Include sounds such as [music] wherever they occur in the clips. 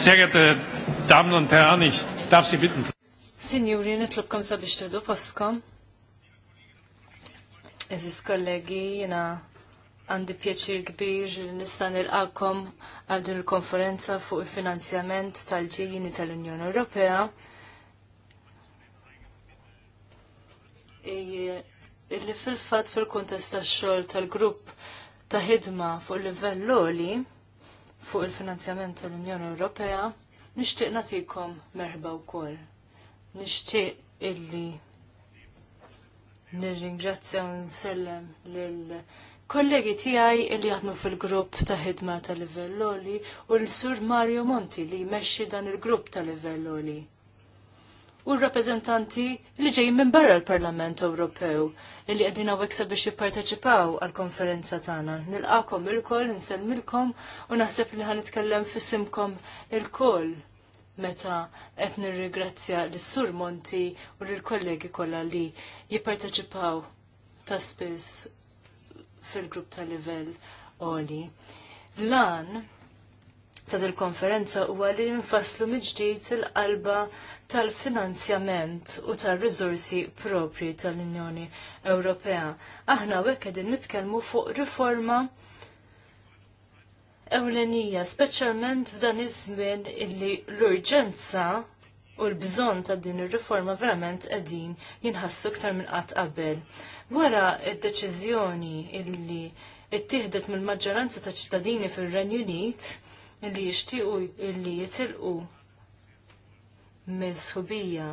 Sehr geehrte Damen und Herren, ich darf Sie bitten. Signori, nitlobkom sabiex teħdu postkom. Eżis kollegi, jena għandi pieċir kbir nistan il-għakom għal din il-konferenza fuq il-finanzjament tal-ġejjini tal-Unjoni Ewropea. Illi fil-fat fil-kontest tax-xogħol tal-grupp ta' ħidma fuq livell loli fuq il-finanzjament tal-Unjoni Ewropea, nixtieq nagħtikom merħba wkoll. Nixtieq illi nirringrazzja nsellem lil kollegi tiegħi illi jaħdmu fil-grupp ta' ħidma ta' livell u l-sur Mario Monti li jmexxi dan il-grupp ta' livell u r li ġejjin minn barra l-Parlament Ewropew li qegħdin hawnhekk biex jipparteċipaw għall-konferenza tagħna. Nilqakom ilkoll, insellmilkom u naħseb li ħanitkellem fissimkom ilkoll meta qed nirrigrazzja lis-Sur Monti u lill-kollegi kollha li jipparteċipaw ta' spiss fil-grupp ta' livell oli. Lan ta' il konferenza huwa li nfasslu mill-ġdid il-qalba tal-finanzjament u tal-rizorsi propri tal-Unjoni Ewropea. Aħna wekk qegħdin nitkellmu fuq riforma ewlenija, speċjalment f'dan iż-żmien illi l-urġenza u l-bżonn ta' din ir-riforma verament qegħdin jinħassu iktar minn qatt qabel. Wara d-deċiżjoni illi ittieħdet mill-maġġoranza ta' ċittadini fir-Renju Unit illi jixtiequ illi jitilqu mill-sħubija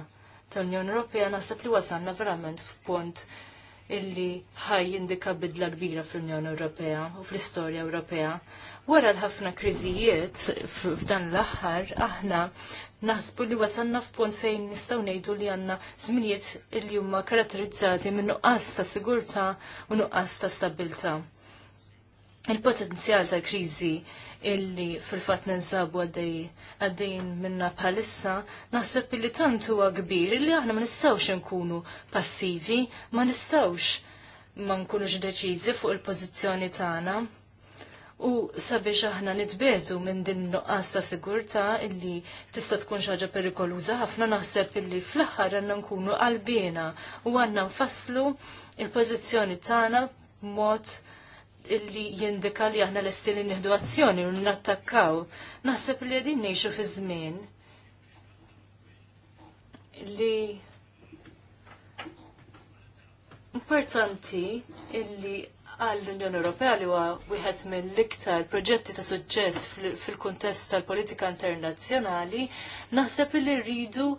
tal-Unjoni Ewropea naħseb li wasalna verament f'punt illi ħaj jindika bidla kbira fl-Unjoni Ewropea u fl-istorja Ewropea. Wara l-ħafna kriżijiet f'dan l-aħħar aħna naħsbu li wasalna f'punt fejn nistgħu ngħidu li għandna żminijiet illi huma karatterizzati minn nuqqas ta' sigurtà u nuqqas ta' stabilità. Il-potenzjal tal kriżi illi fil-fatt ninsabu għaddej għaddejn minna bħalissa, naħseb li tant huwa kbir li aħna ma nistgħux nkunu passivi, ma nistgħux ma nkunux deċiżi fuq il-pożizzjoni tagħna. U sabiex aħna nitbetu minn din nuqqas ta' sigurtà illi tista' tkun xi ħaġa perikoluża ħafna naħseb illi fl-aħħar għandna nkunu qalbina u għandna nfasslu il-pożizzjoni tagħna b'mod illi jindika li aħna l istili nieħdu azzjoni u nattakkaw. Naħseb li qegħdin ngħixu fi żmien li importanti illi għall-Unjoni Ewropea li huwa wieħed mill-iktar proġetti ta' suċċess fil-kuntest tal-politika internazzjonali, naħseb li rridu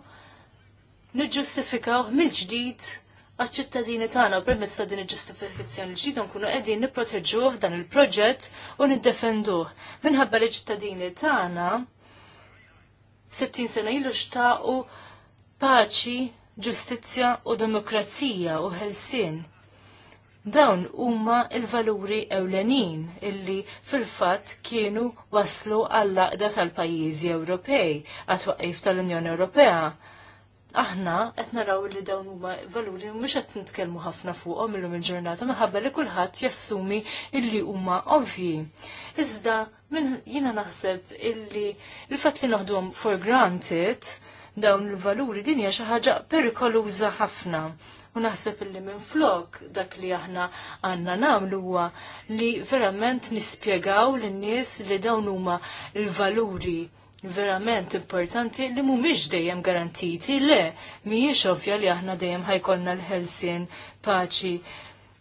niġġustifikaw mill-ġdid għal-ċittadini tagħna permezz ta' din il-ġustifikazzjoni ġdida nkunu qegħdin nipproteġuh dan il-proġett u niddefenduh. Minħabba li ċittadini tagħna 60 sena ilu xtaqu paċi, ġustizzja u demokrazija u ħelsien. Dawn huma il-valuri ewlenin illi fil-fatt kienu waslu għall-laqda tal-pajjiżi Ewropej għat-twaqqif tal-Unjoni Ewropea aħna qed naraw li dawn huma valuri mhux qed nitkellmu ħafna fuqhom illum il-ġurnata minħabba li kulħadd jassumi illi huma ovvji. Iżda minn jiena naħseb illi l-fatt li noħduhom for granted dawn il-valuri din hija xi ħaġa perikoluża ħafna. U naħseb illi minn flok dak li aħna għanna nagħmlu huwa li verament nispjegaw lin-nies li dawn huma l-valuri verament importanti li mhumiex dejjem garantiti, le, mhijiex ovvja li aħna dejjem ħajkonna l-ħelsien paċi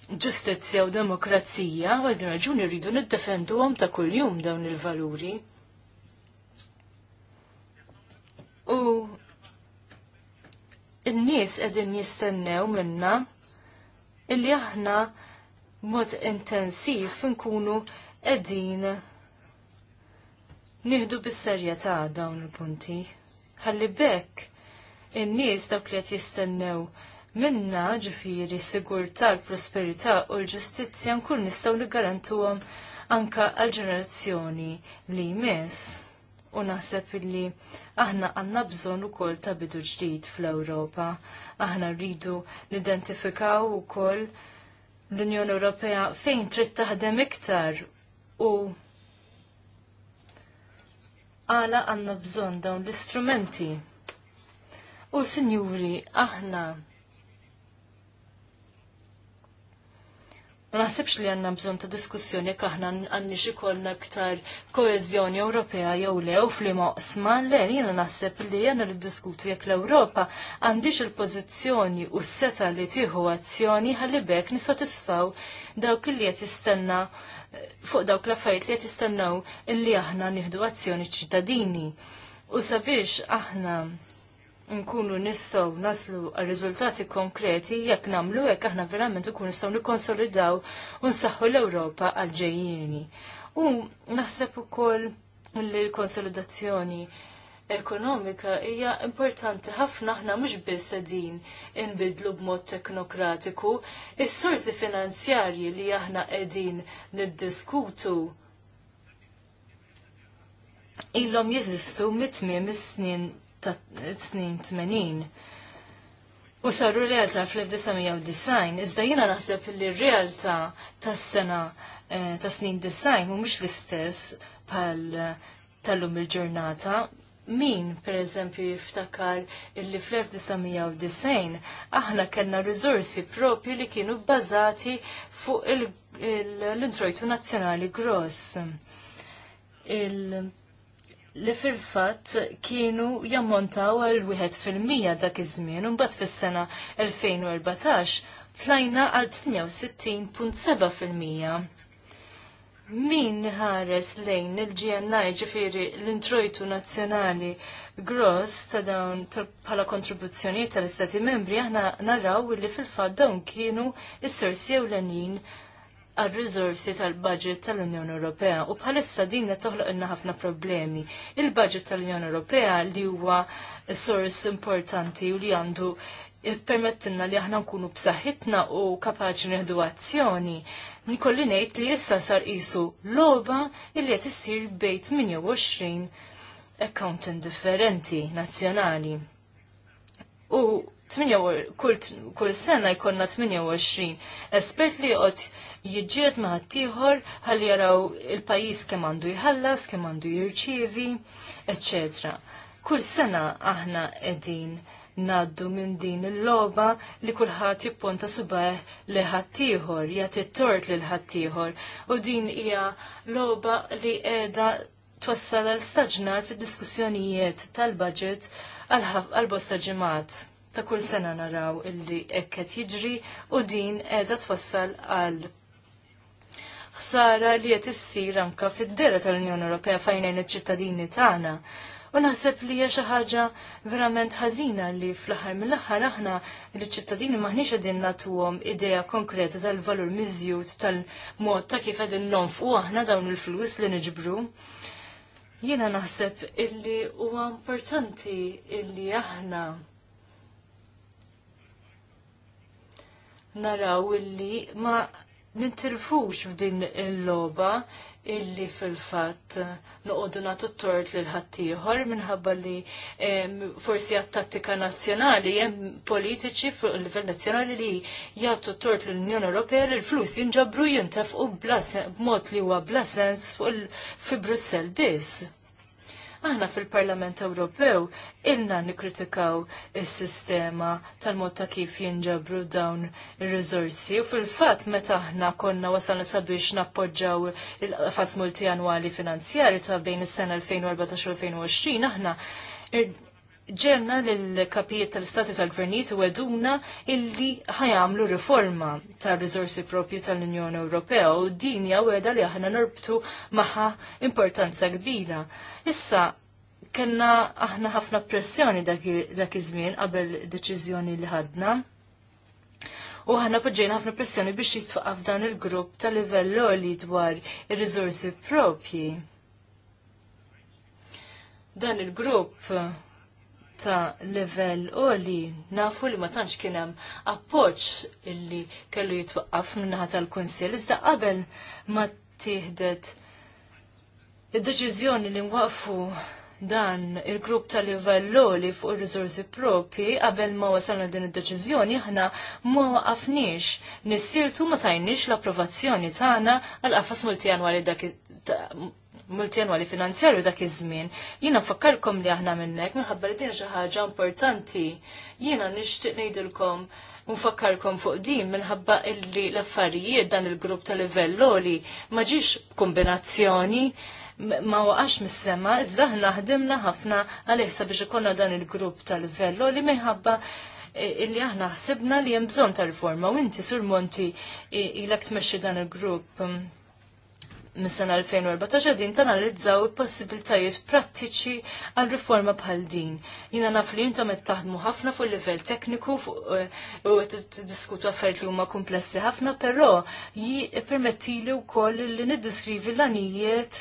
ġustizzja u demokrazija, u din raġuni rridu niddefendu għom ta' kuljum dawn il-valuri. U il-nies edin jistennew minna illi aħna mod intensiv nkunu edin nieħdu bis-serjetà dawn il-punti. Ħalli bekk in-nies dawk li qed jistennew minna ġifiri sigurtà l-prosperità u l-ġustizzja nkun nistgħu niggarantuhom anka għal-ġenerazzjoni li jmiss u naħseb illi aħna għanna bżon u ta' bidu ġdid fl ewropa Aħna rridu l-identifikaw u l-Unjoni Ewropea fejn trid taħdem iktar u għala għanna bżon dawn l-istrumenti. U sinjuri, aħna. Ma naħsibx li għanna bżon ta' diskussjoni jekk aħna għanni xikolna ktar koezjoni Ewropea jew le u flima osma le jiena naħseb li għanna li diskutu jekk l-Ewropa għandix il-pożizzjoni u s-seta li tieħu azzjoni ħalli bekk nisotisfaw dawk li qed jistenna fuq dawk l-affarijiet li qed illi aħna nieħdu azzjoni ċittadini. U sabiex aħna nkunu nistgħu naslu għal riżultati konkreti jekk nagħmlu hekk aħna verament nkunu nistgħu nikkonsolidaw u nsaħħu l-Ewropa għal ġejjieni. U naħseb ukoll li l-konsolidazzjoni ekonomika hija importanti ħafna aħna mhux biss din inbidlu b'mod teknokratiku, is-sorsi finanzjarji li aħna qegħdin niddiskutu ilhom jeżistu mit-tmiem is-snin snin 80. U saru realtà fl-1990, iżda jiena naħseb li r-realtà tas-sena eh, ta' snin design mhumiex l-istess bħal eh, tal-lum il-ġurnata min pereżempju jiftakar illi fl-1990 aħna kellna rizorsi propju li kienu bbażati fuq l-introjtu nazzjonali gross. li fil-fatt kienu jammontaw għal wieħed fil-mija dak iż-żmien u mbagħad fis-sena 2014 tlajna għal 68.7 fil-mija min ħares lejn il-GNI ġifiri l-introjtu nazzjonali gross ta' dawn bħala kontribuzzjoni tal-Istati membri aħna narraw li fil-fatt dawn kienu s-sorsi l-anin għal rizorsi tal-budget tal-Unjoni Ewropea u bħalissa din qed toħloq ħafna problemi. Il-budget tal-Unjoni Ewropea li huwa sors importanti u li għandu permettinna li aħna nkunu b'saħħitna u kapaċi neħdu azzjoni. Nikolli ngħid li issa sar qisu logħba illi qed issir bejt 28 accountant differenti nazzjonali. U kull sena jkollna 28 espert li qod jiġġiet ma' ħaddieħor ħalli jaraw il-pajjiż kemm għandu jħallas, kemm għandu jirċievi, eccetera. Kull sena aħna qegħdin naddu minn din il-loba li kulħadd jipponta subaħ li ħaddieħor, jagħti tort lil ħaddieħor. U din hija loba li qiegħda twassal għal staġnar fid-diskussjonijiet tal-budget għal bosta ġimat Ta' kull sena naraw illi hekk qed jiġri u din edha twassal għal ħsara li qed issir anke fid-dera tal-Unjoni Ewropea fejn iċ-ċittadini tagħna. U naħseb li hija xi ħaġa verament ħażina li fl-aħħar mill-aħħar aħna liċ-ċittadini maħniex qegħdin nagħtuhom idea konkreta tal-valur miżjud tal-mod ta' kif qegħdin nonfqu aħna dawn il-flus li niġbru. Jiena naħseb illi huwa importanti illi aħna naraw illi ma nintilfux f'din il-loba illi fil-fat noqodu natu tort l-ħattijħor minħabba li forsi għat-tattika nazzjonali hemm politiċi fuq il-livell nazzjonali li jagħtu tort l-Unjoni Ewropea li l-flus jinġabru jintefqu b'mod li huwa bla sens fi Brussell biss. Aħna fil-Parlament Ewropew ilna nikritikaw is-sistema tal-mod ta' kif jinġabru dawn ir-riżorsi u fil-fatt meta aħna konna wasalna sabiex nappoġġaw il-qafas annwali finanzjari ta' bejn is-sena 2014 u 2020 aħna ġenna l-kapijiet tal-istati tal-gvernijiet u għeduna illi ħajamlu riforma tal-rizorsi propju tal-Unjoni Ewropea u din hija għedha li aħna norbtu maħa importanza kbira. Issa, kena aħna ħafna pressjoni dak iż-żmien qabel deċiżjoni li ħadna. U ħana poġġejna ħafna pressjoni biex jitwaqaf dan il-grupp tal-livell li dwar ir-riżorsi propji. Dan il-grupp ta' level u li nafu li ma tantx kien hemm appoġġ illi kellu jitwaqqaf min-naħa tal-Kunsill iżda qabel ma tiħdet id-deċiżjoni li nwaqfu dan il-grupp level u li fuq il rizorzi propi qabel ma wasalna din id-deċiżjoni aħna ma waqafniex nissiltu ma tajniex l-approvazzjoni tagħna għal qafas multijanwali dak multjanwali finanzjarju dak iż-żmien. Jiena fakkarkom li aħna minnek minħabba li din xi ħaġa importanti. Jiena nixtieq ngħidilkom nfakkarkom fuq din minħabba illi l-affarijiet dan il-grupp tal livelloli ma ġiex kombinazzjoni ma waqax mis-sema, iżda ħna ħdimna ħafna għalissa biex ikonna dan il-grupp tal livelloli minħabba e, illi aħna ħsibna li hemm bżonn ta' riforma u inti sur Monti ilek tmexxi dan il-grupp mis-sena 2014 din tanalizzaw il-possibilitajiet prattiċi għal riforma bħal din. Jina naf li jintom qed taħdmu ħafna fuq livell tekniku eh, u qed tiddiskutu affarijiet li huma komplessi ħafna, però jippermettili wkoll li niddiskrivi l għanijiet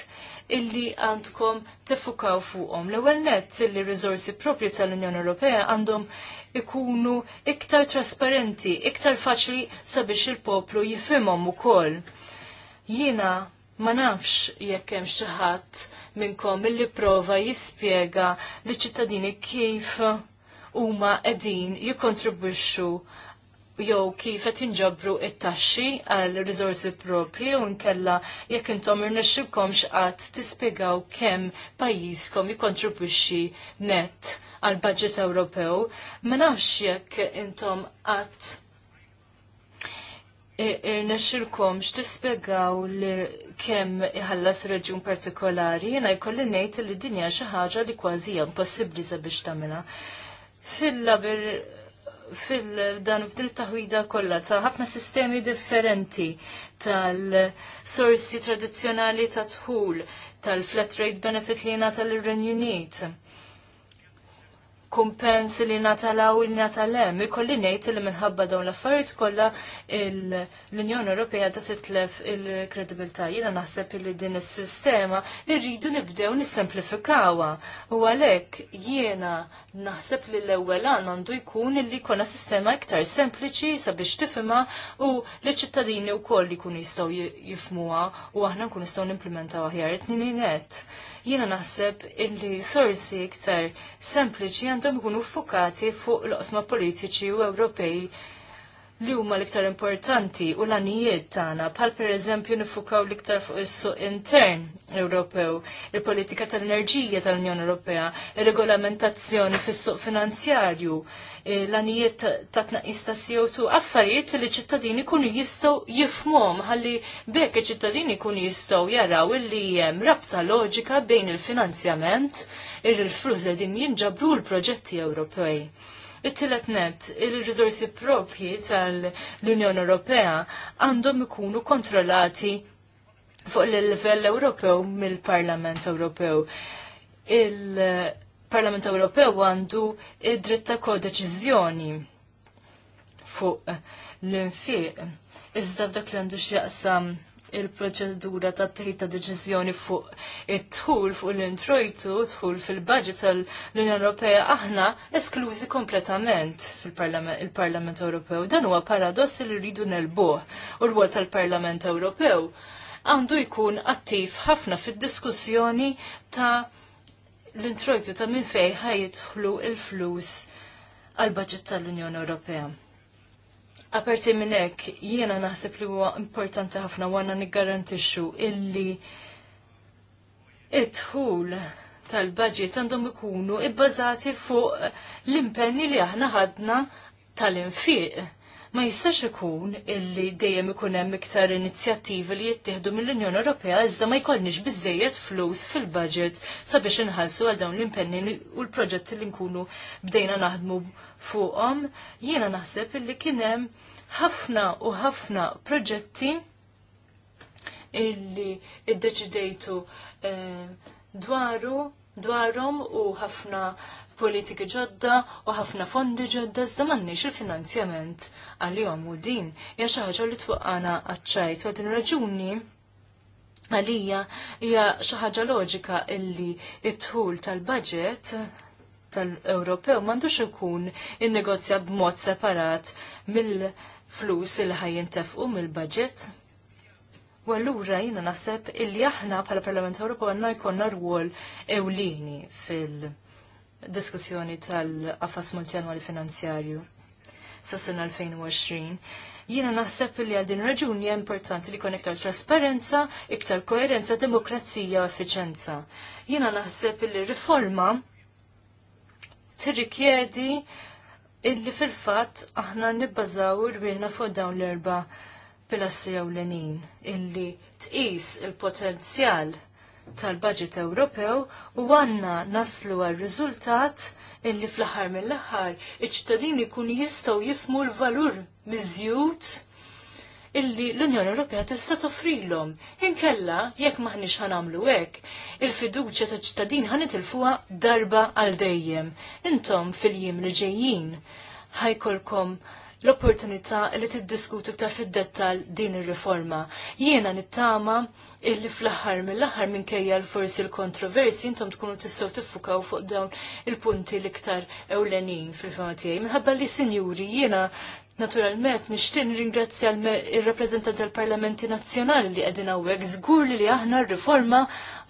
illi għandkom tifukaw fuqhom. L-ewwel nett li riżorsi propri tal-Unjoni Ewropea għandhom ikunu iktar trasparenti, iktar faċli sabiex il-poplu jifhimhom ukoll. Jiena Ma nafx jekk hemm xi ħadd minnkom illi prova jispjega li ċittadini kif huma qegħdin jikkontribwixxu jew kif qed inġabru it-taxxi għal riżorsi propri u nkella jekk intom irnexxilkomx qatt tispjegaw kemm pajjiżkom jikkontribwixxi nett għal budget Ewropew, ma nafx jekk intom qatt Irnexxilkom e, e, x'tispjegaw li kemm iħallas reġjun partikolari, jiena jkolli ngħid li din hija xi ħaġa li kważi hija impossibbli sabiex tagħmilha. fil laber fil-dan f'dil taħwida kollha ta' ħafna sistemi differenti tal-sorsi tradizzjonali ta' tħul, tal-flat rate benefit li jingħata lir renju Unit kumpens li natalaw li natalem. Ikolli nejt li minħabba dawn l-affarijiet kollha l-Unjoni Ewropea da titlef il kredibilta Jiena naħseb li din is-sistema irridu nibdew nissemplifikawha. U għalhekk jiena naħseb li l-ewwel għandu jkun li jkollna sistema iktar sempliċi sabiex tifhimha u li ċittadini wkoll jkunu jistgħu jifmuha u aħna nkunu nistgħu nimplementaw aħjar it-tnini jiena naħseb illi sorsi iktar sempliċi għandhom ikunu fukati fuq l-osma politiċi u Ewropej li huma l-iktar importanti u l-anijiet tagħna bħal pereżempju nifukaw l-iktar fuq is-suq intern Ewropew, il-politika tal-enerġija tal-Unjoni Ewropea, ir-regolamentazzjoni fis-suq finanzjarju, l-anijiet ta' tnaqqis ta' CO2, affarijiet li ċittadini kunu jistgħu jifhmhom ħalli bekk iċ-ċittadini kunu jistgħu jaraw illi hemm rabta loġika bejn il-finanzjament ir-flus li din jinġabru l-proġetti Ewropej it tillet net, il rizorsi propji tal-Unjoni Ewropea għandhom ikunu kontrollati fuq l livell Ewropew mill-Parlament Ewropew. Il-Parlament Ewropew għandu id-dritt ta' kodeċiżjoni fuq l-infiq. Iżda f'dak li għandu x'jaqsam il-proċedura ta' teħid ta' deċiżjoni fuq it-tħul fuq l-introjtu, tħul fil-budget tal-Unjoni Ewropea aħna esklużi kompletament fil-Parlament Ewropew. Dan huwa paradoss li rridu nelbuh u rwol tal-Parlament Ewropew għandu jkun attiv ħafna fid-diskussjoni ta' l-introjtu ta' minn fej ħajitħlu il-flus għal-budget tal-Unjoni Ewropea. Aperti minn hekk, jiena naħseb li huwa importanti ħafna għandna niggarantixxu illi it-tħul tal-budget għandhom ikunu ibbażati fuq l-impenni li aħna ħadna tal-infiq. Ma jistax ikun illi dejjem ikun hemm iktar inizjattivi li jittieħdu mill-Unjoni Ewropea iżda ma jkollniex biżejjed flus fil-budget sabiex inħallsu għal dawn l-impenni u l-proġetti li nkunu bdejna naħdmu fuqhom, jiena naħseb illi kien hemm ħafna u ħafna proġetti illi id-deċidejtu eh, dwaru dwarhom u ħafna politiki ġodda u ħafna fondi ġodda iżda m'għandniex il-finanzjament għalihom u din hija xi ħaġa li twaqqana għadċajt, u raġuni għalija hija xi ħaġa loġika illi t tħul tal-budget tal-Ewropew m'għandux ikun innegozjat b'mod separat mill-flus il ħajjin tefqu mill-budget. U allura jiena naħseb illi aħna bħala Parlament Ewropew għandna jkollna rwol ewlieni fil-diskussjoni tal-qafas multjanwali finanzjarju sas sena 2020 jiena naħseb li għal din raġuni hija importanti li jkun iktar trasparenza, iktar koerenza, demokrazija u effiċenza. Jiena naħseb li riforma tirrikjedi illi fil-fatt aħna nibbażaw irwieħna fuq dawn l-erba pilastri ewlenin illi tqis il-potenzjal tal-budget Ewropew u għanna naslu għal-riżultat illi fl-aħħar mill-aħħar iċ-ċittadini kun jistgħu jifmu l-valur miżjud illi l-Unjoni Ewropea tista' toffrilhom. Inkella jekk maħniex ħanamlu hekk, il-fiduċja ta' ċittadin ħanitilfuha darba għal dejjem. Intom fil-jiem li ġejjin ħajkolkom l-opportunità li tiddiskutu ktar fid dettall din ir-riforma. Jiena nittama illi fl-aħħar mill-aħħar minkejja forsi l-kontroversi intom tkunu tistgħu tiffukaw fuq dawn il-punti l-iktar ewlenin fil-fema tiegħi. Minħabba li sinjuri jiena Naturalment, nixtin ringrazzja il-rappresentanti tal-Parlamenti Nazzjonali li għedin għawek, zgur li aħna r-riforma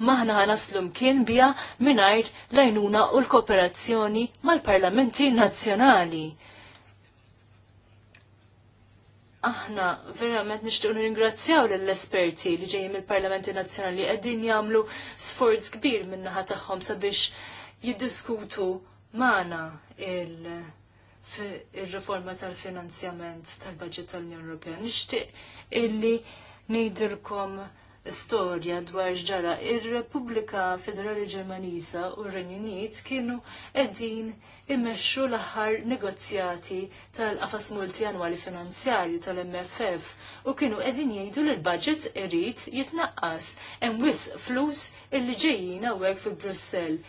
maħna għanaslum kien bija minajr lajnuna u l-kooperazzjoni mal-Parlamenti Nazzjonali. Aħna verament nixtieq ringrazzjaw lill-esperti li ġejjin mill-Parlamenti Nazzjonali qegħdin jagħmlu sforz kbir min-naħa tagħhom sabiex jiddiskutu magħna il- il riforma tal-finanzjament tal-budget tal-Unjoni Ewropea. Nixtieq illi ngħidilkom storja dwar ġara ir-Repubblika Federali Ġermaniża u r-Renju Unit kienu qegħdin immexxu l-aħħar negozjati tal-qafas multianwali finanzjarju tal-MFF u kienu qegħdin jgħidu li l-budget irid jitnaqqas hemm wisq flus illi ġejjin hawnhekk fi Brussell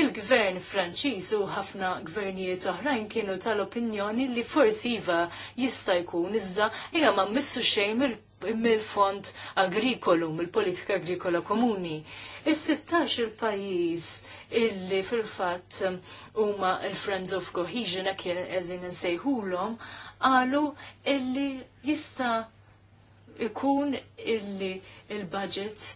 il-gvern Franċiż u ħafna gvernijiet oħrajn kienu tal-opinjoni li forsi iva jista' jkun iżda hija ma missu xejn mill-fond agrikolu, mill-politika agrikola komuni. Is-16 il-pajjiż illi fil-fatt huma l-Friends of Cohesion kien eżin insejħulhom qalu illi jista' ikun illi il-budget il budget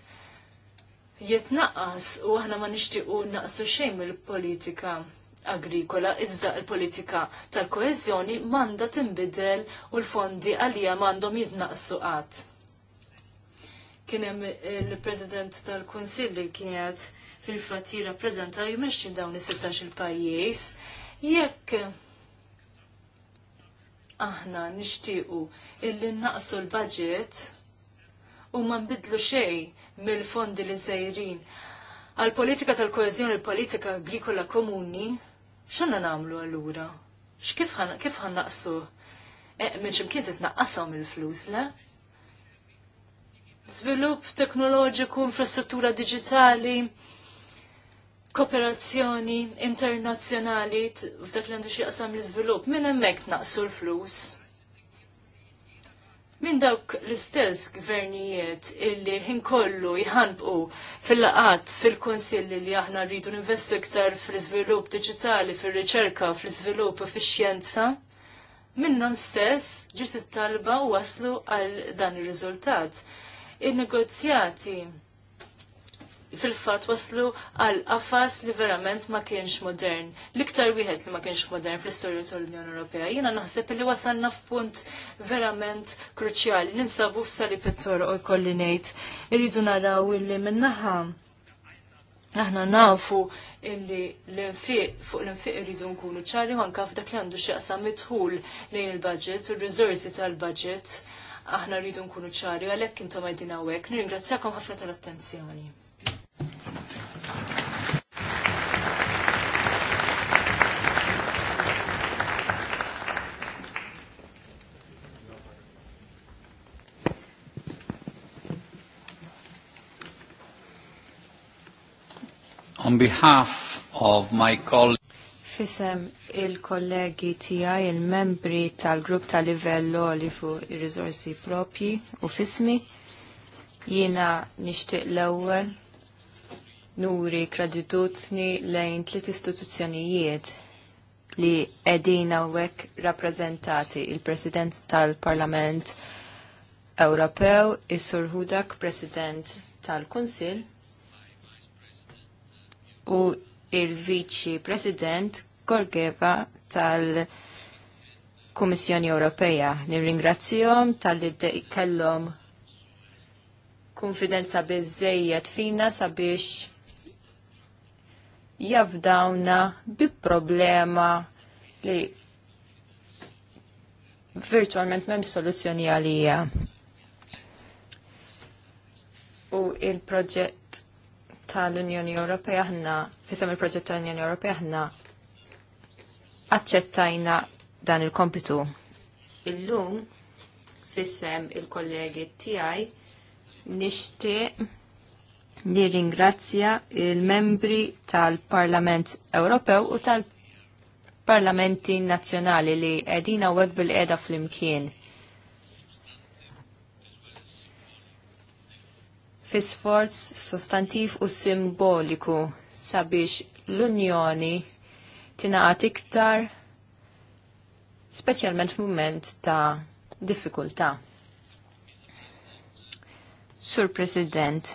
jitnaqqas u aħna ma nixtiequ naqsu xejn mill-politika agrikola iżda l-politika tal-koeżjoni m'għandha tinbidel u l-fondi għalija m'għandhom jitnaqsu qatt. Kien hemm il-President tal-Kunsill li kienet fil-fatt jirrappreżenta jmexxi dawn is-16 il-pajjiż jekk aħna nixtiequ illi naqsu l-budget u ma nbidlu xejn mill-fondi li zejrin għal politika tal-koezjoni, il-politika agrikola komuni, xanna namlu allura? X'kif kif ħan naqsu? E, minn ximkien titnaqqasaw mill-flus, le? Svilupp teknoloġiku, infrastruttura digitali, kooperazzjoni internazzjonali f'dak li għandu xieqsam l iżvilupp minn hemmhekk naqsu l-flus minn dawk l-istess gvernijiet illi ħin kollu jħanbqu fil-laqat fil-konsilli li aħna rridu ninvestu iktar fil iżvilupp digitali, fil-riċerka, fil iżvilupp u fil-xjenza, minnom stess ġiet it-talba u waslu għal dan ir-riżultat. Il-negozjati il rizultat il negozjati fil-fat waslu għal qafas li verament ma kienx modern. L-iktar wieħed li ma kienx modern fl-istorja tal-Unjoni Ewropea. Jiena naħseb li wasalna f'punt verament kruċjali. Ninsabu f'sali pittor u jkolli ngħid. Irridu naraw illi minnaħa aħna nafu illi l-infiq fuq l-infiq irridu nkunu ċari u anka f'dak li għandu xieqsa mitħul lejn il-budget u r tal-budget aħna rridu nkunu ċari għalhekk intom qegħdin hawnhekk. Nirringrazzjakom ħafna tal-attenzjoni. on behalf of my colleagues Fisem il-kollegi tiegħi il-membri tal-grupp tal livello li fu il-rizorsi propji u fismi jiena nixtieq l-ewwel nuri kreditutni lejn tliet istituzzjonijiet li edina wek rappreżentati il-President tal-Parlament Ewropew, is-Sur Hudak, President tal-Kunsill, u il-Viċi President Gorgeva tal-Kummissjoni Ewropea. Nirringrazzjom tal-li kellhom konfidenza biżejjed fina sabiex jafdawna bi problema li virtualment mem soluzzjoni għalija. U il-proġett tal-Unjoni Ewropea ħna, fisem il-proġett tal-Unjoni Ewropea ħna aċċettajna dan il-kompitu. Illum, fisem il-kollegi tiegħi nixtieq li ringrazzja il-membri tal-Parlament Ewropew u tal-Parlamenti Nazzjonali li qegħdin hawnhekk bil-qiegħda flimkien fi sforz sostantiv u simboliku sabiex l-Unjoni tingħaqad iktar speċjalment f'mument ta' diffikultà. Sur President,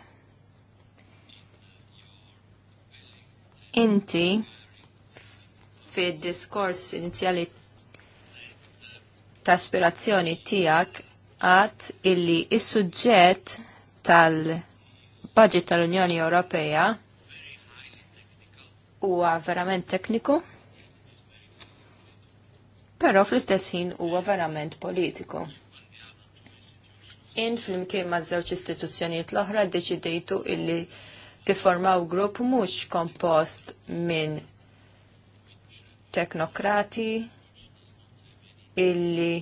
inti fid diskors inizjali ta' aspirazzjoni tiegħek għad illi is-suġġett tal-budget tal-Unjoni Ewropea huwa verament tekniku, però fl-istess ħin huwa verament politiku. In fl-imkien ma' żewġ istituzzjonijiet l-oħra ddeċidejtu illi tiformaw grupp mhux kompost minn teknokrati illi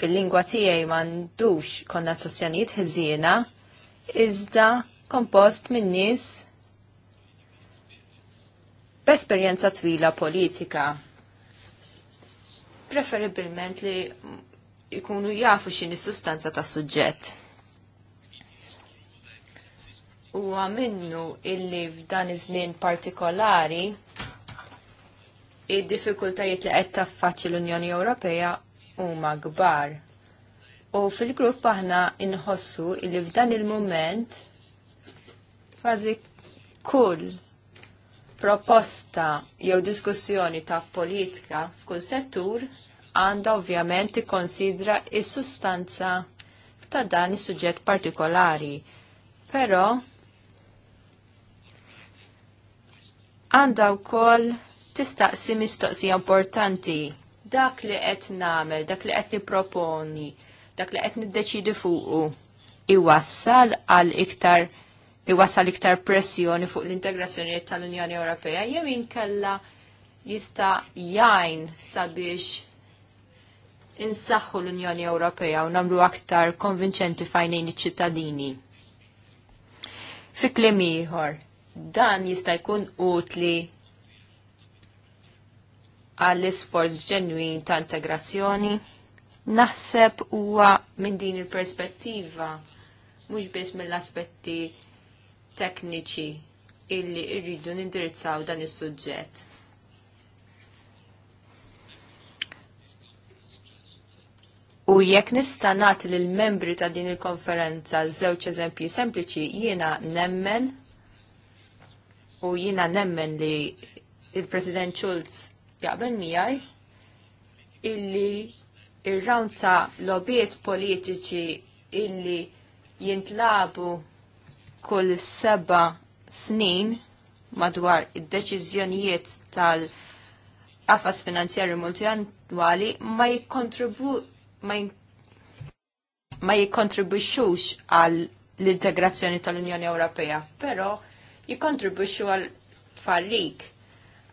fil-lingwa tiegħi m'għandux konnotazzjonijiet ħżiena iżda kompost minn nies b'esperjenza twila politika. Preferibilment li jkunu jafu x'inhi sustanza ta' suġġett. U għaminnu illi f'dan iż-żmien partikolari id-diffikultajiet li qed taffaċċi l-Unjoni Ewropea huma kbar. U fil-grupp aħna inħossu illi f'dan il-moment kważi kull proposta jew diskussjoni ta' politika f'kull settur għandha ovvjament ikkonsidra is-sustanza ta' dan is-suġġett partikolari. Però għandha wkoll tistaqsi mistoqsija importanti dak li qed nagħmel, dak li qed nipproponi. proponi dak li qed niddeċidi fuqu iwassal għal iktar iwassal iktar pressjoni fuq l-integrazzjoni tal-Unjoni Ewropea jew inkella jista' jgħin sabiex insaħħu l-Unjoni Ewropea u nagħmlu aktar konvinċenti fajnejn iċ-ċittadini. Fi kliem ieħor, dan jista' jkun utli għall-isforz ġenwin ta' integrazzjoni naħseb huwa minn din il-perspettiva mhux biss mill-aspetti tekniċi illi rridu nindirizzaw dan is-suġġett. U jekk nista' nagħti lill membri ta' din il-konferenza żewġ eżempji sempliċi jiena nemmen u jiena nemmen li il-President Schulz jaqbel miegħi illi ir rawn ta' lobiet politiċi illi jintlabu kull seba snin madwar id-deċiżjonijiet tal-qafas finanzjarju multjanwali ma jikkontribu ma ma għal l-integrazzjoni tal-Unjoni Ewropea, però jikontribuxu għal farrik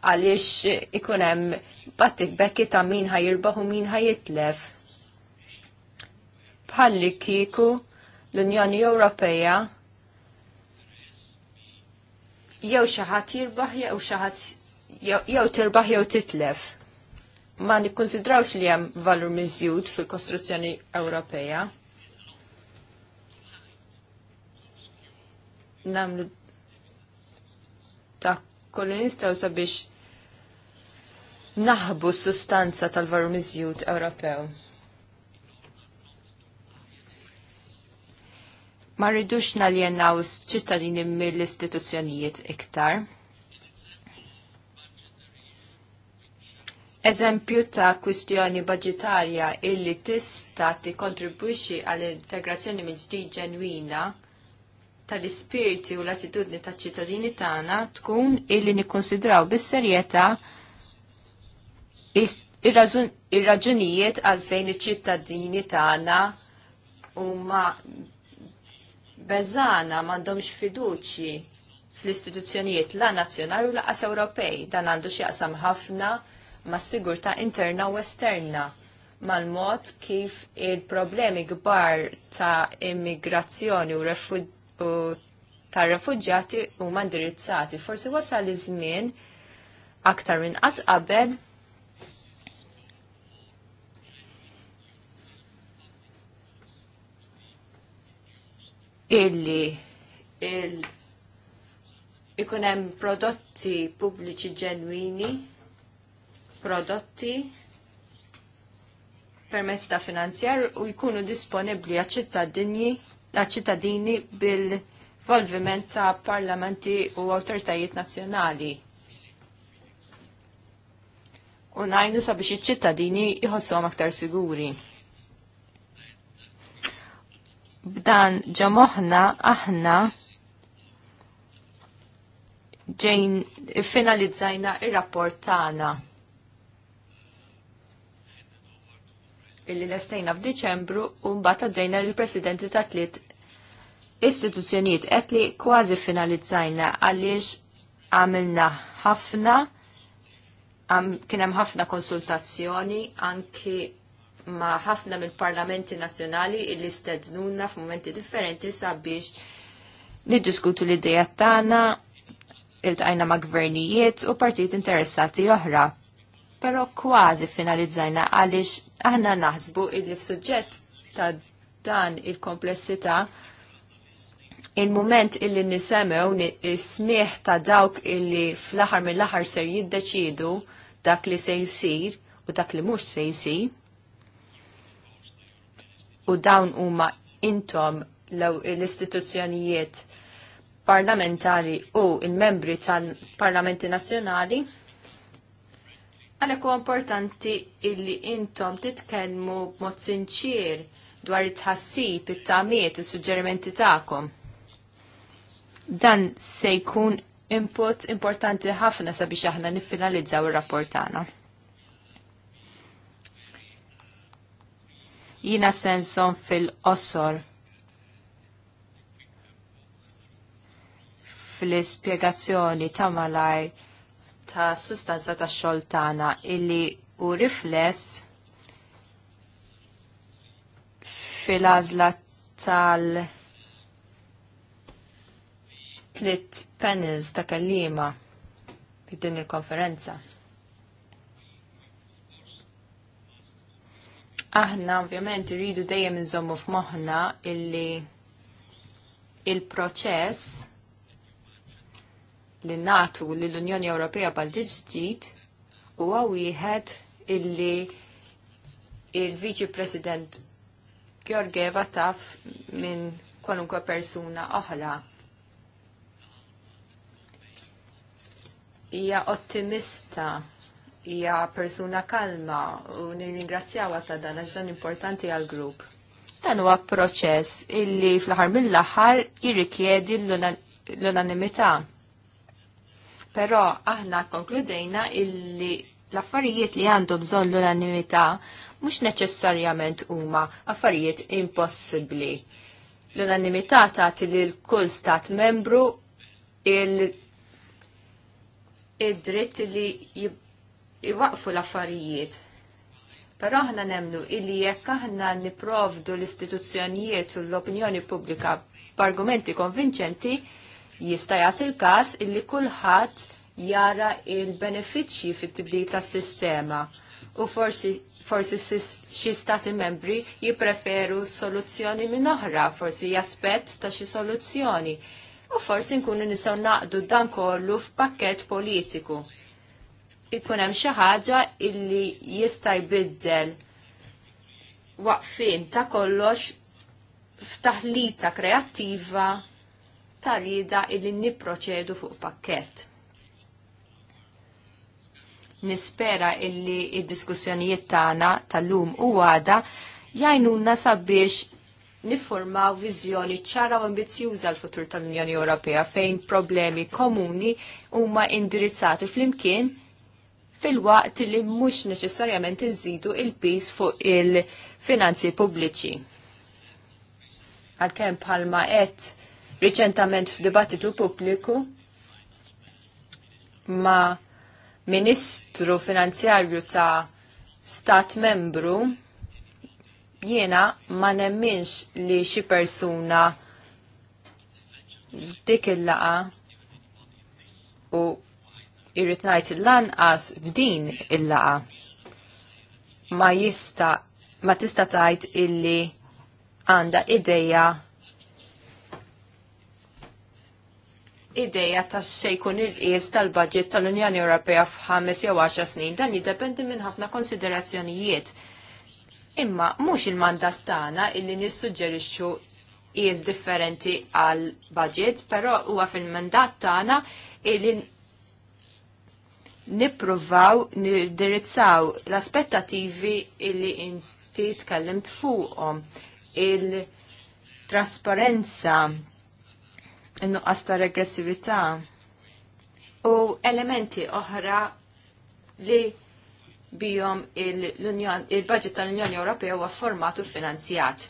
għaliex ikun hemm battik bekki ta' min ħajirbaħ u min ħajitlef. Bħalli kiku l-Unjoni Ewropea jew xi ħadd jirbaħ jew xaħat jew tirbaħ jew titlef. Ma nikkonsidrawx li hemm valur miżjud fil-kostruzzjoni Ewropea. Namlu dak kollu sabiex naħbu s-sustanza tal-varu mizjut Ewropew. Ma rridux naljenaw ċittadini mill-istituzzjonijiet iktar. Eżempju ta' kwistjoni budgetarja illi tista' tikkontribwixxi għall integrazzjoni mill-ġdid ġenwina tal-ispirti u l-attitudni taċ ċittadini tagħna tkun illi nikkonsidraw bis-serjetà ir-raġunijiet għalfejn iċ-ċittadini tagħna huma beżana m'għandhomx fiduċi fl-istituzzjonijiet la nazzjonali u laqas Ewropej dan għandu x'jaqsam ħafna mas-sigurtà interna u esterna mal-mod kif il-problemi kbar ta' immigrazzjoni u refugi u tar-refuġġjati huma indirizzati. Forsi wasal iż-żmien aktar minn qatt qabel illi il ikun hemm prodotti pubbliċi ġenwini, prodotti permezz ta' finanzjar u jkunu disponibbli għaċ ċittadini ċittadini bil-volviment ta' parlamenti u autoritajiet nazzjonali. U najnu sabiex iċ-ċittadini jħossuhom aktar siguri. B'dan ġamoħna aħna ġejn finalizzajna ir-rapport tagħna. illi l-estejna f'Diċembru u mbagħad għaddejna lill-presidenti ta' tliet istituzzjonijiet qed li kważi finalizzajna għaliex għamilna ħafna kien hemm ħafna konsultazzjoni anki ma ħafna mill-parlamenti nazzjonali illi stednuna f'momenti differenti sabiex niddiskutu l-idejat tagħna iltqajna ma' gvernijiet u partijiet interessati oħra pero kważi finalizzajna għaliex aħna naħsbu il f'suġġett ta' dan il-komplessità il-moment illi nisemew smieħ ta' dawk illi fl-aħar mill-aħar ser jiddeċidu dak li se jsir u dak li mhux se jsir u dawn huma intom l-istituzzjonijiet parlamentari u il-membri tal-parlamenti nazzjonali Għalhekk huwa importanti illi intom titkellmu b'mod sinċier dwar it-ħassib, it-tamiet, is-suġġerimenti tagħkom. Dan se jkun input importanti ħafna sabiex aħna niffinalizzaw ir-rapport tagħna. Jina sensom fil-qosor fil-ispjegazzjoni ta' malajr ta' sustanza ta' xoltana illi u rifless fil-azla tal tlit panels ta' kallima bid-din il-konferenza. Aħna ovvjament rridu dejjem nżommu f'moħħna illi il-proċess li natu li l-Unjoni Ewropea bħal ġdid huwa wieħed illi il-Viċi President Georgieva taf minn kwalunkwe persuna oħra. Hija ottimista hija persuna kalma u nirringrazzjawa ta' dan għax dan importanti għal grupp. Dan huwa proċess illi fl-aħħar mill-aħħar jirrikjedi l-unanimità. Però aħna konkludejna illi l-affarijiet li għandu bżonn l-unanimità mhux neċessarjament huma affarijiet impossibbli. L-unanimità tagħti lil kull stat membru il id-dritt li jwaqfu l-affarijiet. Pero aħna nemlu illi jekk aħna niprovdu l-istituzzjonijiet u l-opinjoni pubblika b'argumenti konvinċenti, Jista' jagħti il-każ illi kulħadd jara il-benefiċċji fit tibdi tas-sistema u forsi forsi xi stati membri jippreferu soluzzjoni minn oħra, forsi jaspett ta' xi soluzzjoni. U forsi nkunu nistgħu naqdu dan kollu f'pakkett politiku. Ikun hemm xi ħaġa illi jista' jbiddel waqfin ta' kollox f'taħlita kreattiva ta' rida illi niproċedu fuq pakket. Nispera illi id-diskussjonijiet tagħna tal-lum u għada jajnuna sabiex niformaw viżjoni ċara u ambizjuża l-futur tal-Unjoni Ewropea fejn problemi komuni huma indirizzati flimkien fil-waqt li mhux neċessarjament inżidu il-pis fuq il-finanzi pubbliċi. Għalkemm bħalma qed riċentament f'dibattitu pubbliku ma' Ministru Finanzjarju ta' Stat Membru jiena ma nemminx li xi persuna dik il-laqa u irrit ngħid il-lanqas f'din il-laqa ma jista ma tista' tgħid illi għandha ideja ideja ta' xejkun il-qies tal-budget tal-Unjoni Ewropea f'ħames jew 10 snin dan jiddependi minn ħafna konsiderazzjonijiet. Imma mhux il-mandat tagħna illi nissuġġerixxu qies differenti għal budget, però huwa fil-mandat tagħna illi nippruvaw nidirizzaw l-aspettativi illi inti tkellimt fuqhom il-trasparenza nuqqas ta' regressività u elementi oħra li bijom il-budget il tal-Unjoni Ewropea huwa format u finanzjat.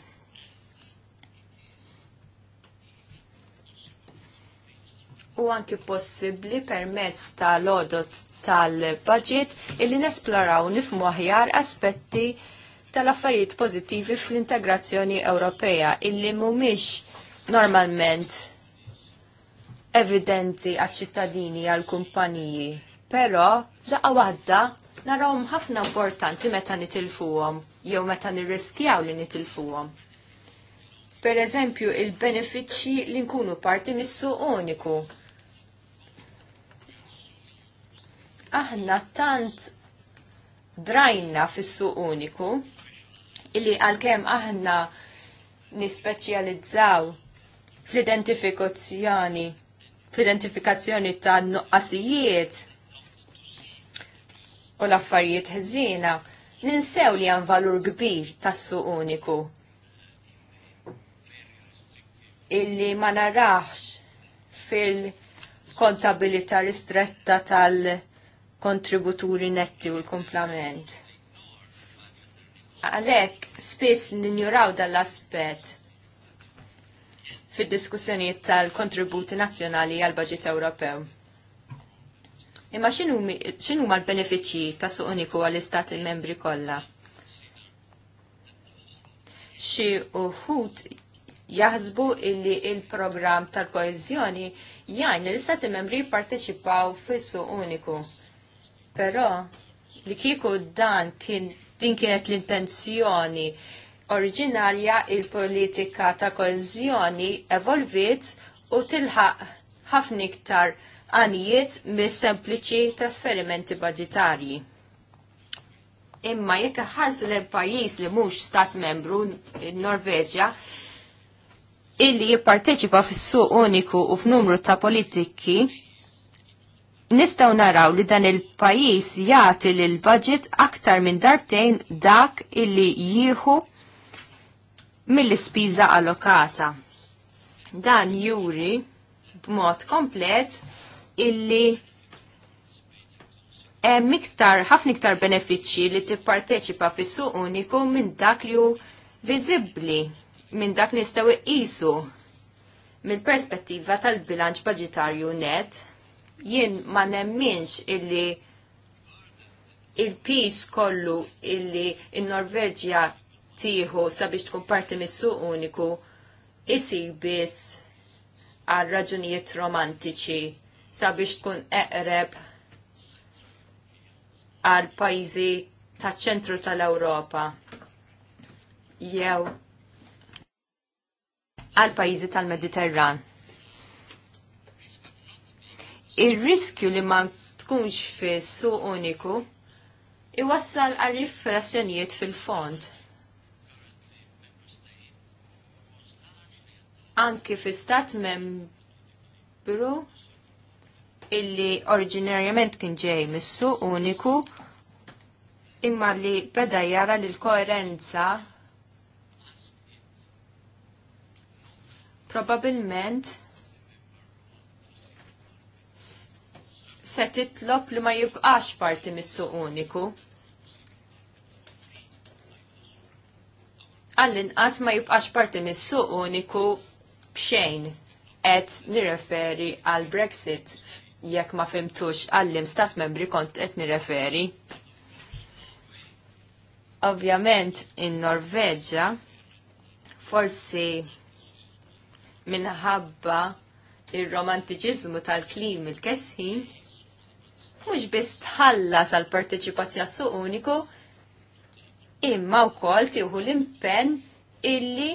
U anki possibbli permezz tal-odot tal-budget illi nesploraw nifmu aħjar aspetti tal-affarijiet pozittivi fl-integrazzjoni Ewropea illi mhumiex normalment evidenti għal-ċittadini għal-kumpaniji, pero daqqa waħda narawhom ħafna importanti meta nitilfuhom jew meta nirriskjaw li nitilfuhom. Per eżempju, il-benefiċċji li nkunu parti mis-suq uniku. Aħna tant drajna fis-suq uniku illi għalkemm aħna nispeċjalizzaw fl-identifikazzjoni fl-identifikazzjoni ta' nuqqasijiet u l-affarijiet ħżiena, ninsew li għan valur kbir tas su uniku. Illi ma narax fil-kontabilità ristretta tal-kontributuri netti u l-komplament. Għalek, spiss ninjuraw dal-aspet fid-diskussjonijiet tal-kontributi nazzjonali għal budget Ewropew. Imma xinu ma l-benefiċċji ta' suq uniku għall-istati membri kollha? Xi uħud jaħsbu illi il-programm tal koezjoni jgħin l-istati membri jipparteċipaw fis-suq uniku. Però li kieku dan kien din kienet l-intenzjoni oriġinarja il-politika ta' koezjoni evolvit u tilħaq ħafna iktar għanijiet mis sempliċi trasferimenti budgetarji. Imma jekk ħarsu l pajjiż li mhux stat membru Norveġja illi jipparteċipa fis-suq uniku u f'numru ta' politiki, nistgħu naraw li dan il-pajjiż jagħti l budget aktar minn darbtejn dak illi jieħu mill-ispiża allokata. Dan juri b'mod komplet illi hemm iktar ħafna iktar benefiċċji li tipparteċipa fis-suq uniku minn dak li hu viżibbli minn dak li jistgħu iqisu mill-perspettiva tal-bilanċ budgetarju net, jien ma nemminx illi il-pis kollu illi il-Norveġja tiħu sabiex tkun parti mis-suq uniku isi biss għal raġunijiet romantiċi sabiex tkun eqreb għal pajzi taċ ċentru tal-Ewropa jew għal pajjiżi tal-Mediterran. Ir-riskju li ma tkunx fi suq uniku iwassal għal riflessjonijiet fil-fond. anki fi stat membru illi oriġinarjament kien ġej missu uniku imma li beda jara li l-koerenza probabilment se titlob li ma jibqax parti missu uniku. Għallin inqas ma jibqax parti mis-suq uniku bxejn qed nirreferi għal Brexit jekk ma fimtux għallim staff membri kont qed nirreferi. Ovvjament in Norveġġa forsi minħabba ir-romantiċiżmu tal-klim il-kesħin mhux biss tħallas għal parteċipazzjoni suq uniku imma wkoll tieħu l-impenn illi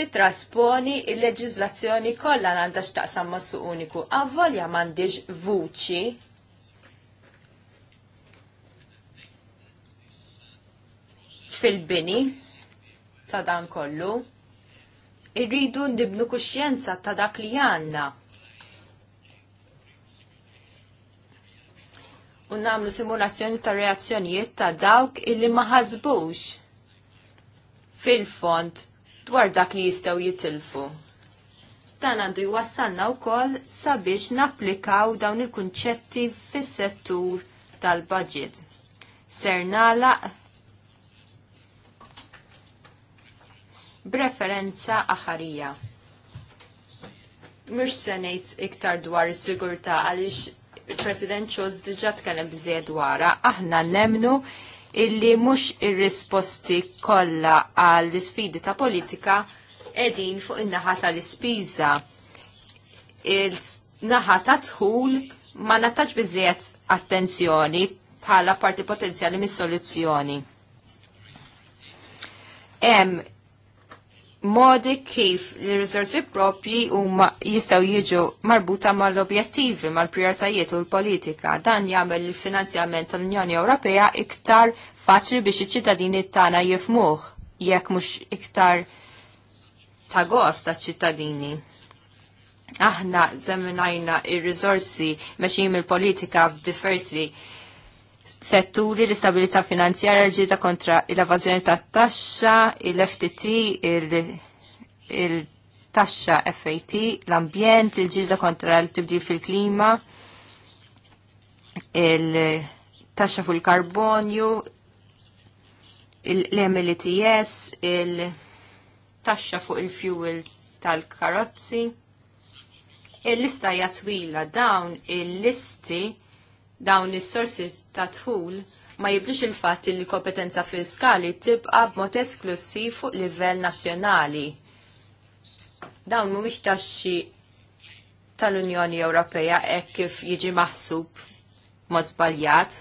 titrasponi il-leġizlazzjoni kollha għandha x'taqsam mas suq uniku. Avvolja m'għandix vuċi fil-bini ta' dan kollu. Irridu nibnu kuxjenza ta' dak li għandna. u simulazzjoni ta' reazzjonijiet ta' dawk illi ma ħasbux fil-font dwar dak li jistaw jitilfu. Dan għandu u wkoll sabiex napplikaw dawn il-kunċetti fis-settur tal-budget. Ser nalaq b'referenza aħarija. Mux se ngħid iktar dwar is-sigurtà għaliex President Schultz diġà tkellem bżejjed wara, aħna nemnu illi mhux ir-risposti kollha għall isfidi ta' politika qegħdin fuq in-naħa tal-ispiża. Il-naħa ta' tħul ma natax biżejjed attenzjoni bħala parti potenzjali mis-soluzzjoni modi kif li risorsi propji u jistaw jiġu marbuta mal-objettivi, mal-prioritajiet u l-politika. Dan jagħmel il-finanzjament tal-Unjoni Ewropea iktar faċli biex iċ-ċittadini tagħna jifmuh jekk mhux iktar ta' gost ta' ċittadini. Aħna żeminajna ir-risorsi meċim il-politika f'diversi diversi setturi l-istabilità finanzjarja l-ġita kontra l-evazjoni ta' taxxa, il-FTT, il-taxxa FAT, l-ambjent, il-ġilda kontra l-tibdil fil-klima, il-taxxa fuq il-karbonju, l-MLTS, il-taxxa fuq il-fuel tal-karozzi. Il-lista hija twila dawn il-listi il listi dawn is-sorsi ta' tħul ma jibdux il-fatt li l-kompetenza fiskali tibqa' b'mod esklusiv fuq livell nazzjonali. Dawn mhumiex taxxi tal-Unjoni Ewropea hekk kif jiġi maħsub mod żbaljat.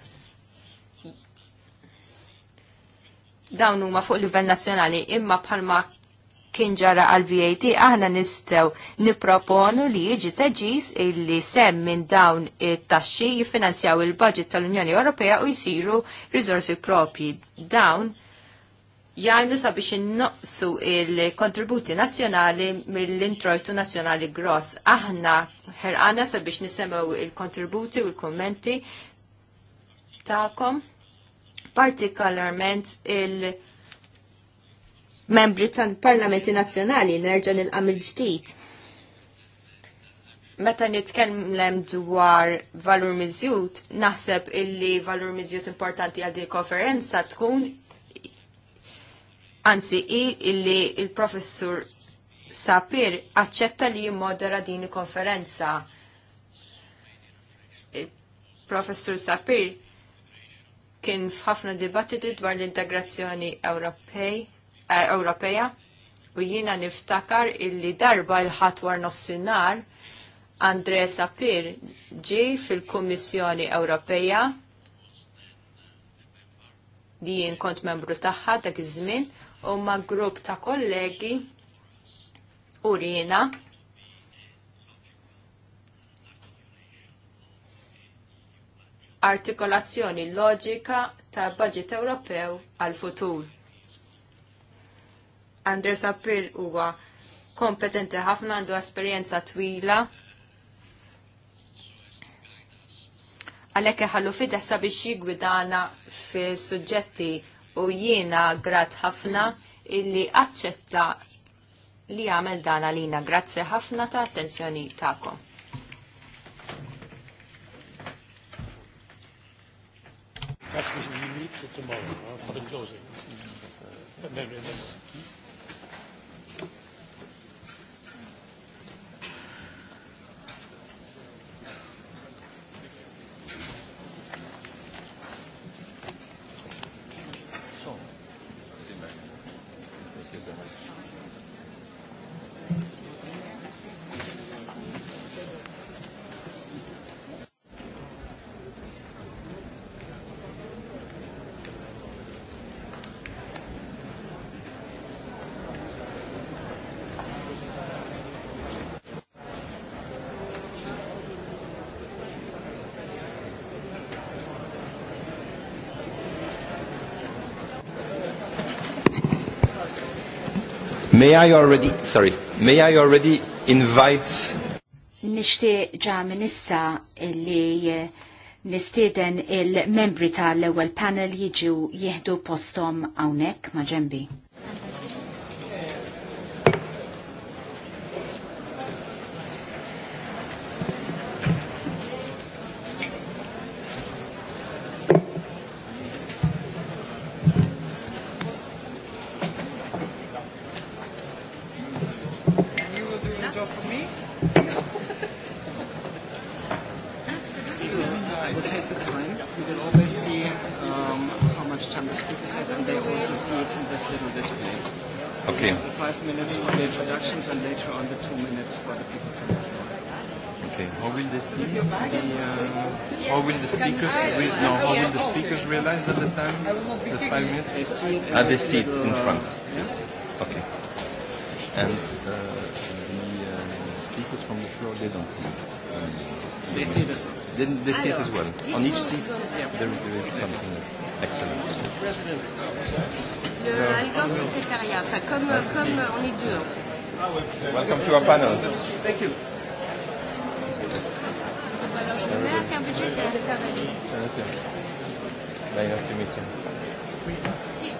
Dawn huma fuq livell nazzjonali imma bħalma kien ġara għal VAT aħna nistew niproponu li jiġi teġis illi sem minn dawn it-taxxi jiffinanzjaw il-budget tal-Unjoni Ewropea u jisiru rizorsi propji dawn jgħajnu sabiex innoqsu il-kontributi nazjonali mill-introjtu nazjonali gross. Aħna ħerqana sabiex nisemmew il-kontributi u l-kommenti ta'kom, partikolarment il-kontributi membri tal-Parlamenti Nazzjonali nerġa' nilqa' il ġdid Meta nitkellem dwar valur miżjud, naħseb illi valur miżjud importanti għal konferenza tkun anzi i illi il-professur Sapir aċċetta li jimmodera din konferenza. Professor professur Sapir kien f'ħafna dibattiti dwar l-integrazzjoni Ewropej Ewropeja u jina niftakar illi darba il-ħatwar nofsinnar Andrea Sapir ġi fil-Kummissjoni Ewropeja li jien kont membru tagħha dak iż-żmien u ma' grupp ta' kollegi u rina artikolazzjoni loġika ta' budget Ewropew għal-futur Andre Sapir huwa kompetenti ħafna għandu esperjenza twila. Għalhekk iħallu fideħsa biex jigwidana fi suġġetti u jiena grat ħafna illi aċċetta li għamel dan għalina. Grazzi ħafna ta' attenzjoni ta'kom. That's tomorrow, for the closing. [laughs] May I already, sorry, may I already invite... Nishti ġa minissa li eh, nistieden il-membri tal-ewel panel jiġu jihdu postom għawnek maġembi. the seat in front. Yes. Okay. And uh, the uh, speakers from the floor, they don't leave. Um, they see this. Then they see it as well. On each seat, there, there is something excellent. Le Algan Secrétariat, comme, comme on est deux. Welcome to our panel. Thank you. Euh, nice to meet you.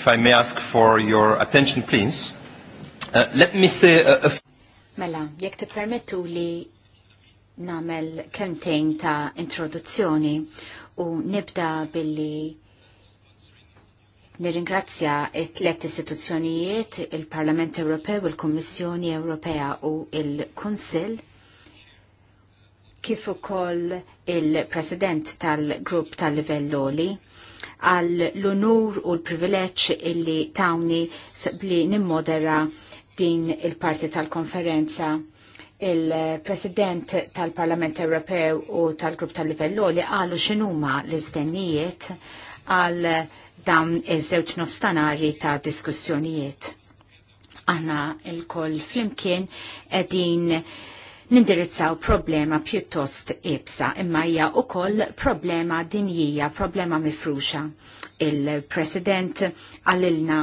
if I may ask for your attention, please. Uh, let me say uh, a, a Mela, jekk ti permettu li namel kemtejn ta' introduzzjoni u nibda billi nirringrazzja it-tlet istituzzjonijiet, il-Parlament Ewropew, il-Kummissjoni Ewropea u il-Kunsill kif ukoll il-President tal-Grupp tal-Livelloli għal l-onur u l-privileċ illi tawni li nimmodera din il-parti tal-konferenza il-President tal-Parlament Ewropew u tal-Grupp tal-Livelloli għalu xinuma l-istennijiet għal dawn iż-żewġ nofstanari ta' diskussjonijiet. Aħna il-koll flimkien edin nindirizzaw problema pjuttost ibsa imma hija ukoll problema dinjija, problema mifruxa. Il-President għalilna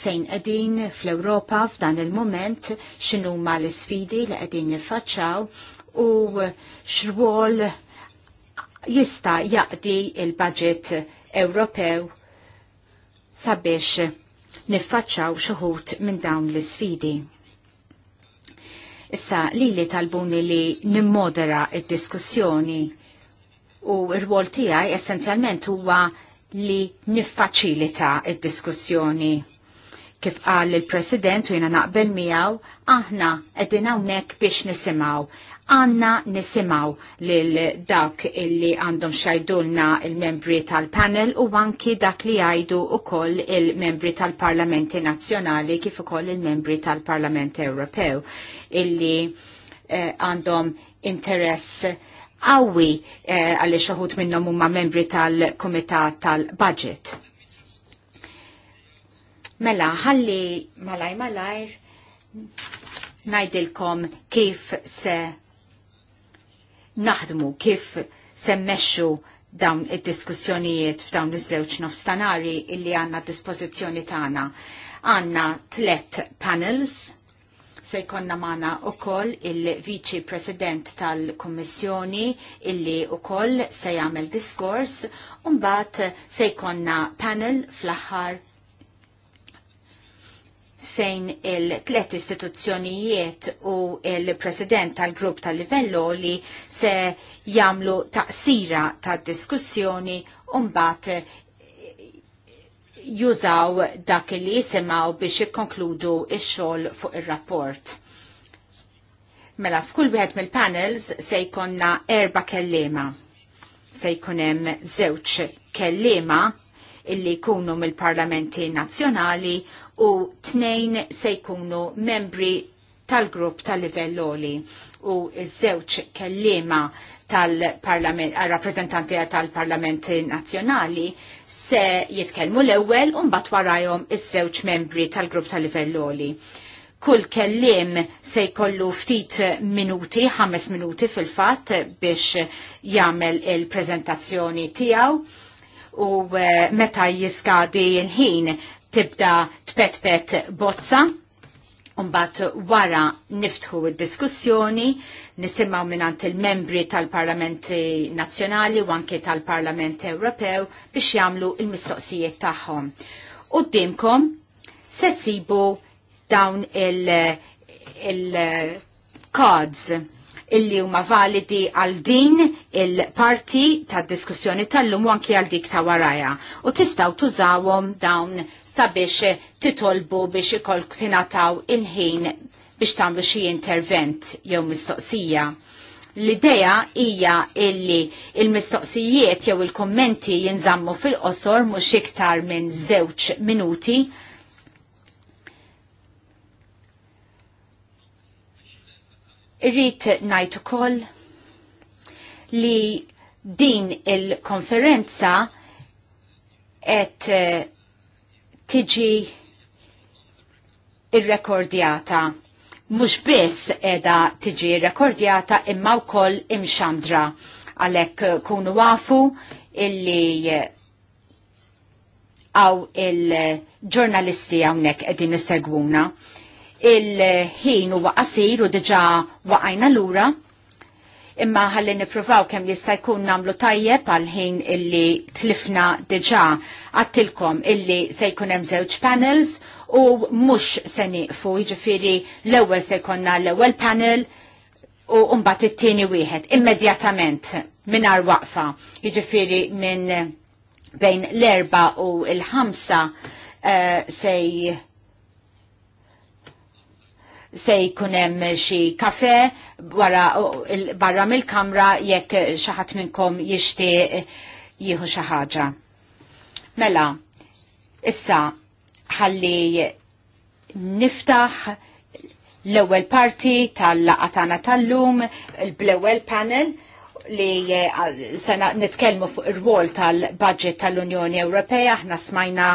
fejn qegħdin fl-Ewropa f'dan il-moment x'inhuma l-isfidi li qegħdin niffaċċaw u x'rwol jista jaqdi il-budget Ewropew sabiex niffaċċaw xuħut minn dawn l-isfidi. Issa li li talbuni li nimmodera il diskussjoni u r wol tiegħi essenzjalment huwa li niffaċilita il diskussjoni Kif qal il-President u jina naqbel miegħu, aħna qegħdin hawnhekk biex nisimgħu. Għanna nisimaw lil dak illi għandhom xajdulna il-membri tal-panel u anki dak li jgħidu u koll il-membri tal-parlamenti nazzjonali kif ukoll il-membri tal-parlament Ewropew illi eh, għandhom eh, interess għawi eh, għalli xaħut minnom huma membri tal-komitat tal-budget. Mela, ħalli malaj malajr najdilkom kif se naħdmu, kif se meċu dawn id-diskussjonijiet f'dawn iż-żewġ nofstanari illi għanna dispożizzjoni tagħna. Għanna tlet panels se jkonna magħna ukoll il-Viċi President tal-Kummissjoni illi ukoll se jagħmel diskors u mbagħad se jkonna panel fl-aħħar fejn il-tlet istituzzjonijiet u il-president tal-grupp tal-livello li se jamlu taqsira ta' diskussjoni umbat jużaw dak li jisimaw biex jikkonkludu ix-xogħol fuq ir-rapport. Mela f'kull wieħed mill-panels se jkonna erba' kellima. Se jkun hemm żewġ kellima illi jkunu mill-parlamenti nazzjonali u tnejn se jkunu membri tal-grupp tal-livell oli u iż-żewġ kellima tal-parlament, rappresentanti tal-parlamenti nazzjonali se jitkellmu l-ewwel u mbagħad warajhom iż-żewġ membri tal-grupp tal-livell oli kull kellim se jkollu ftit minuti, ħames minuti fil-fat biex jagħmel il-prezentazzjoni tiegħu u eh, meta jiskadi l-ħin tibda tpetpet bozza, Umbat wara niftħu id-diskussjoni, nisimaw minant il-membri tal-Parlamenti Nazzjonali u anke tal-Parlament Ewropew biex jamlu il-mistoqsijiet tagħhom. U dimkom se sibu dawn il-cards il illi huma validi għal din il-parti tad diskussjoni tal-lum u anke għal dik ta' waraja. U tistaw tużawhom dawn sabiex titolbu biex ikolk tinataw il-ħin biex tamlu xi intervent jew mistoqsija. L-idea hija illi il-mistoqsijiet jew il-kommenti jinżammu fil-qosor mhux iktar minn żewġ minuti Irrid ngħid ukoll li din il-konferenza qed eh, tiġi irrekordjata. Mhux biss edha tiġi irrekordjata imma wkoll imxandra għalhekk eh, kunu għafu illi eh, għaw il-ġurnalisti għawnek edin segwuna. Il-ħin huwa qasir u diġa waqajna lura imma ħalli nipruvaw kemm jista' jkun nagħmlu tajjeb għal ħin illi tlifna diġà għattilkom illi se jkun hemm żewġ panels u mhux se nieqfu jiġifieri l-ewwel se jkollna l-ewwel panel u mbagħad it-tieni wieħed immedjatament mingħajr waqfa. Jiġifieri minn bejn l-erba u l-ħamsa uh, se se jkunem xi kafe barra mill-kamra jekk xi ħadd minnkom jixtieq jieħu xi ħaġa. Mela, issa ħalli niftaħ l-ewwel parti tal-laqatana tal-lum, l-ewwel panel li eh, se nitkellmu fuq ir wol tal-budget tal-Unjoni Ewropea, aħna smajna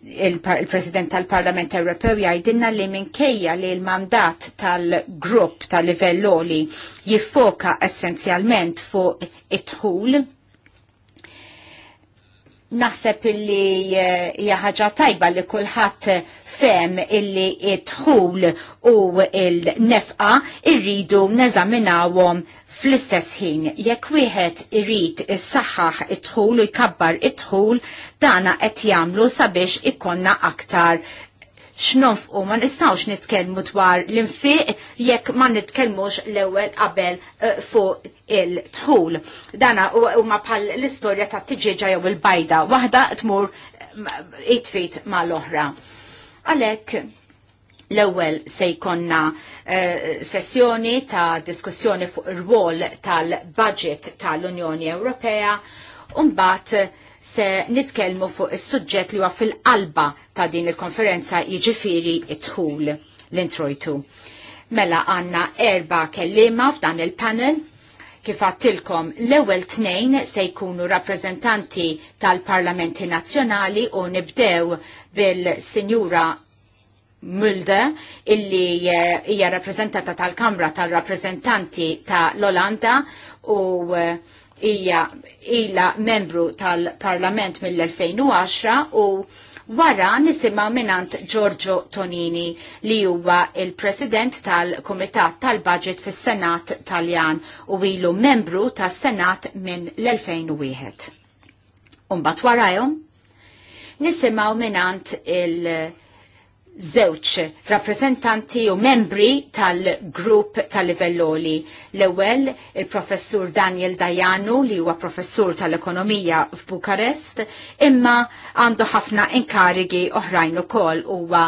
il-President tal-Parlament Ewropew jgħidilna li minkejja li l-mandat tal-grupp tal-livelloli jiffoka essenzjalment fuq it-tħul, naħseb illi eh, hija ħaġa tajba li kulħadd fem illi it-tħul u il-nefqa irridu neżaminawhom Fl-istess ħin, jekk wieħed irid saħħaħ id-dħul u jkabbar id-dħul, dana qed jagħmlu sabiex ikonna aktar u ma nistgħux nitkellmu dwar l-infiq jekk ma nitkellmux l-ewwel qabel uh, fuq il-dħul. Dana huma bħal l-istorja ta' tiġeġa jew il-bajda, waħda tmur 8 fit mal-oħra. Għalhekk L-ewwel se jkonna eh, sessjoni ta' diskussjoni fuq ir-rwol tal-budget tal-Unjoni Ewropea u mbagħad se nitkellmu fuq is-suġġett li huwa fil-qalba ta' din il-konferenza jiġifieri it-tħul l-introjtu. Mela għanna erba kellima f'dan il-panel kif għattilkom l-ewwel tnejn se jkunu rappreżentanti tal-Parlamenti Nazzjonali u nibdew bil-Sinjura Mulde illi eh, hija rappresentata tal-Kamra tal-Rappresentanti ta' l-Olanda u eh, hija ila membru tal-Parlament mill-2010 u wara nisimgħu minant Giorgio Tonini li huwa il-President tal-Kumitat tal-Budget fis-Senat Taljan u ilu membru tas-Senat minn l-2001. Umbat warajhom nisimgħu minant il- zewċ rappresentanti u membri tal-grupp tal-livelloli. L-ewel il-professur Daniel Dajanu li huwa professur tal-ekonomija f'Bukarest imma għandu ħafna inkarigi oħrajn ukoll huwa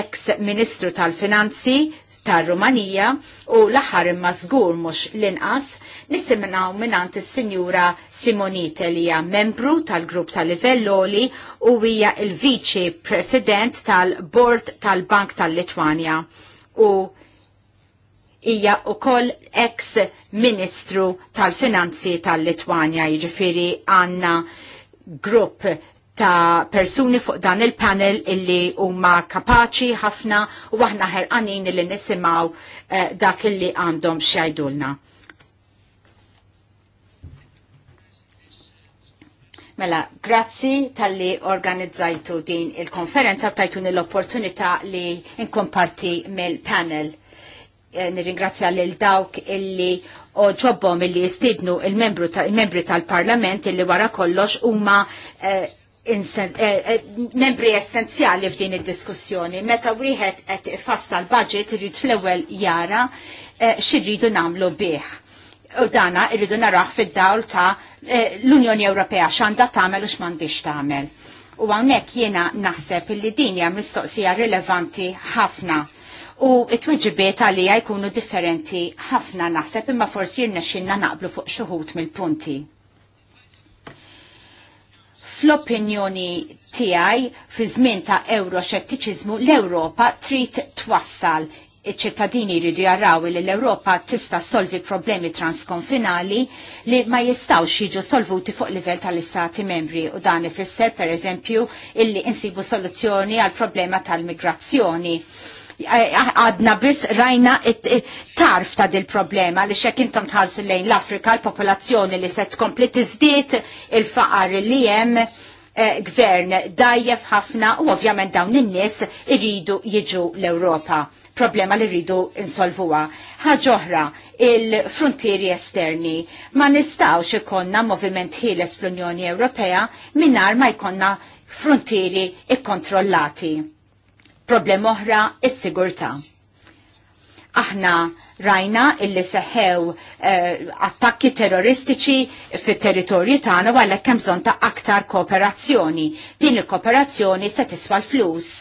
ex-ministru tal-finanzi tar-Rumanija u l-aħħar imma zgur mhux l-inqas nisimnaw mingħand is-Sinjura Simonite li hija membru tal-grupp tal-Livelloli u hija il-Viċi President tal-Bord tal-Bank tal-Litwanja u hija ukoll ex Ministru tal-Finanzi tal-Litwanja jiġifieri għandna grupp ta' persuni fuq dan il-panel illi huma kapaċi ħafna u aħna ħerqanin illi nisimaw eh, dak illi għandhom xajdulna. Mela, grazzi tal-li organizzajtu din il-konferenza u tajtuni l-opportunità li inkomparti mill-panel. Eh, nirringrazzja lil dawk illi ġobbom illi jistidnu il-membri tal-parlament illi wara kollox huma eh, Eh, eh, membri essenzjali f'din id-diskussjoni. Meta wieħed qed ifassal budget irid fl-ewwel jara eh, xirridu nagħmlu bih. U dana irridu naraħ fid-dawl ta' l-Unjoni Ewropea x'għandha tagħmel u x'm'għandix tagħmel. U hawnhekk jiena naħseb li din hija mistoqsija rilevanti ħafna. U it-tweġibiet għalija jkunu differenti ħafna naħseb imma forsi jirnexxinna naqblu fuq xuħut mill-punti. Fl-opinjoni tiegħi fi żmien ta' euroxettiċiżmu l-Ewropa trid twassal iċ-ċittadini jridu jarraw li l-Ewropa tista' solvi problemi transkonfinali li ma jistgħux jiġu solvuti fuq livell tal-istati membri u dan ifisser pereżempju illi insibu soluzzjoni għal problema tal-migrazzjoni għadna biss rajna tarf ta' dil problema li xek intom tħarsu lejn l-Afrika l-popolazzjoni li se tkompli tizdiet il-faqar li hemm eh, gvern dajjef ħafna u ovvjament dawn in-nies iridu jiġu l-Ewropa problema li rridu insolvuha. Ħaġoħra, il-frontieri esterni. Ma nistawx ikonna moviment ħieles fl-Unjoni Ewropea minnar ma jkonna frontieri ikkontrollati Problem oħra is-sigurtà. Aħna rajna illi seħew uh, attakki terroristiċi fit territorju tagħna u għalhekk hemm bżonn ta' aktar kooperazzjoni. Din il-kooperazzjoni se tiswa l-flus.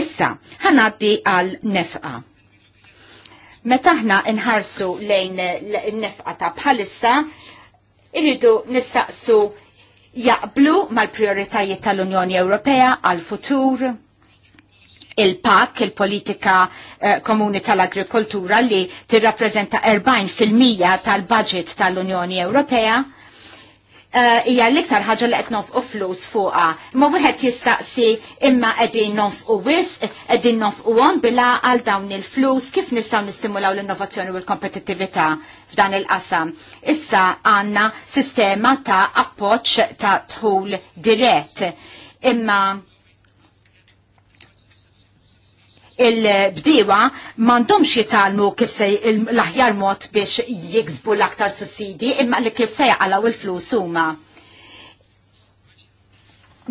Issa, ħanaddi għal nefqa. Meta aħna nħarsu lejn nefqa ta' bħalissa, irridu nistaqsu jaqblu mal-prioritajiet tal-Unjoni Ewropea għal futur il-PAK, il-Politika eh, Komuni tal-Agrikoltura, li tirrappreżenta 40% tal-budget tal-Unjoni Ewropea, eh, hija l-iktar ħaġa li qed nonfqu flus fuqha. Ma wieħed jistaqsi imma qegħdin nofqu wis, qegħdin nonfquhom bila għal dawn il-flus kif nistgħu nistimulaw l-innovazzjoni u l-kompetittività f'dan il-qasam. Issa għandna sistema ta' appoġġ ta' tħul dirett. Imma il bdiwa m'għandhomx jitalmu kif se l-aħjar mod biex jiksbu l-aktar sussidi imma li kif se jaqalaw il-flus huma.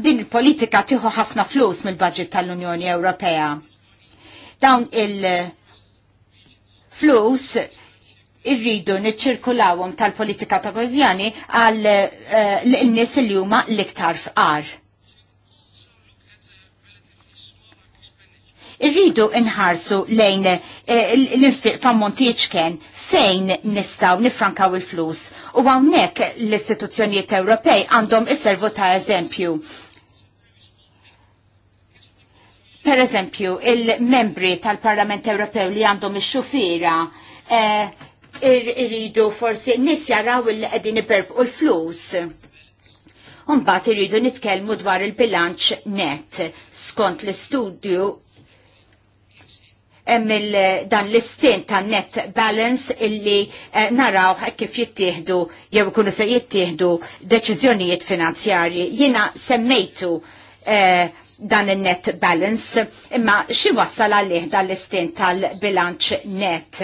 Din il-politika tieħu ħafna flus mill-budget tal-Unjoni Ewropea. Dawn il-flus irridu niċċirkulawhom tal-politika ta' kożjani għal eh, l-nies li huma l-iktar fqar irridu nħarsu lejn eh, l-infiq fammonti fejn nistaw nifrankaw il-flus u għawnek l-istituzzjonijiet Ewropej għandhom isservu ta' eżempju. Per eżempju, il-membri tal-Parlament Ewropew li għandhom ix-xufira eh, irridu forsi nis jaraw il-qegħdin u l-flus. Un-bat irridu nitkellmu dwar il-bilanċ net. Skont l-istudju hemm eh, dan l istin ta' net balance illi eh, naraw kif jittieħdu jew ikunu se jittieħdu deċiżjonijiet finanzjarji. Jiena semmejtu eh, dan il-net balance imma xi wassal għalih dan l istin tal-bilanċ net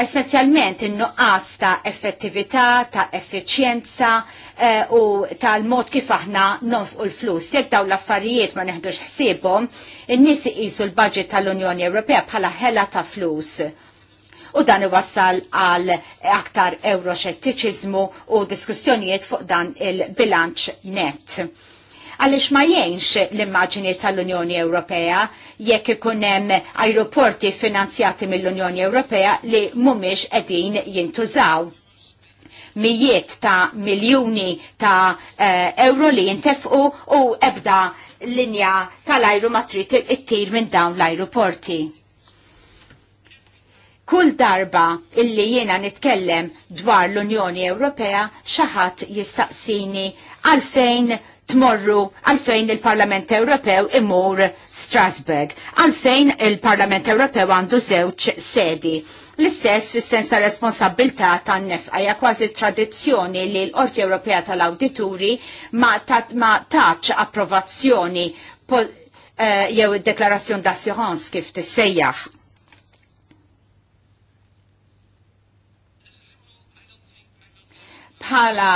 essenzjalment in-nuqqas ta' effettività, ta' effiċjenza eh, u tal-mod kif aħna nonfqu l-flus. Jekk daw l-affarijiet ma neħdux ħsiebhom, in-nies iqisu l-budget tal-Unjoni Ewropea bħala ħela ta' flus. U dan iwassal għal aktar euroxettiċiżmu u diskussjonijiet fuq dan il-bilanċ net għaliex ma jgħinx l immagini tal-Unjoni Ewropea jekk ikun hemm ajruporti finanzjati mill-Unjoni Ewropea li mhumiex qegħdin jintużaw mijiet ta' miljuni ta' eh, euro li jintefqu u ebda linja tal-ajru matrit it-tir minn dawn l-ajruporti kull darba illi jiena nitkellem dwar l-Unjoni Ewropea xaħat jistaqsini għalfejn tmorru għalfejn il-Parlament Ewropew imur Strasbourg, għalfejn il-Parlament Ewropew għandu żewġ sedi. L-istess fis sens ta' responsabilità tan hija kważi tradizzjoni li l-Qorti Ewropea tal-Awdituri ma, ma taċ approvazzjoni eh, jew id-deklarazzjoni d'assurance kif tissejjaħ. Bħala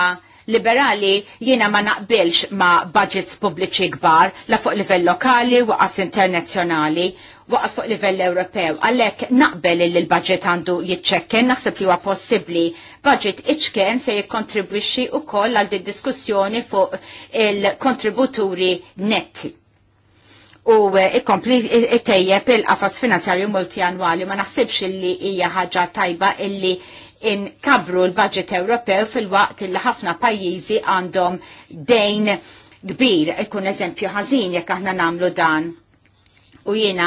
liberali jiena ma naqbilx ma budgets pubbliċi kbar la fuq livell lokali waqas internazzjonali waqas fuq livell Ewropew. Għalhekk naqbel li l-budget għandu jiċċekken, naħseb li huwa possibbli. Budget iċken se jikkontribwixxi wkoll għal di diskussjoni fuq il-kontributuri netti u e, ikkompli e, e, tejjeb il-qafas finanzjarju multianwali ma naħsibx illi hija ħaġa tajba illi inkabru l-budget Ewropew fil-waqt li ħafna pajjiżi għandhom dejn kbir, ikun eżempju ħażin jekk aħna nagħmlu dan. U jiena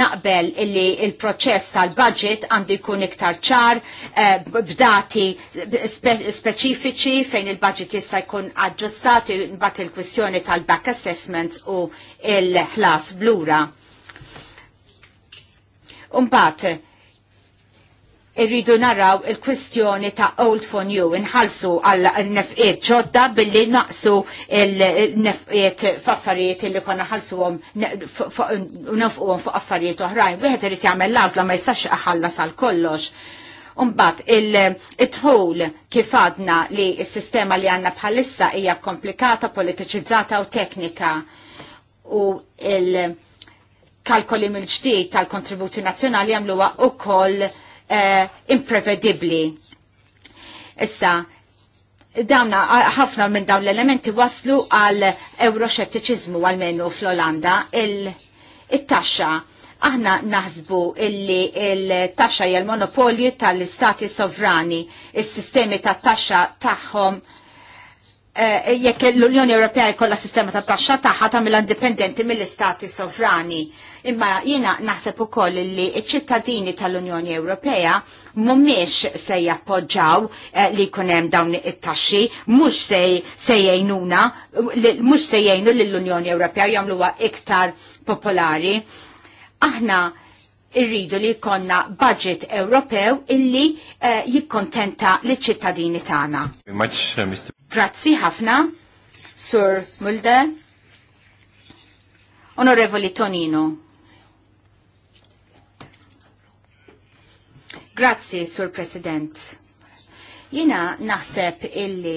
naqbel illi il-proċess tal-budget għandu jkun iktar ċar eh, b'dati speċifiċi fejn il-budget jista' jkun aġġustati mbagħad il-kwistjoni tal-back assessment u il-ħlas blura. Umbat, irridu naraw il-kwistjoni ta' old for new, inħalsu għal nefqiet ġodda billi naqsu il-nefqiet f'affarijiet li konna ħalsu għom nefqu għom fuq affarijiet uħrajn. Wieħed irid jagħmel lażla ma jistax aħallas għal kollox. Umbat, il-tħol kif għadna li s-sistema li għanna bħalissa hija komplikata, politiċizzata u teknika u il- kalkoli mill-ġdijt tal-kontributi nazjonali għamluwa u koll uh, imprevedibli. Issa, dawna ħafna minn dawn l-elementi waslu għal euroscepticizmu għal-menu fl-Olanda il-taxxa. Aħna naħsbu illi il-taxxa hija l-monopolju tal-istati sovrani, il sistemi tat-taxxa tagħhom ta Eh, e jekk l-Unjoni Ewropea jkollha sistema ta' taxxa tagħha tagħmilha indipendenti mill-istati sovrani. Imma jiena naħseb ukoll li ċ-ċittadini tal-Unjoni Ewropea mhumiex se jappoġġaw eh, li jkun hemm dawn it-taxxi, mhux se jgħinuna, mhux se jgħinu lill-Unjoni Ewropea jagħmluha iktar popolari. Aħna irridu li jkollna budget Ewropew illi eh, uh, jikkontenta li ċittadini tagħna. Grazzi ħafna, Sur Mulde, Onorevoli Tonino. Grazzi, Sur President. Jina naħseb illi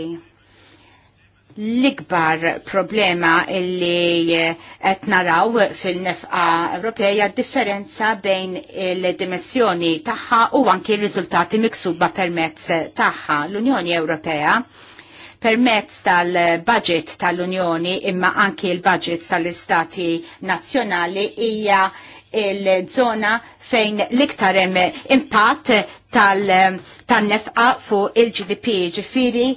l-ikbar problema illi eh, qed naraw fil-nefqa Ewropeja differenza bejn il-dimensjoni tagħha u anki r-riżultati miksuba permezz tagħha l-Unjoni Ewropea permezz tal-budget tal-Unjoni imma anki l-budget tal-Istati nazzjonali hija il-żona fejn l-iktar hemm impatt tal-nefqa fuq il-GDP ġifiri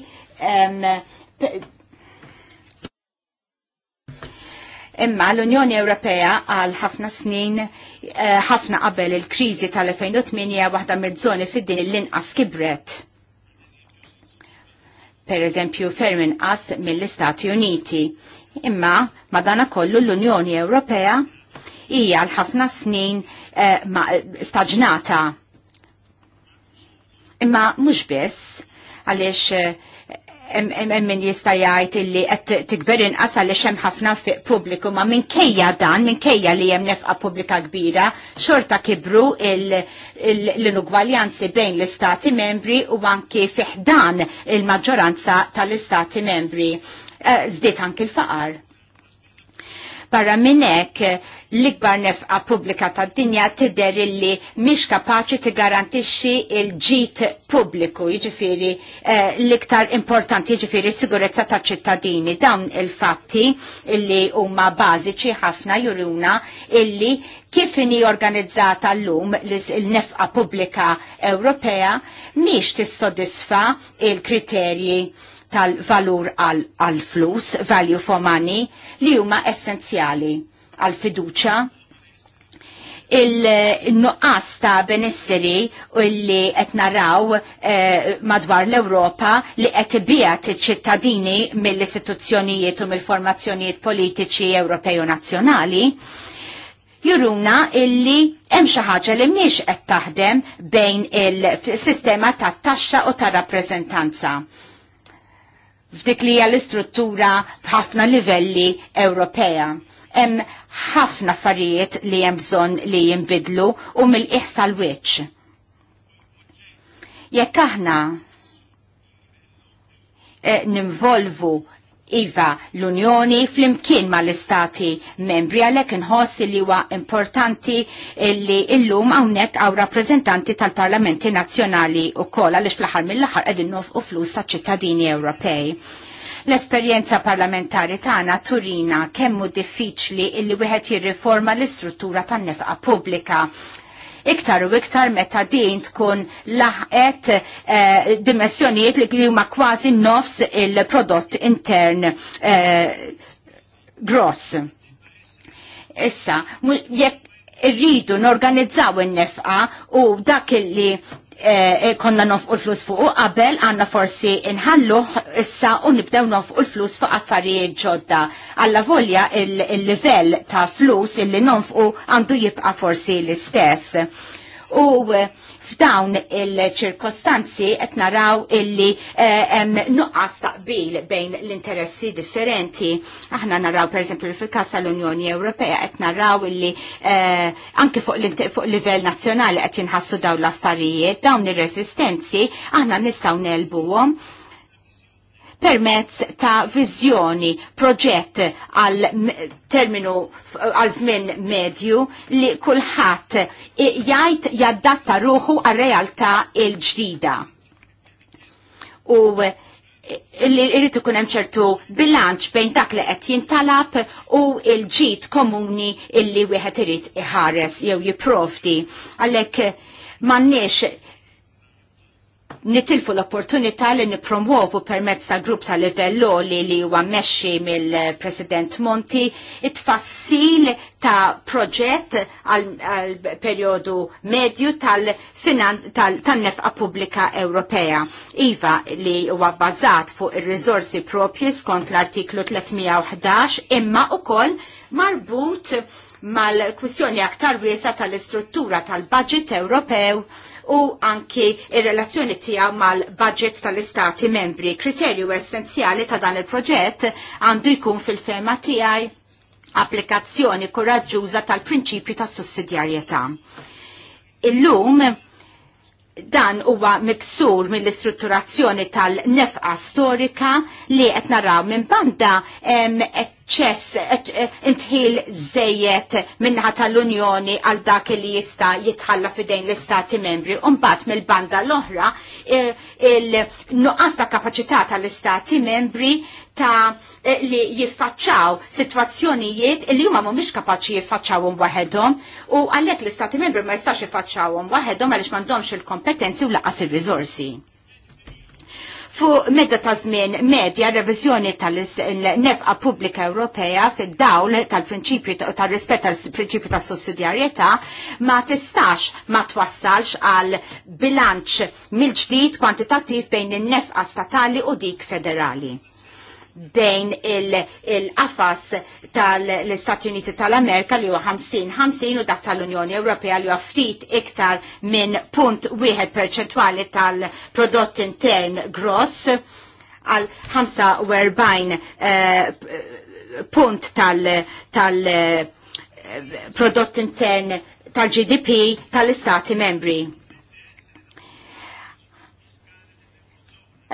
Imma l-Unjoni Ewropea għal ħafna snin, eh, ħafna qabel il-krizi tal-2008 waħda mezzoni żoni fid-din l-inqas kibret. Per eżempju, ferm inqas mill-Istati Uniti. Imma madana kollu l-Unjoni Ewropea hija għal ħafna snin eh, staġnata. Imma mhux biss għaliex eh, min jista' jgħid illi qed tikber inqas għaliex hemm ħafna fiq pubbliku ma minkejja dan, minkejja li hemm nefqa pubblika kbira, xorta kibru l-inugwaljanzi bejn l-istati membri u anki fiħdan il-maġġoranza tal-istati membri. Eh, Zdiet anki l-faqar. Barra minnek l-ikbar nefqa pubblika ta' dinja tider illi mhix kapaċi tigarantixxi il-ġit pubbliku, jiġifieri eh, l-iktar importanti jiġifieri s-sigurezza ta' ċittadini. Dawn il-fatti illi huma bażiċi ħafna juruna illi kif inhi organizzata llum l-nefqa pubblika Ewropea miex tissodisfa il-kriterji tal-valur għal-flus, value for money, li huma essenzjali għal-fiduċa il-nuqqas ta' benessiri u li qed naraw eh, madwar l-Ewropa li qed ibijat iċ-ċittadini mill-istituzzjonijiet u mill-formazzjonijiet politiċi Ewropej u nazzjonali juruna illi hemm xi ħaġa li mhix qed taħdem bejn il-sistema tat-taxxa u tar-rappreżentanza f'dik li hija l-istruttura b'ħafna livelli Ewropea. Hemm ħafna affarijiet li hemm bżonn li jinbidlu u mill-iħsa l-wiċċ. Jekk aħna nimvolvu eh, ninvolvu Iva, l-Unjoni flimkien ma l-Istati membri għalek nħoss li huwa importanti li illum hawnhekk għaw rappreżentanti tal-Parlamenti Nazzjonali u koll għaliex fl-aħħar mill-aħħar qegħdin u flus ta' ċittadini Ewropej. L-esperjenza parlamentari tagħna turina kemmu diffiċli illi wieħed jirriforma l-istruttura tan-nefqa pubblika iktar u iktar meta din tkun laħqet eh, dimensjonijiet li huma kważi nofs il-prodott intern eh, gross. Issa, jekk irridu norganizzaw in-nefqa u dak li E, konna u l-flus fuq qabel għanna forsi inħalluh issa u nibdew nofqu l-flus fuq affarijiet ġodda. Alla volja il-livell ta' flus illi u għandu jibqa' forsi l-istess. U eh, F'dawn il-ċirkostanzi qed naraw illi eh, hemm nuqqas taqbil bejn l-interessi differenti. Aħna naraw pereżempju fil-każ tal-Unjoni Ewropea qed naraw illi eh, anke fuq livell nazzjonali qed jinħassu dawn l-affarijiet, dawn ir-resistenzi aħna nistgħu nelbuhom permezz ta' viżjoni, proġett għal terminu għal żmien medju li kulħadd jgħid jaddatta ruħu għal realtà il-ġdida. U eh, li rritu ikun hemm ċertu bilanċ bejn dak li qed jintalab u l-ġid komuni illi wieħed irid iħares jew jipprovdi. Għalhekk m'għandniex nitilfu l-opportunità li nipromuovu permezz tal grupp tal livello li li huwa mexxi mill-President Monti it-tfassil ta' proġett għal periodu medju tal-nefqa pubblika Ewropea. Iva li huwa bbażat fuq ir-riżorsi propji skont l-artiklu 311 imma ukoll marbut mal-kwistjoni aktar wiesa tal-istruttura tal-budget Ewropew u anki il relazzjoni tiegħu mal-budget tal-istati membri. Kriterju essenzjali ta' dan il-proġett għandu jkun fil-fema tiegħi applikazzjoni koraġġuża tal-prinċipju ta' sussidjarjetà. Illum dan huwa miksur mill-istrutturazzjoni tal-nefqa storika li qed naraw minn banda ċess eh, intħil zejet minnaħa tal-Unjoni għal dak li jista jitħalla fidejn l-Istati membri. mbagħad mill-banda l-oħra eh, il-nuqqas ta' kapacità tal-Istati membri ta' eh, li jiffaċċaw situazzjonijiet li huma mhumiex kapaċi jiffaċċawhom waħedhom u għalhekk l-Istati membri ma jistax jiffaċċawhom waħedhom għaliex m'għandhomx il-kompetenzi u laqas ir-riżorsi. Fuq medda ta' żmien medja reviżjoni tal-nefqa pubblika Ewropea fid-dawl tal-prinċipju tal-rispett tal-prinċipju tas sussidjarjetà ma tistax ma twassalx għal bilanċ mill-ġdid kwantitattiv bejn in-nefqa statali u dik federali bejn il-qafas il tal-Istati Uniti tal-Amerika li huwa 50-50 u dak tal-Unjoni Ewropea li huwa ftit iktar minn punt wieħed perċentwali tal-prodott intern gross għal 45 eh, punt tal-prodott tal, eh, intern tal-GDP tal-Istati membri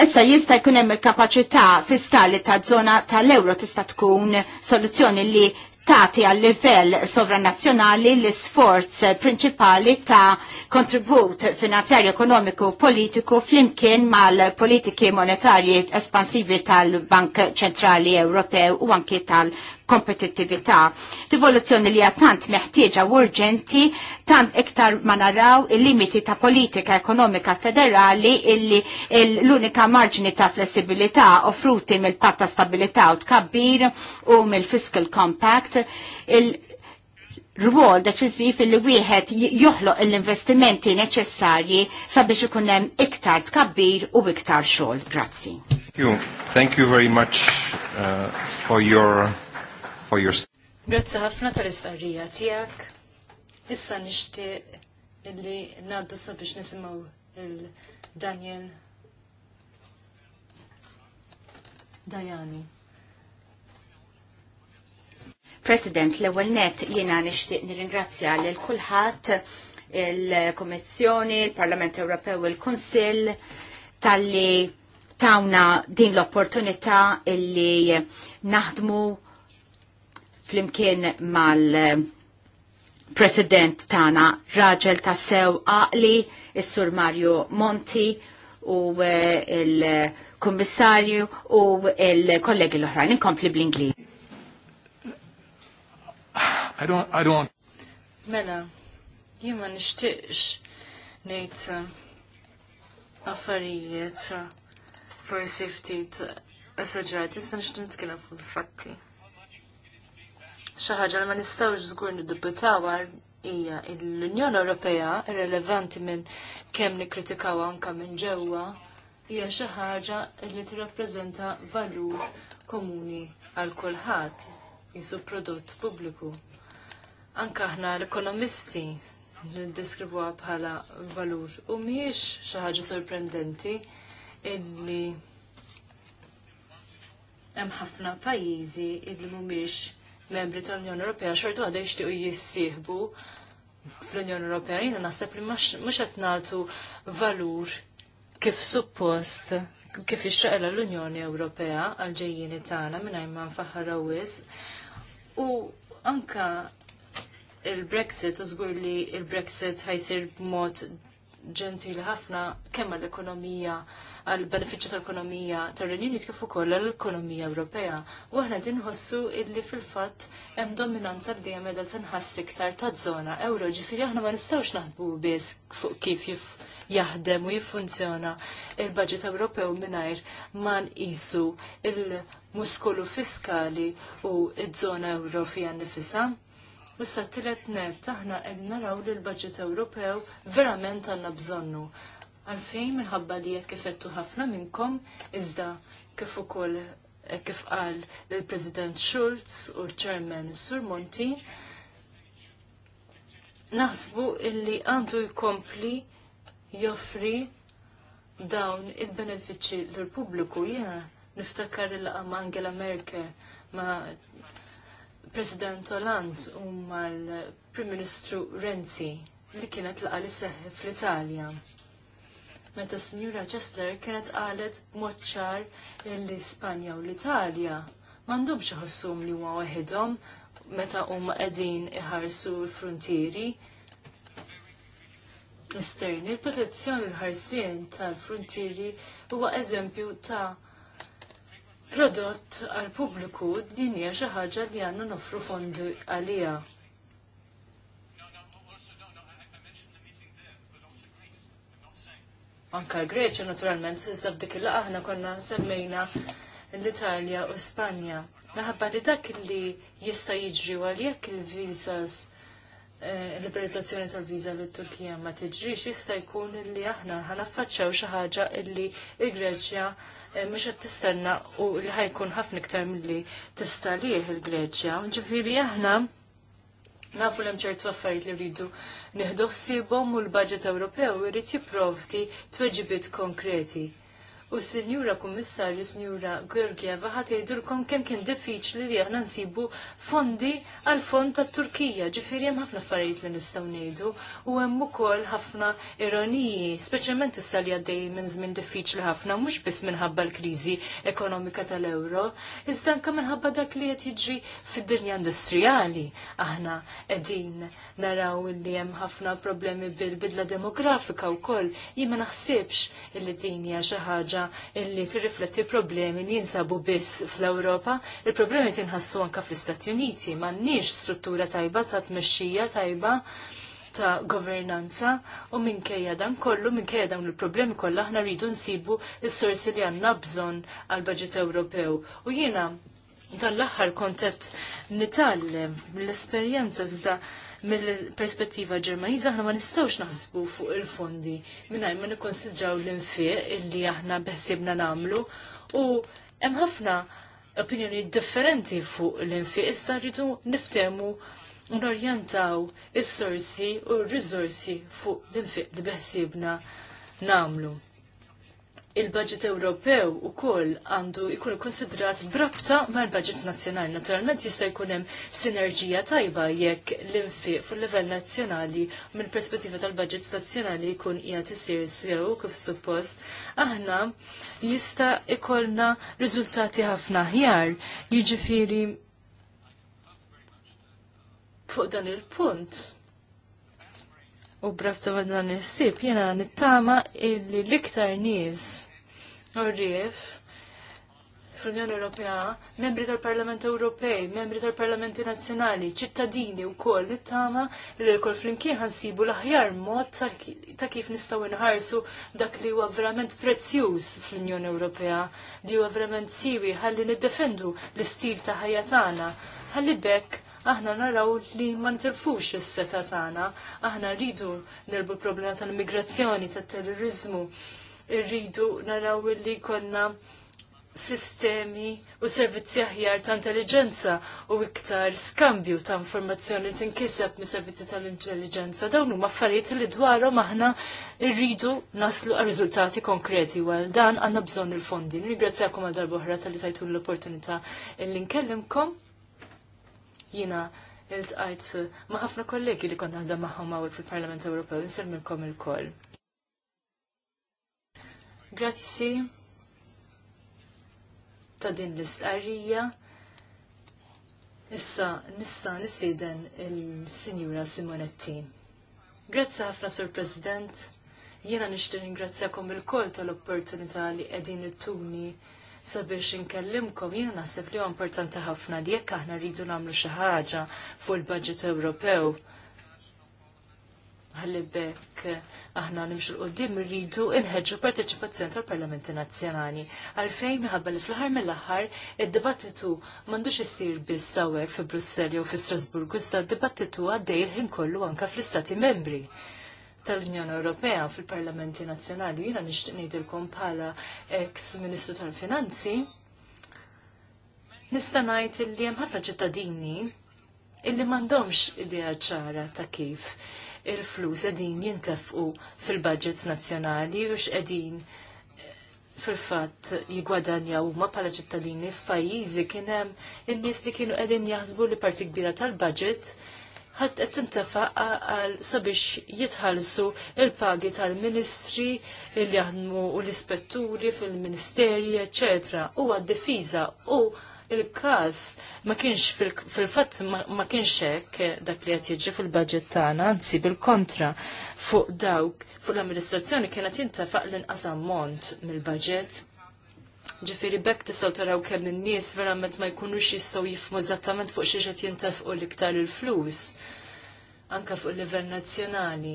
Issa jista' jkun hemm il-kapaċità fiskali ta' zona tal-euro tista' tkun soluzzjoni li tagħti għal livell sovranazzjonali l-isforz prinċipali ta' kontribut finanzjarju ekonomiku politiku flimkien mal-politiki monetarji espansivi tal-Bank Ċentrali Ewropew u anki tal kompetittivita. Rivoluzzjoni li tant meħtieġa urġenti, tant iktar ma naraw il-limiti ta' politika ekonomika federali illi l-unika marġni ta' flessibilità offruti mill-patta stabilità u tkabbir u mill-fiscal compact il rwol deċiżiv li wieħed joħloq l-investimenti neċessarji sabiex ikun hemm iktar tkabbir u iktar xogħol. Grazzi. Thank you. Thank you very much uh, for your for your... Grazzi ħafna tal istarrija tiegħek. Issa nixtieq illi ngħaddu sabiex nisimgħu il-Daniel Dajani. President, l-ewwel net jiena nixtieq nirringrazzja lil kulħadd il kummissjoni il-Parlament Ewropew, il-Kunsill talli tawna din l-opportunità illi naħdmu flimkien mal-president eh, tana raġel ta' sew għaqli, il-sur Mario Monti u eh, il-kommissarju u il-kollegi l-oħrajn. Inkompli bl-Ingli. I don't, I don't. Mela, jima nishtiqx nejt eh, affarijiet for safety esagerati, sa nishtiqx nitkellem fuq fatti Xi ħaġa li ma nistgħux żgur niddubitaw hija l-Unjoni Ewropea irrelevanti minn kemm nikkritikaw anke minn ġewwa hija xi ħaġa li tirrappreżenta valur komuni għal kulħadd jisu prodott pubbliku. Anka aħna l-ekonomisti niddiskrivuha bħala valur u mhijiex xi ħaġa sorprendenti illi hemm ħafna pajjiżi illi mhumiex membri tal-Unjoni Ewropea xortu għadha jixtiequ jissieħbu fl-Unjoni Ewropea. Jiena naħseb li mhux qed nagħtu valur kif suppost kif ixtaqla l-Unjoni Ewropea għal-ġejjini tagħna mingħajr ma nfaħħar U anka il-Brexit, u żgur li il-Brexit ħajsir b'mod ġentili ħafna kemm l-ekonomija għal benefiċċju tal-ekonomija tar-Renju kif ukoll l-ekonomija Ewropea. U aħna din nħossu illi fil-fatt hemm dominanza li meta qiegħda tinħass iktar taż-żona euro, ġifieri aħna ma nistgħux naħdmu biss fuq kif jaħdem u jiffunzjona il-budget Ewropew mingħajr ma nqisu il-muskolu fiskali u ż-żona euro fiha nifisha. Issa t-tielet net aħna qed naraw li l-budget Ewropew verament għandna bżonnu Għalfejn minħabba li jekk effettu ħafna minnkom iżda kif ukoll eh, kif qal il-President Schulz u l-Chairman Sur Monti naħsbu illi għandu jkompli joffri dawn il-benefiċi l-pubbliku jena niftakar il-laqam Angela Merkel ma' President Hollande u um mal-Prim Ministru Renzi li kienet l li seħħi fl-Italja meta Sinjura Gessler kienet qalet moċċar l ispanja u l-Italja m'għandhomx iħossum li huma waħedhom meta huma qegħdin iħarsu l-frontieri. Esterni, il-protezzjoni l-ħarsien tal-frontieri huwa eżempju ta' prodott għal pubbliku din hija xi ħaġa li għandna nofru fondi għaliha. anka l-Greċja naturalment, iżda f'dik il aħna konna semmejna l-Italja u Spanja. Naħabba li dak li jista' jiġri għal jekk il-vizas eh, liberalizzazzjoni tal-viza l turkija ma tiġrix jista' jkun li aħna ħanaffaċċaw xi ħaġa illi l-Greċja eh, mhux qed tistenna u li ħajkun ħafna iktar milli tista' lieh il-Greċja. Ġifieri aħna Nafu l-hemm ċertu affarijiet li rridu neħdu ħsiebhom u l baġit Ewropew irid jipprovdi tweġibiet konkreti u s-Sinjura Kummissarju, Sinjura Georgieva, vaħat jgħidulkom kemm kien diffiċli li aħna nsibu fondi għal fond ta' Turkija, ġifieri hemm ħafna affarijiet li nistgħu ngħidu u hemm ukoll ħafna ironiji, speċjalment issa li għaddej minn żmien diffiċli ħafna mhux biss minħabba l-kriżi ekonomika tal-ewro, iżda anke minħabba dak li qed jiġri fid-dinja industrijali aħna qegħdin naraw illi hemm ħafna problemi bil-bidla demografika wkoll. Jien ma naħsibx illi din hija xi ħaġa illi tirrifletti problemi li jinsabu biss fl-Ewropa. Il-problemi tinħassu anke fl-Istati Uniti m'għandniex struttura tajba ta' tmexxija tajba ta' governanza u minkejja dan kollu, minkejja dawn il-problemi kollha aħna rridu nsibu s-sorsi li għandna bżonn għall baġit Ewropew. U jiena dan l-aħħar kontet nitgħallem l-esperjenza iżda mill-perspettiva Ġermaniza aħna ma nistgħux naħsbu fuq il-fondi mingħajr ma nikkonsidraw l-infiq illi aħna bessibna nagħmlu u hemm ħafna opinjoni differenti fuq l-infiq iżda rridu niftehmu norjentaw is-sorsi u r rizorsi fuq l-infiq li bessibna namlu il-budget Ewropew u koll għandu ikun konsidrat brabta ma' l-budget nazjonali. Naturalment jista' jkun hemm sinerġija tajba jekk l-infiq fuq livell nazzjonali mill-perspettiva tal-budget nazzjonali jkun qiegħed isir sew kif suppost. Aħna jista' ikollna riżultati ħafna aħjar. Jiġifieri fuq dan il-punt u brafta ma' dan il-sib, jena nittama illi l-iktar nies u rrif fl-Unjoni Ewropea, membri tal-Parlament Ewropej, membri tal-Parlamenti Nazzjonali, ċittadini u koll nittama li l-kol flimkien ħansibu l-aħjar mod ta' kif nistaw nħarsu dak li huwa verament prezzjuż fl-Unjoni Ewropea, li huwa verament siwi ħalli niddefendu l-istil ta' ħajja tagħna. Ħalli bekk aħna naraw li ma nitilfux is-seta tagħna, aħna rridu nerbu problema tal immigrazzjoni tat-terrorizmu, rridu naraw li konna sistemi u servizzi aħjar ta' intelligenza u iktar skambju ta' informazzjoni li tinkiseb mis servizzi tal-intelligenza. Dawn huma affarijiet li dwarhom aħna rridu naslu għal riżultati konkreti għal dan għandna bżonn il-fondi. Ningrazzjakom għal darba oħra tal-li tajtu l-opportunità li nkellimkom. Jiena il-tqajt ma' ħafna kollegi li kont naħdem magħhom hawn fil-Parlament Ewropew, minnkom il-koll. Grazzi ta' din l-istqarrija. Issa nista' nisieden il-Sinjura Simonetti. Grazzi ħafna Sur President. Jiena nixtieq ringrazzjakom il-koll tal-opportunità li qegħdin ittuni sabiex inkellimkom jiena naħseb li huwa importanti ħafna li jekk aħna rridu nagħmlu xi ħaġa fuq il-budget Ewropew. Ħalli bekk aħna nimxu l-qoddim rridu inħedġu parteċipazzjoni tal-Parlamenti Nazzjonali. Għalfejn minħabba li fl-ħar mill-aħħar id-dibattitu m'għandux issir biss sawek fi Brussell jew fi Strasburgu iżda d-dibattitu għaddej il-ħin kollu anke fl-Istati Membri tal-Unjoni Ewropea fil-Parlamenti Nazzjonali, jiena nixtieq ngħidilkom bħala ex Ministru tal-Finanzi, nista' ngħid li hemm ħafna ċittadini illi m'għandhomx idea ċara ta' kif il-flus qegħdin jintefqu fil-budgets nazzjonali u x'qegħdin eh, fil-fatt jigwadanjaw huma bħala ċittadini f'pajjiżi kien hemm in-nies li kienu qegħdin jaħsbu li parti kbira tal-budget qed tintefaq għal sabiex jitħallsu il-pagi tal-ministri il jaħdmu u l-ispetturi fil-ministeri, eċetera, u għad-difiża u il-każ ma kienx fil-fatt ma kienx hekk dak li qed jiġi fil-baġġett tagħna, anzi bil-kontra fuq dawk fuq l-amministrazzjoni kienet jintefaq l-inqas ammont mill-baġġett Ġifiri bekk tistaw taraw kemm in-nies verament ma jkunux jistgħu jifmu eżattament fuq xi qed jintefqu l-iktar il-flus anke fuq livell nazzjonali.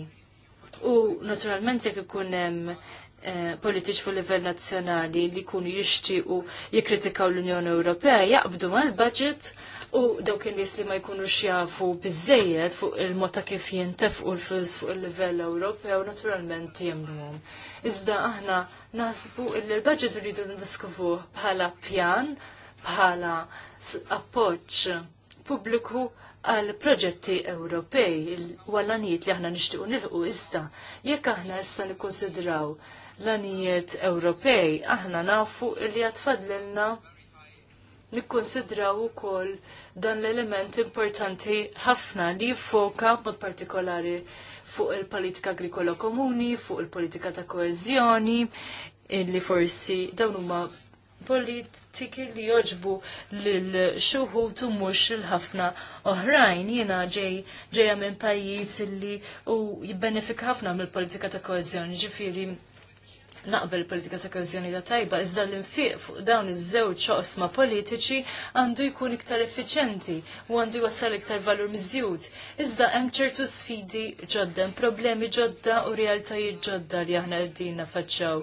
U naturalment jekk ikun hemm eh, politiċ fuq livell nazzjonali li jkunu jixtiequ jikkritikaw l-Unjoni Ewropea jaqbdu mal budget u dawk il nies li ma jkunux jafu biżejjed fuq il mota kif jintefqu l-flus fuq il-livell Ewropew naturalment jemluhom. Iżda aħna nasbu li l-budget rridu ndiskuvuh bħala pjan, bħala appoġġ pubbliku għal proġetti Ewropej għal lanijiet anijiet li aħna nixtiequ nilħu iżda jekk aħna issa nikkonsidraw l-anijiet Ewropej aħna nafu li għatfadlilna nikkonsidraw ukoll dan l-element importanti ħafna li jiffoka mod partikolari fuq il-politika agrikola komuni, fuq il-politika ta' koezjoni, illi forsi dawn huma politiki li joġbu l-xuħut u mux l-ħafna oħrajn. Jena ġej minn pajis li u jibbenefika ħafna mill-politika ta' koezjoni ġifiri naqbel politika ta' kohezjoni ta' tajba, iżda l-infiq fuq dawn iż-żewġ oqsma politiċi għandu jkun iktar effiċenti u għandu jwassal iktar valur miżjud. Iżda hemm ċertu sfidi ġodda, problemi ġodda u realtajiet ġodda li aħna qegħdin nafaċċaw.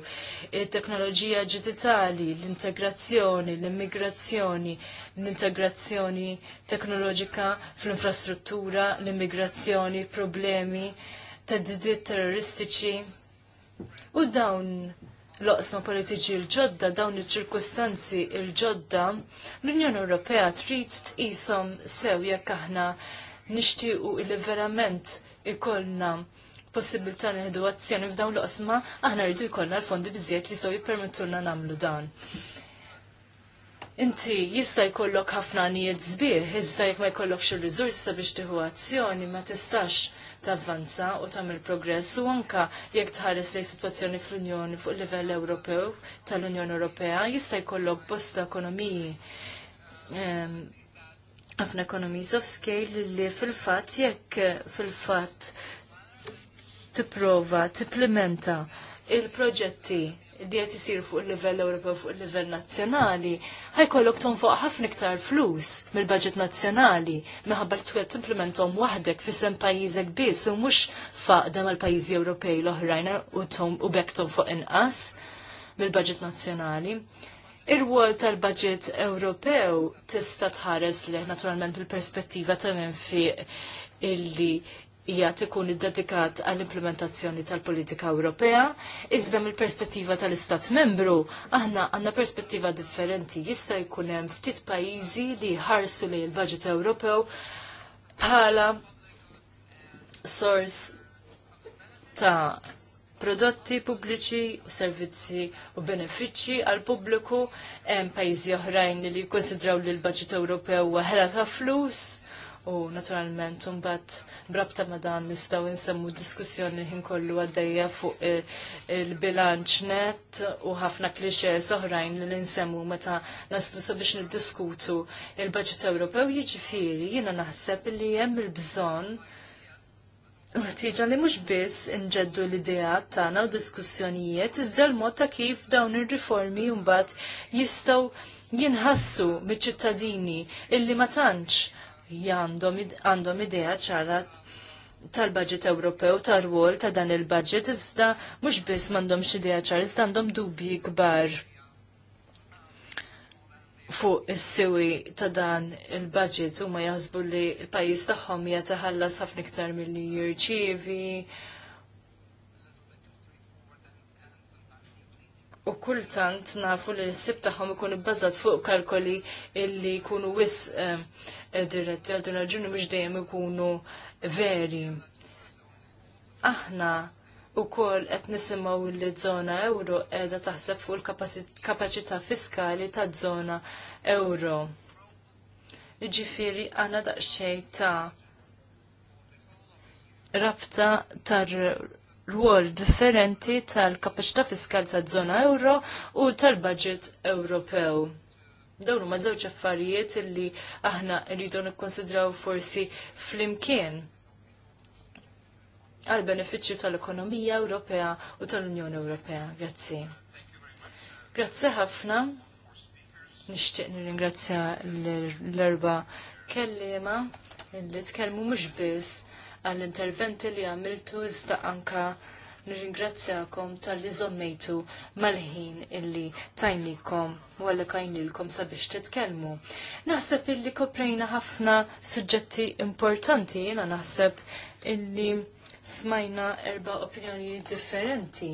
Il-teknoloġija ġitali, l-integrazzjoni, l-immigrazzjoni, l-integrazzjoni teknoloġika fl-infrastruttura, l-immigrazzjoni, problemi, teddidiet terroristiċi, U dawn l-oqsma politiċi l-ġodda, dawn il-ċirkustanzi l-ġodda, l-Unjoni Ewropea trid tqishom sew jekk aħna nixtiequ li verament ikollna possibilità neħdu azzjoni f'dawn l-oqsma, aħna rridu jkollna l-fondi biżjed li sew jippermettulna nagħmlu dan. Inti jista' jkollok ħafna nijiet żbieħ, iżda jekk ma jkollokx ir-riżorsi biex tieħu azzjoni ma tistax tavvanza u tagħmel progress u anka jekk tħares lejn situazzjoni fl-Unjoni fuq livell Ewropew tal-Unjoni Ewropea jista' jkollok bosta ekonomiji ħafna ekonomiji of scale li fil-fatt jekk fil-fatt tipprova tipplimenta il-proġetti li qed isir fuq il-livell Ewropew fuq il-livell nazzjonali, ħajkollok fuq ħafna iktar flus mill-budget nazzjonali minħabba li tkun timplementhom waħdek sem pajjiżek biss u mhux faqda mal-pajjiżi Ewropej l-oħrajn u bekk fuq inqas mill-budget nazzjonali. Ir-wol tal-budget Ewropew tista' tħares li naturalment bil-perspettiva tal-infiq illi hija ikun iddedikat għall-implementazzjoni tal-politika Ewropea, iżda mill-perspettiva tal-Istat membru, aħna għandna perspettiva differenti. Jista' jkun hemm ftit pajjiżi li ħarsu li l baġit Ewropew bħala source ta' prodotti pubbliċi, servizzi u benefiċċji għal pubbliku hemm pajjiżi oħrajn li jikkonsidraw li l baġit Ewropew ħela ta' flus u naturalment mbagħad brabta ma' dan nistgħu insemmu diskussjoni ħin kollu għaddejja fuq eh, il-bilanċ net u ħafna klixe oħrajn li nsemmu meta naslu sabiex niddiskutu il-budget Ewropew jiġifieri jiena naħseb li hemm il-bżonn Tiġa li mux biss inġeddu l-idea tagħna u diskussjonijiet, iżda l-mod ta' kif dawn ir-riformi mbagħad jistgħu jinħassu biċ-ċittadini illi ma tantx għandhom idea ċara tal-budget Ewropew tar wol ta' dan il-budget iżda mhux biss m'għandhomx idea ċara iżda għandhom dubji kbar fuq is-siwi ta' dan il-budget huma jaħsbu li l-pajjiż tagħhom hija taħallas ħafna iktar milli jirċievi. U kultant nafu li l-sib tagħhom ikun ibbażat fuq kalkoli illi jkunu wis uh, diretti għal din raġuni mhux dejjem ikunu veri. Aħna u kol nisimgħu nisimaw li zona euro edha taħseb fuq il kapaċità fiskali ta' zona euro. Ġifiri għana daqxej ta' rabta tar rwol differenti tal kapaċità fiskali ta' zona euro u tal-budget Ewropew dawnu ma żewġ affarijiet li aħna rridu nikkonsidraw forsi flimkien għal benefiċċju tal-ekonomija Ewropea u tal-Unjoni Ewropea. Grazzi. Grazzi ħafna. Nixtieq nirringrazzja l-erba kellima li tkellmu mhux biss għall-interventi li għamiltu iżda anka nirringrazzjakom tal-li zommejtu mal-ħin illi tajnikom u għalli kajnilkom sabiex titkelmu. Naħseb illi koprejna ħafna suġġetti importanti, jena naħseb illi smajna erba opinjoni differenti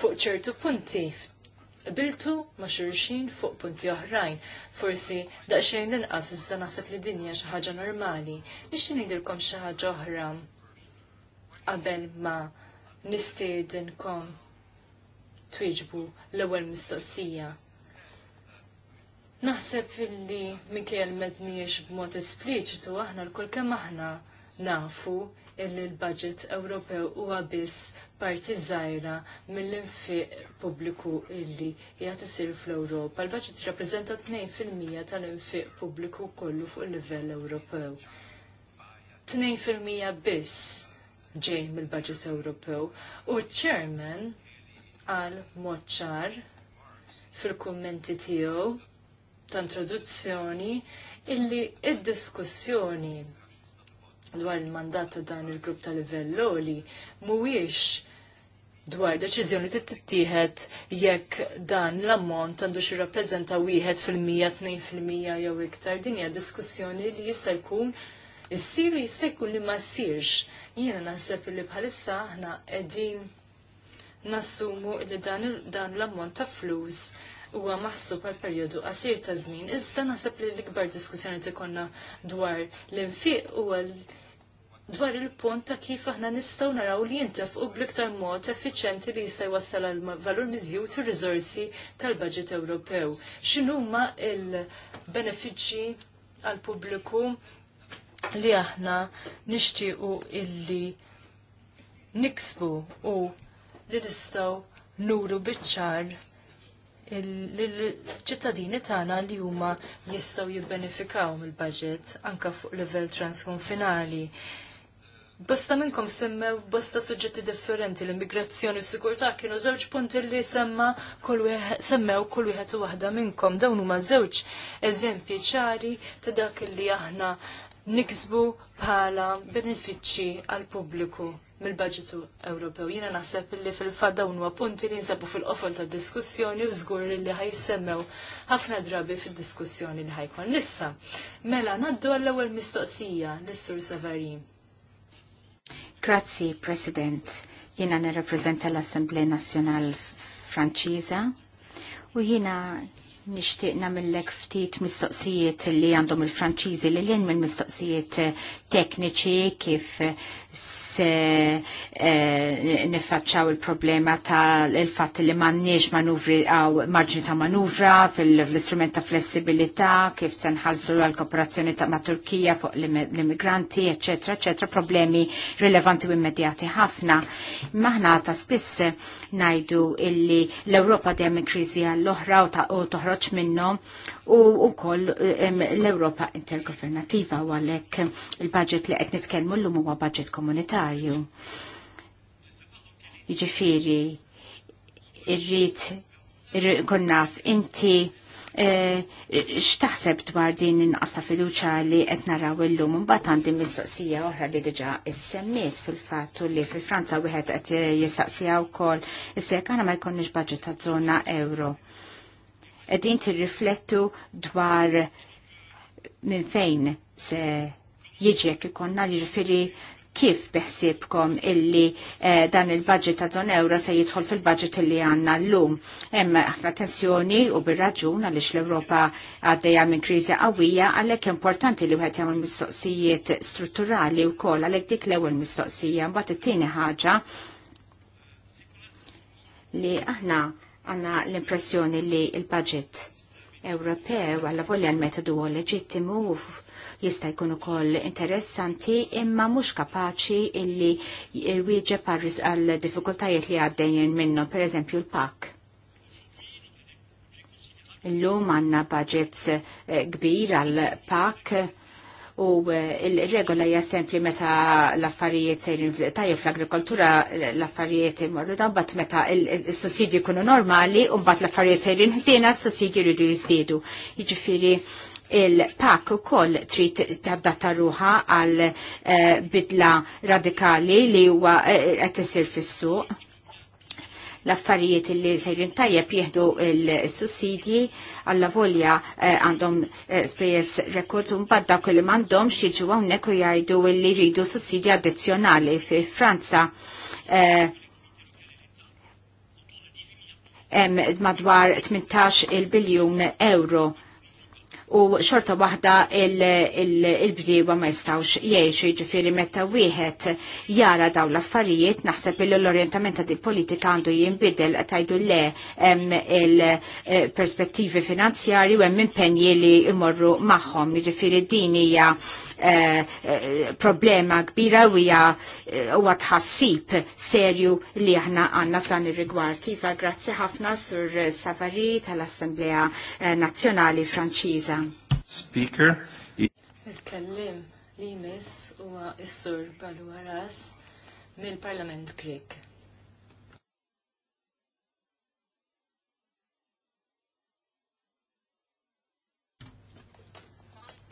fuq ċertu punti biltu ma xurxin fuq punti oħrajn. Forsi daqsxejn inqas iżda naħseb li dinja xi ħaġa normali. Nixti ngħidilkom xi ħaġa oħra qabel ma nistiedinkom twiġbu l-ewwel mistoqsija. Naħseb illi Mikel medniex b'mod espliċitu aħna l-kull kemm aħna nafu illi l-budget Ewropew huwa biss parti żgħira mill-infiq pubbliku illi qiegħed isir fl-Ewropa. l budget jirrappreżenta 2% tal-infiq pubbliku kollu fuq il-livell Ewropew. 2% biss ġej mill-Budget Ewropew. U ċ-Chairman għal moċċar fil-kummenti tiegħu ta' introduzzjoni illi id-diskussjoni dwar il-mandat ta' dan il-grupp ta' livello li mhuwiex dwar deċiżjoni li tittieħed jekk dan l-ammont għandu xi rappreżenta wieħed fil-mija, tnejn fil-mija jew iktar. Din hija diskussjoni li jista' jkun issir jista' jkun li ma ssirx. Jiena naħseb li bħalissa aħna qegħdin nassumu li dan, l-ammont ta' flus huwa maħsub għal perjodu qasir ta' żmien. Iżda naħseb li l-ikbar diskussjoni konna dwar l-infiq huwa dwar il-punt ta' kif aħna nistgħu naraw li jintefqu bl-iktar mod effiċjenti li jista' jwassal għal valur miżjud ir-riżorsi tal-Baġit Ewropew. X'inhuma il-benefiċċji għal pubbliku li aħna nixtiequ illi niksbu u li nistgħu nuru biċ-ċar l-ċittadini tagħna li huma jistgħu jibbenefikaw mill baġit anke fuq livell transkonfinali. Bosta minnkom semmew bosta suġġetti differenti, l-immigrazzjoni sikurtà kienu żewġ punti li semma kol semmew kull wieħed u waħda minnkom. Dawn huma żewġ eżempji ċari ta' dak li aħna niksbu bħala benefiċċji għal pubbliku mill-budgetu Ewropew. Jiena naħseb li fil fadda unu huwa punti li nsabu fil-qofol tad diskussjoni u żgur li ħajsemmew ħafna drabi fid-diskussjoni li ħajkun issa. Mela ngħaddu għall-ewwel mistoqsija lis-Sur Savarin. Grazzi, President. Jina nirrapprezenta l-Assemblea Nazjonal Franċiża u jina Nishtiq namillek ftit mistoqsijiet li għandhom il-Franċiżi li l-in minn mistoqsijiet tekniċi kif se eh, nifacċaw il-problema ta' il-fat li mannix manuvri għaw marġni ta' manuvra fil-istrument ta' flessibilità, kif se nħalsu għal-kooperazzjoni ta' ma' Turkija fuq l-immigranti, ecc. ecc. problemi rilevanti u immedjati ħafna. Maħna ta' spiss najdu illi l-Europa dejjem krizi għall-oħra u ta' toħroġ toħroġ minnu u wkoll l-Ewropa intergovernativa u għalhekk il-budget li qed nitkellmu llum huwa budget komunitarju. Jiġifieri irrid konnaf inti eh, x'taħseb dwar din inqas ta' fiduċa li qed naraw illum imbagħad għandi mistoqsija oħra li diġà issemmiet fil-fatt li fil Franza wieħed qed jistaqsija wkoll issejk aħna ma jkollniex budget ta' żona euro edin tirriflettu dwar minn fejn se jieġek ikonna li ġifiri kif beħsibkom illi eh, dan il-budget ta' zon euro se jidħol fil-budget illi għanna l-lum. Hemm ħafna tensjoni u bir-raġun għaliex l-Ewropa għaddejja minn kriżi qawwija għalhekk importanti li wieħed jagħmel mistoqsijiet strutturali wkoll għalhekk dik l-ewwel mistoqsija mbagħad it-tieni ħaġa li aħna għanna l-impressjoni li il-budget Ewropew għalla volja l-metodu leġittimu jista' jkun ukoll interessanti imma mhux kapaċi illi parris għal diffikultajiet li għaddejjin minnhom, pereżempju l-pak. Illum għandna budgets eh, kbir għal pak u eh, il-regola hija sempli meta l-affarijiet sejrin tajjeb fl-agrikoltura eh, l-affarijiet imorru dan bat meta il-sussidju jkunu normali u mbagħad l-affarijiet sejrin ħsiena s-sussidju jridu jiżdiedu. Jiġifieri il-pak u koll trid tabdata ruħa għal eh, bidla radikali li huwa qed isir fis-suq l-affarijiet li sejrin tajjeb jieħdu l-sussidji għalla volja eh, għandhom eh, spejjeż rekords un badda dawk li xieġu xiġu hawnhekk u jgħidu li jridu sussidji addizzjonali fi Franza eh, madwar 18 il-biljun euro u xorta waħda il bdiba ma jistawx jiexu ġifiri meta wieħed jara daw l-affarijiet naħseb il l-orientament ta' din politika għandu jinbidel tajdu le il-perspettivi eh, finanzjari u hemm impenji li imorru magħhom ġifiri din hija eh, eh, problema kbira u hija u tħassib serju li aħna għandna f'dan ir-rigward. Iva, grazzi ħafna sur Savari tal-Assemblea Nazzjonali Franċiża. Speaker. Il-kellim li jmiss huwa s-sur Baluaras mill-Parlament Grek.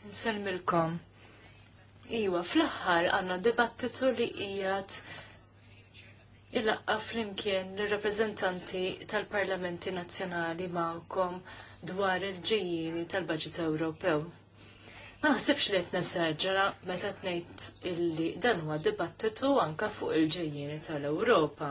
Nselmilkom. Iwa, fl-aħħar għanna dibattitu li ijat il-laqqa flimkien l reprezentanti tal-Parlamenti nazjonali mawkom dwar il-ġejjini tal-Baġit Ewropew. Ma naħsibx li qed nesserġara meta tgħid illi dan huwa dibattitu anke fuq il-ġejjini tal-Ewropa.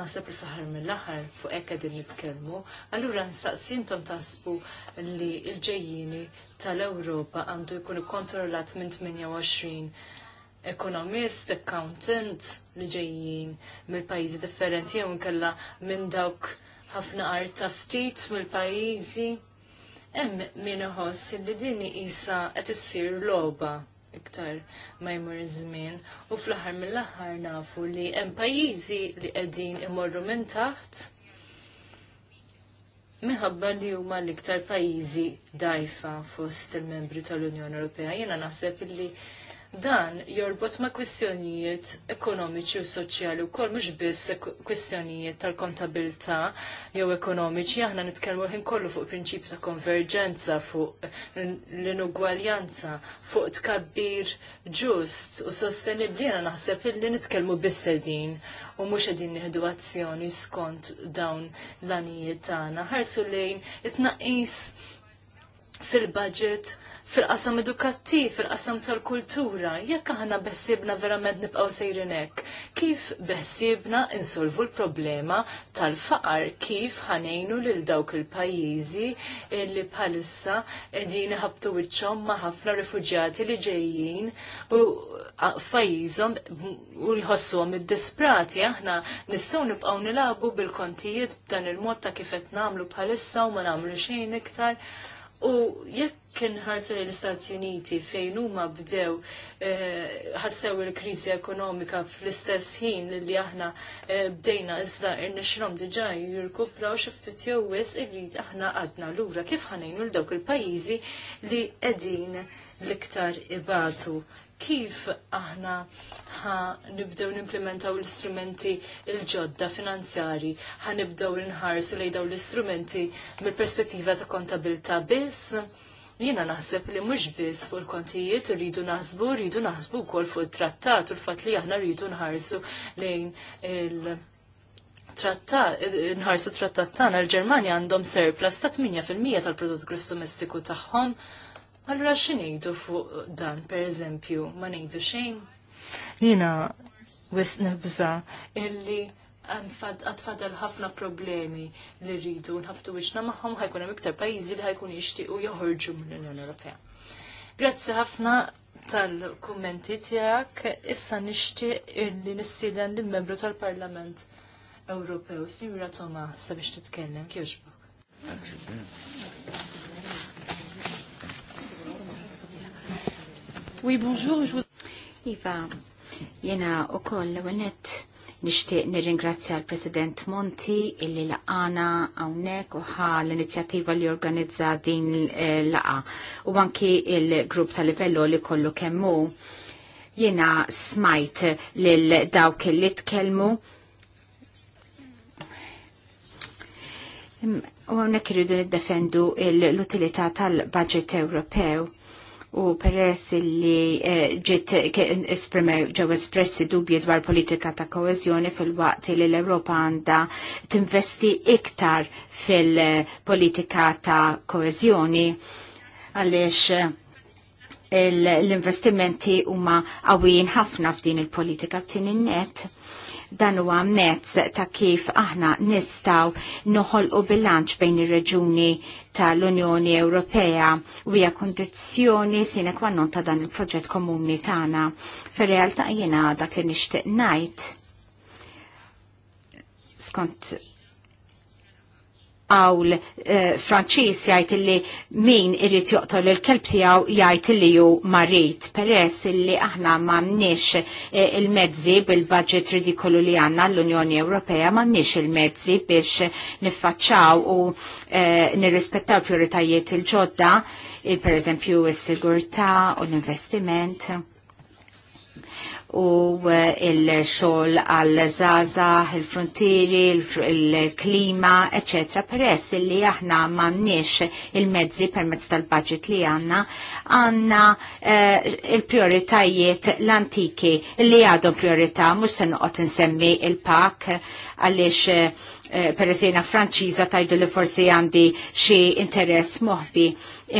Naħseb li fl-aħħar mill-aħħar fuq hekk qegħdin nitkellmu, allura nsaqsi intom taħsbu li l-ġejjini tal-Ewropa għandu jkun ikkontrollat minn 28 ekonomist, accountant li ġejjin mill-pajjiżi differenti jew inkella minn dawk ħafna għar taftit mill-pajjiżi. Hemm min iħoss li din isa qed issir logħba iktar ma jmur żmien u fl-aħħar mill-aħħar nafu li hemm pajjiżi li qegħdin imorru minn taħt minħabba li huma l-iktar pajjiżi dajfa fost il-membri tal-Unjoni Ewropea. Jiena naħseb li dan jorbot ma' kwistjonijiet ekonomiċi u soċjali wkoll mhux biss kwistjonijiet tal-kontabilità jew ekonomiċi aħna nitkelmu ħin kollu fuq prinċipju ta' konverġenza fuq l-inugwaljanza fuq tkabbir ġust u sostenibbli jiena naħseb illi nitkellmu biss edin u mhux qegħdin nieħdu azzjoni skont dawn l-anijiet tagħna ħarsu lejn it-tnaqqis fil-budget fil-qasam edukattiv, fil-qasam tal-kultura, jekk aħna beħsibna verament nibqgħu sejrinek. Kif beħsibna insolvu l-problema tal-faqar, kif ħanejnu lil dawk il-pajjiżi li bħalissa qegħdin ħabtu wiċċhom ma' ħafna rifuġjati li ġejjin u f'pajjiżhom u jħossuhom id-disprati aħna nistgħu nibqgħu nilabu bil-kontijiet b'dan il-mod ta' kif qed nagħmlu bħalissa u ma nagħmlu xejn iktar. U jekk ħarsu l istati Uniti fejn huma bdew eh, ħassew il-kriżi ekonomika fl-istess ħin li aħna eh, bdejna iżda irnexrom diġà jirkupraw xi ftit jew irri aħna għadna lura kif ħanejnu l dawk il-pajjiżi li qegħdin l-iktar ibatu kif aħna ħa nibdew nimplementaw l-istrumenti il-ġodda finanzjari, ħa nibdew nħarsu lejn daw l-istrumenti mill-perspettiva ta' kontabilta biss. Jiena naħseb li mhux biss fuq il-kontijiet rridu naħsbu, rridu naħsbu wkoll fuq it-trattat u l-fatt li aħna rridu nħarsu lejn il- trattat, nħarsu trattat tagħna l-Ġermanja għandhom surplus ta' 8% tal-prodott gross domestiku tagħhom. Ta Allura x'ngħidu fuq dan pereżempju ma ngħidu xejn? Jina, wis nebza. illi għadfadal ħafna problemi li rridu nħabtu wiċna maħħom ħajkun iktar pajjiżi li ħajkun u joħorġu mill-Unjoni Ewropea. Grazzi ħafna tal-kummenti tiegħek, issa nixtieq illi nistieden lill membru tal-Parlament Ewropew, Signora Toma, sabiex titkellem kjoġbuk. Oui, bonjour. Je... Iva, jena u koll l-għonet nishtiq nirringrazzja l-President Monti illi laqana għawnek uħa l-inizjattiva li organizza din laqa u anki il-grupp tal-livello li kollu kemmu. Jena smajt lil dawk li tkellmu U għonek rridu niddefendu l-utilità tal-budget Ewropew u peress li eh, ġiet esprimew ġew espressi dubji dwar politika ta' koeżjoni fil-waqt li l-Ewropa għandha tinvesti iktar fil-politika ta' koeżjoni għaliex eh, l-investimenti huma qawwijin ħafna f'din il-politika b'tin in-net. il politika b'tin il politika btin in net Dan huwa mezz ta' kif aħna nistaw noħolqu bilanċ bejn ir-reġuni tal-Unjoni Ewropea u hija kondizzjoni sine qua non ta' dan il-proġett komuni tagħna. Fir-realtà jiena dak li nixtieq ngħid skont għawl eh, Franċis jajt li min irrit joqtol il-kelb tiegħu jgħid li ju marit peress li aħna m'għandniex eh, il-mezzi bil-budget ridikolu li għandna l-Unjoni Ewropea m'għandniex il-mezzi biex niffaċċaw u eh, nirrispettaw prioritajiet il-ġodda per eżempju il sigurtà u l-investiment u eh, il-xol għal-zaza, il-frontieri, il-klima, etc. Peress li aħna mannix il-mezzi permezz tal-budget li għanna, għanna eh, il-prioritajiet l-antiki li għadhom priorità, mus se noqgħod nsemmi il-pak għaliex eh, eh, per franċiża tajdu li forsi għandi xi interess moħbi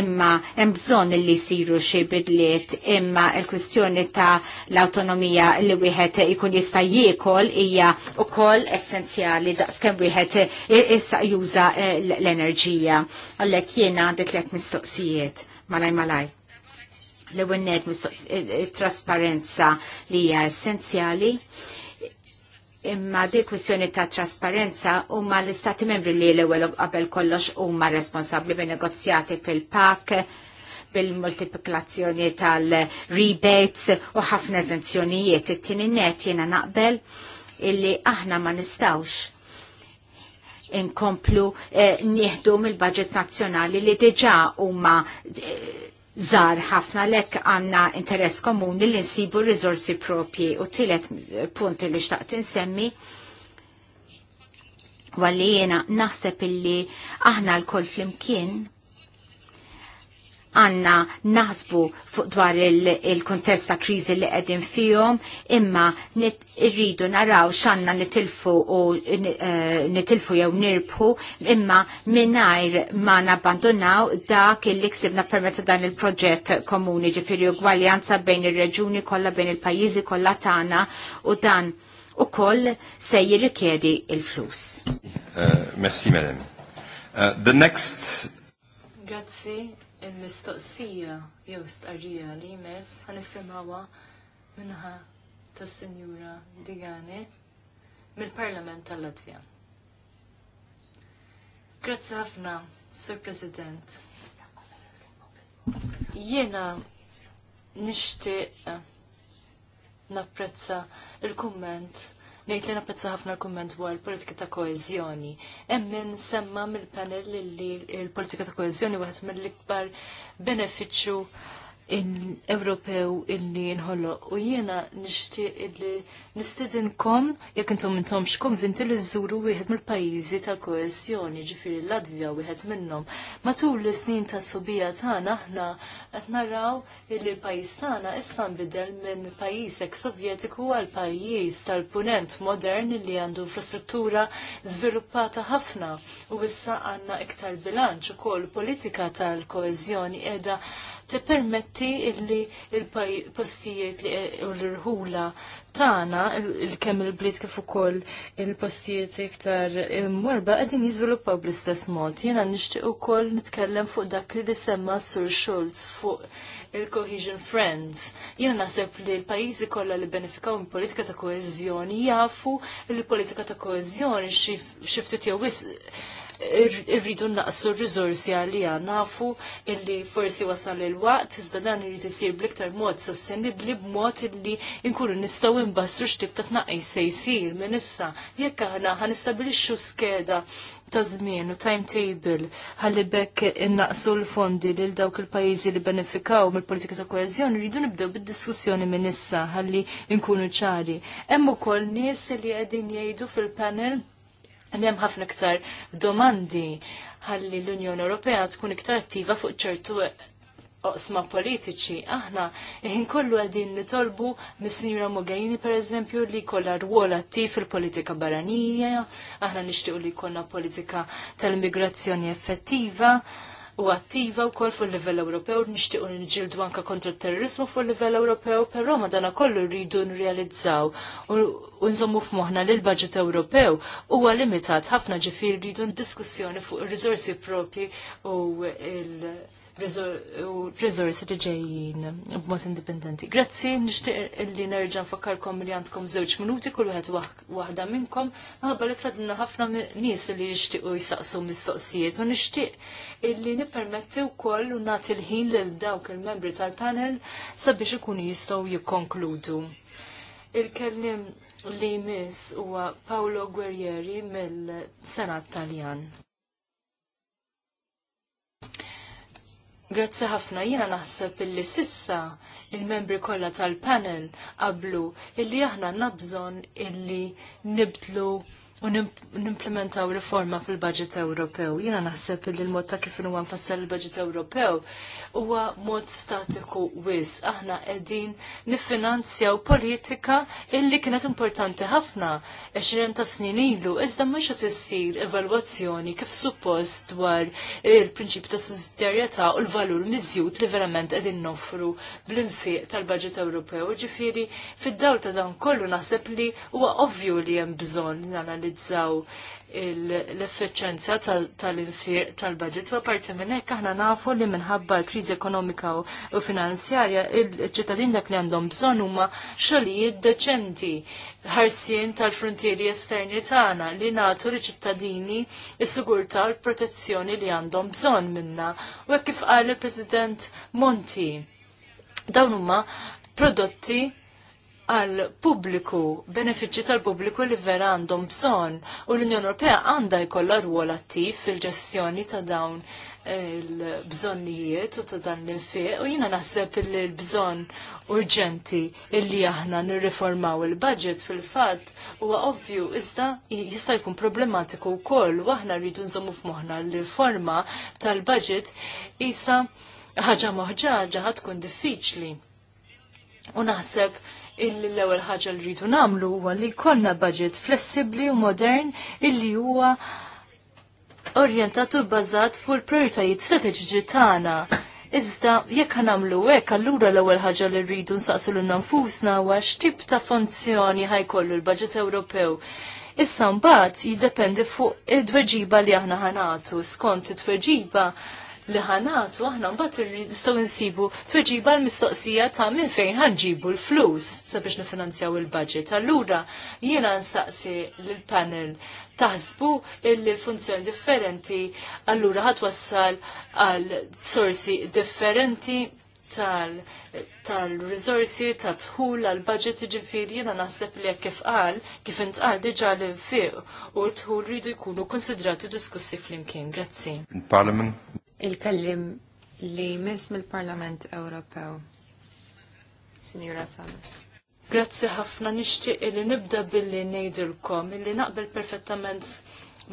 imma hemm bżonn li jsiru xi bidliet imma l-kwistjoni ta' l-awtonomija li wieħed ikun e jista' jiekol hija e wkoll essenzjali da skem wieħed issa e, juża eh, l-enerġija. Għalhekk jiena għandi tliet mistoqsijiet malaj malaj l-ewwel net eh, eh, trasparenza li hija essenzjali imma di kwissjoni ta' trasparenza huma l-istati membri li l-ewwel qabel kollox huma responsabbli bi negozjati fil-PAK bil-multiplikazzjoni tal-rebates u ħafna eżenzjonijiet. It-tieni net jiena naqbel illi aħna ma nistawx inkomplu eh, nieħdu mill-budget nazzjonali li diġà huma eh, zar ħafna lekk għanna interess komuni li nsibu rizorsi propji u tielet punt li xtaqt insemmi għalli jena naħseb illi aħna l kol flimkien għanna naħsbu fuq dwar il kontesta ta' kriżi li qegħdin fihom, imma irridu naraw x'għandna nitilfu u e, nitilfu jew nirbħu, imma mingħajr ma nabbandonaw dak li ksibna permetta dan il-proġett komuni u ugwaljanza bejn ir-reġuni kollha bejn il-pajjiżi kollha tagħna u dan ukoll se jirrikjedi il-flus. Uh, merci, madame. Uh, the next Grazzi, il-mistoqsija jew stqarrija li jmess ħanisimgħuha minħa tas-Sinjura Digani mill-Parlament tal-Latvja. Grazzi ħafna, Sur President. Jiena nixtieq napprezza il-kumment Nejt li napprezza ħafna l-kumment dwar il-politika ta' koeżjoni. Hemm min semma mill-panel li l-politika ta' koeżjoni waħed mill-ikbar benefiċċju Ewropew illi nħollu u jiena nixtieq illi nistedinkom jekk intom intom konvinti li żżuru wieħed mill-pajjiżi tal-koesjoni ġifiri l-Latvja wieħed minnhom. Matul is-snin ta' subija tagħna aħna qed naraw illi l-pajjiż tagħna issa nbidel minn pajjiż ek sovjetiku għal pajjiż tal-punent modern li għandu infrastruttura żviluppata ħafna u issa għandna iktar bilanċ ukoll politika tal koesjoni qiegħda tippermetti illi il-postijiet li l-rħula tagħna il-kemm il blit kif ukoll il-postijiet iktar il-morba qegħdin jiżviluppaw bl-istess mod. Jiena nixtieq ukoll nitkellem fuq dak li semma Sur Schultz fuq il-Cohesion Friends. Jiena naħseb li l-pajjiżi kollha li benefikaw minn politika ta' koeżjoni jafu li politika ta' koeżjoni xi ftit irridu naqsu r-rizorsi għalija nafu illi forsi wasal il-waqt iżda dan irid isir bliktar mod sostenibbli b'mod illi nkunu nistgħu nbassru x'tib ta' tnaqqi se jsir minn issa jekk aħna ħanistabilixxu skeda ta' żmien u timetable ħalli bekk innaqsu l-fondi lil dawk il-pajjiżi li benefikaw mill-politika ta' koeżjoni rridu nibdew bid-diskussjoni minn issa ħalli nkunu ċari. Hemm ukoll nies li qegħdin jgħidu fil-panel li hemm ħafna iktar domandi ħalli l-Unjoni Ewropea tkun iktar attiva fuq ċertu oqsma politiċi, aħna ħin kollu għadin nitolbu mis-Sinjura Mogherini per eżempju li kolla rwol attiv fil-politika barranija, aħna nixtiequ li kolla politika tal-immigrazzjoni effettiva, u attiva wkoll fuq livell Ewropew nixtiequ niġġieldu anka kontra t-terrorizmu fuq livell Ewropew, però dana kollu rridu nrealizzaw u nżommu f'moħħna li l-budget Ewropew huwa limitat ħafna ġifir rridu diskussjoni fuq ir rizorsi propri u il- u li ġejjin b'mod indipendenti. Grazzi, nixtieq illi nerġa' nfakkarkom li għandkom żewġ minuti kull wieħed waħda minnkom, maħabba li tfadilna ħafna nies li jixtiequ jsaqsu mistoqsijiet u nixtieq illi nippermetti wkoll u nagħti l-ħin lil dawk il-membri tal-panel sabiex ikunu jistgħu jikkonkludu. Il-kellim li jmiss huwa Paolo Guerrieri mill-Senat Taljan. Grazzi ħafna jiena naħseb illi sissa il-membri kollha tal-panel qablu illi aħna nabżon illi nibdlu u nimplementaw riforma fil-budget Ewropew. Jiena naħseb illi l-mod ta' kif huwa nfassal il-budget Ewropew huwa mod statiku wis. Aħna qegħdin niffinanzjaw politika illi kienet importanti ħafna 20 ta' snin ilu, iżda mhux qed issir evalwazzjoni kif suppost dwar il-prinċipju ta' sussidjarjetà u l-valur miżjud li verament qegħdin noffru bl-infiq tal-Baġit Ewropew. Ġifieri fid-dawl ta' dan kollu naħseb li huwa ovvju li hemm bżonn nanalizzaw l-effiċenza tal-infiq tal-budget u apparti minn hekk aħna nafu li minħabba l-kriżi ekonomika u finanzjarja il-ċittadin dak li għandhom bżonn huma xogħlijiet deċenti ħarsien tal-frontieri esterni tagħna li nagħtu li ċittadini s-sigurtà u l-protezzjoni li għandhom bżonn minna. U hekk kif qal il-President Monti dawn huma prodotti għal pubbliku, benefiċċji tal-pubbliku li vera għandhom bżonn u l-Unjoni Ewropea għandha jkollha rwol attiv fil-ġestjoni ta' dawn il-bżonnijiet u ta' dan l-infiq u jina naħseb li l bżonn urġenti illi aħna nirriformaw il-budget fil fatt u ovvju iżda jista' jkun problematiku wkoll u aħna rridu nżommu f'moħħna l-riforma tal-budget isa ħaġa moħġaġa ħatkun diffiċli. U naħseb illi l-ewwel ħaġa li rridu nagħmlu huwa li jkollna budget flessibbli u modern illi huwa orjentat u bbażat fuq il-prijoritajiet strateġiċi tagħna. Iżda jekk nagħmlu hekk allura l-ewwel ħaġa li rridu nsaqsilu nfusna huwa x'tip ta' funzjoni ħajkollu l-budget Ewropew. Issa mbagħad jiddependi fuq id-tweġiba li aħna ħanatu skont it-tweġiba li ħanatu aħna mbagħad nistgħu nsibu tweġiba l-mistoqsija ta' minn fejn ħanġibu l-flus sabiex nifinanzjaw il-budget. Allura jiena nsaqsi lill-panel taħsbu illi funzjoni differenti allura ħatwassal għal sorsi differenti tal tal-rizorsi, ta' tħul għal budget ġifiri jena naħseb li kif qal, kif intqal diġa li fiq u tħul rridu jkunu konsidrati diskussi fl-imkien. Grazzi il-kellim li jmiss mill-Parlament Ewropew. Sinjura Samet. Grazzi ħafna nixtieq li nibda billi ngħidilkom illi naqbel perfettament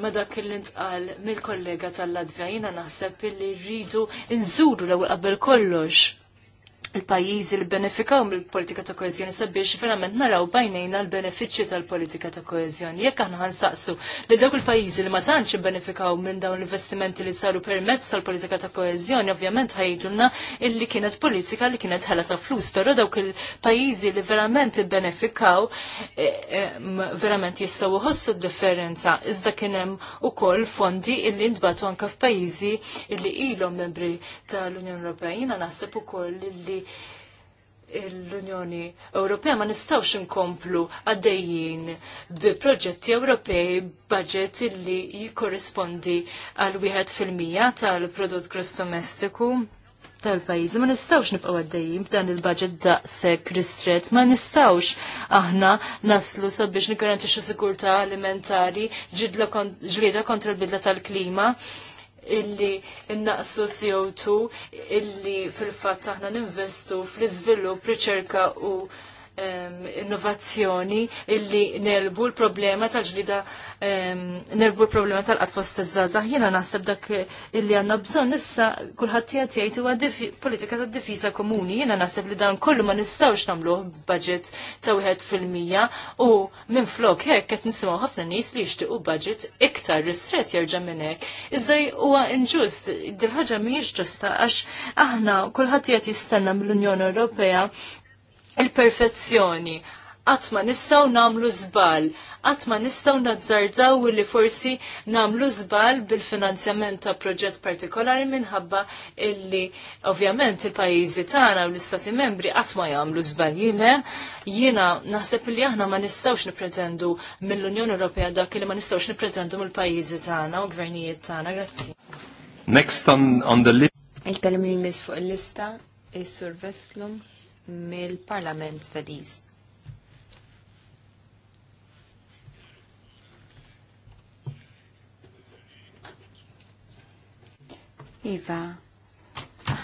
ma dak li ntqal mill-kollega tal-Latvja jiena naħseb illi rridu nżuru l-ewwel qabel kollox il-pajjiżi li benefikaw mill-politika ta' koezjoni sabiex verament naraw bajnejna l-benefiċċji tal-politika ta' koezjoni. Jekk aħna ħansaqsu li dawk il-pajjiżi li ma tantx benefikaw minn dawn l-investimenti li saru permezz tal-politika ta' koezjoni ovvjament ħajdulna illi kienet politika li kienet ħela ta' flus, però dawk il-pajjiżi li verament benefikaw eh, eh, verament jistgħu ħossu differenza. Iżda kien hemm ukoll fondi illi ntbatu anke f'pajjiżi illi ilhom membri tal-Unjoni Ewropea. Jiena naħseb ukoll li l-Unjoni Ewropea ma nistawx inkomplu għaddejjin bi proġetti Ewropej budget li jikorrispondi għal wieħed fil-mija tal-prodott gross domestiku tal-pajjiżi. Ma nistawx nibqgħu għaddejjin b'dan il-budget daqshekk ristret, ma nistawx aħna naslu sabiex nigarantixxu sigurtà alimentari ġlieda kontra l-bidla tal-klima illi innaqsu CO2 illi fil-fatt aħna ninvestu fl-iżvilupp, riċerka u innovazzjoni illi nelbu l-problema tal-ġlida nerbu l-problema tal-qatfos taż-żazah. Jiena naħseb dak illi għandna bżonn issa kulħadd jgħid jgħid politika tad-difiża komuni. Jiena naħseb li dan kollu ma nistgħux namlu budget ta' wieħed fil-mija u minn flok hekk qed nisimgħu ħafna nies li jixtiequ budget iktar ristret jerġa' minn hekk. Iżda huwa inġust, dil ħaġa mhijiex ġusta għax aħna kulħadd jgħid jistenna mill-Unjoni Ewropea il-perfezzjoni. Qatt ma nistgħu nagħmlu żball, qatt ma nistgħu li forsi nagħmlu żball bil-finanzjament ta' proġett partikolari minħabba illi ovvjament il-pajjiżi tagħna u l-istati membri qatt ma jagħmlu Jina, jina jiena naħseb li aħna ma nistgħux nippretendu mill-Unjoni Ewropea dak li ma nistgħux nippretendu mill-pajjiżi tagħna u gvernijiet tagħna. Grazzi. Next on, on the list. Il-kalim fuq il-lista, il-Sur Veslum mill-Parlament Svediż. Iva,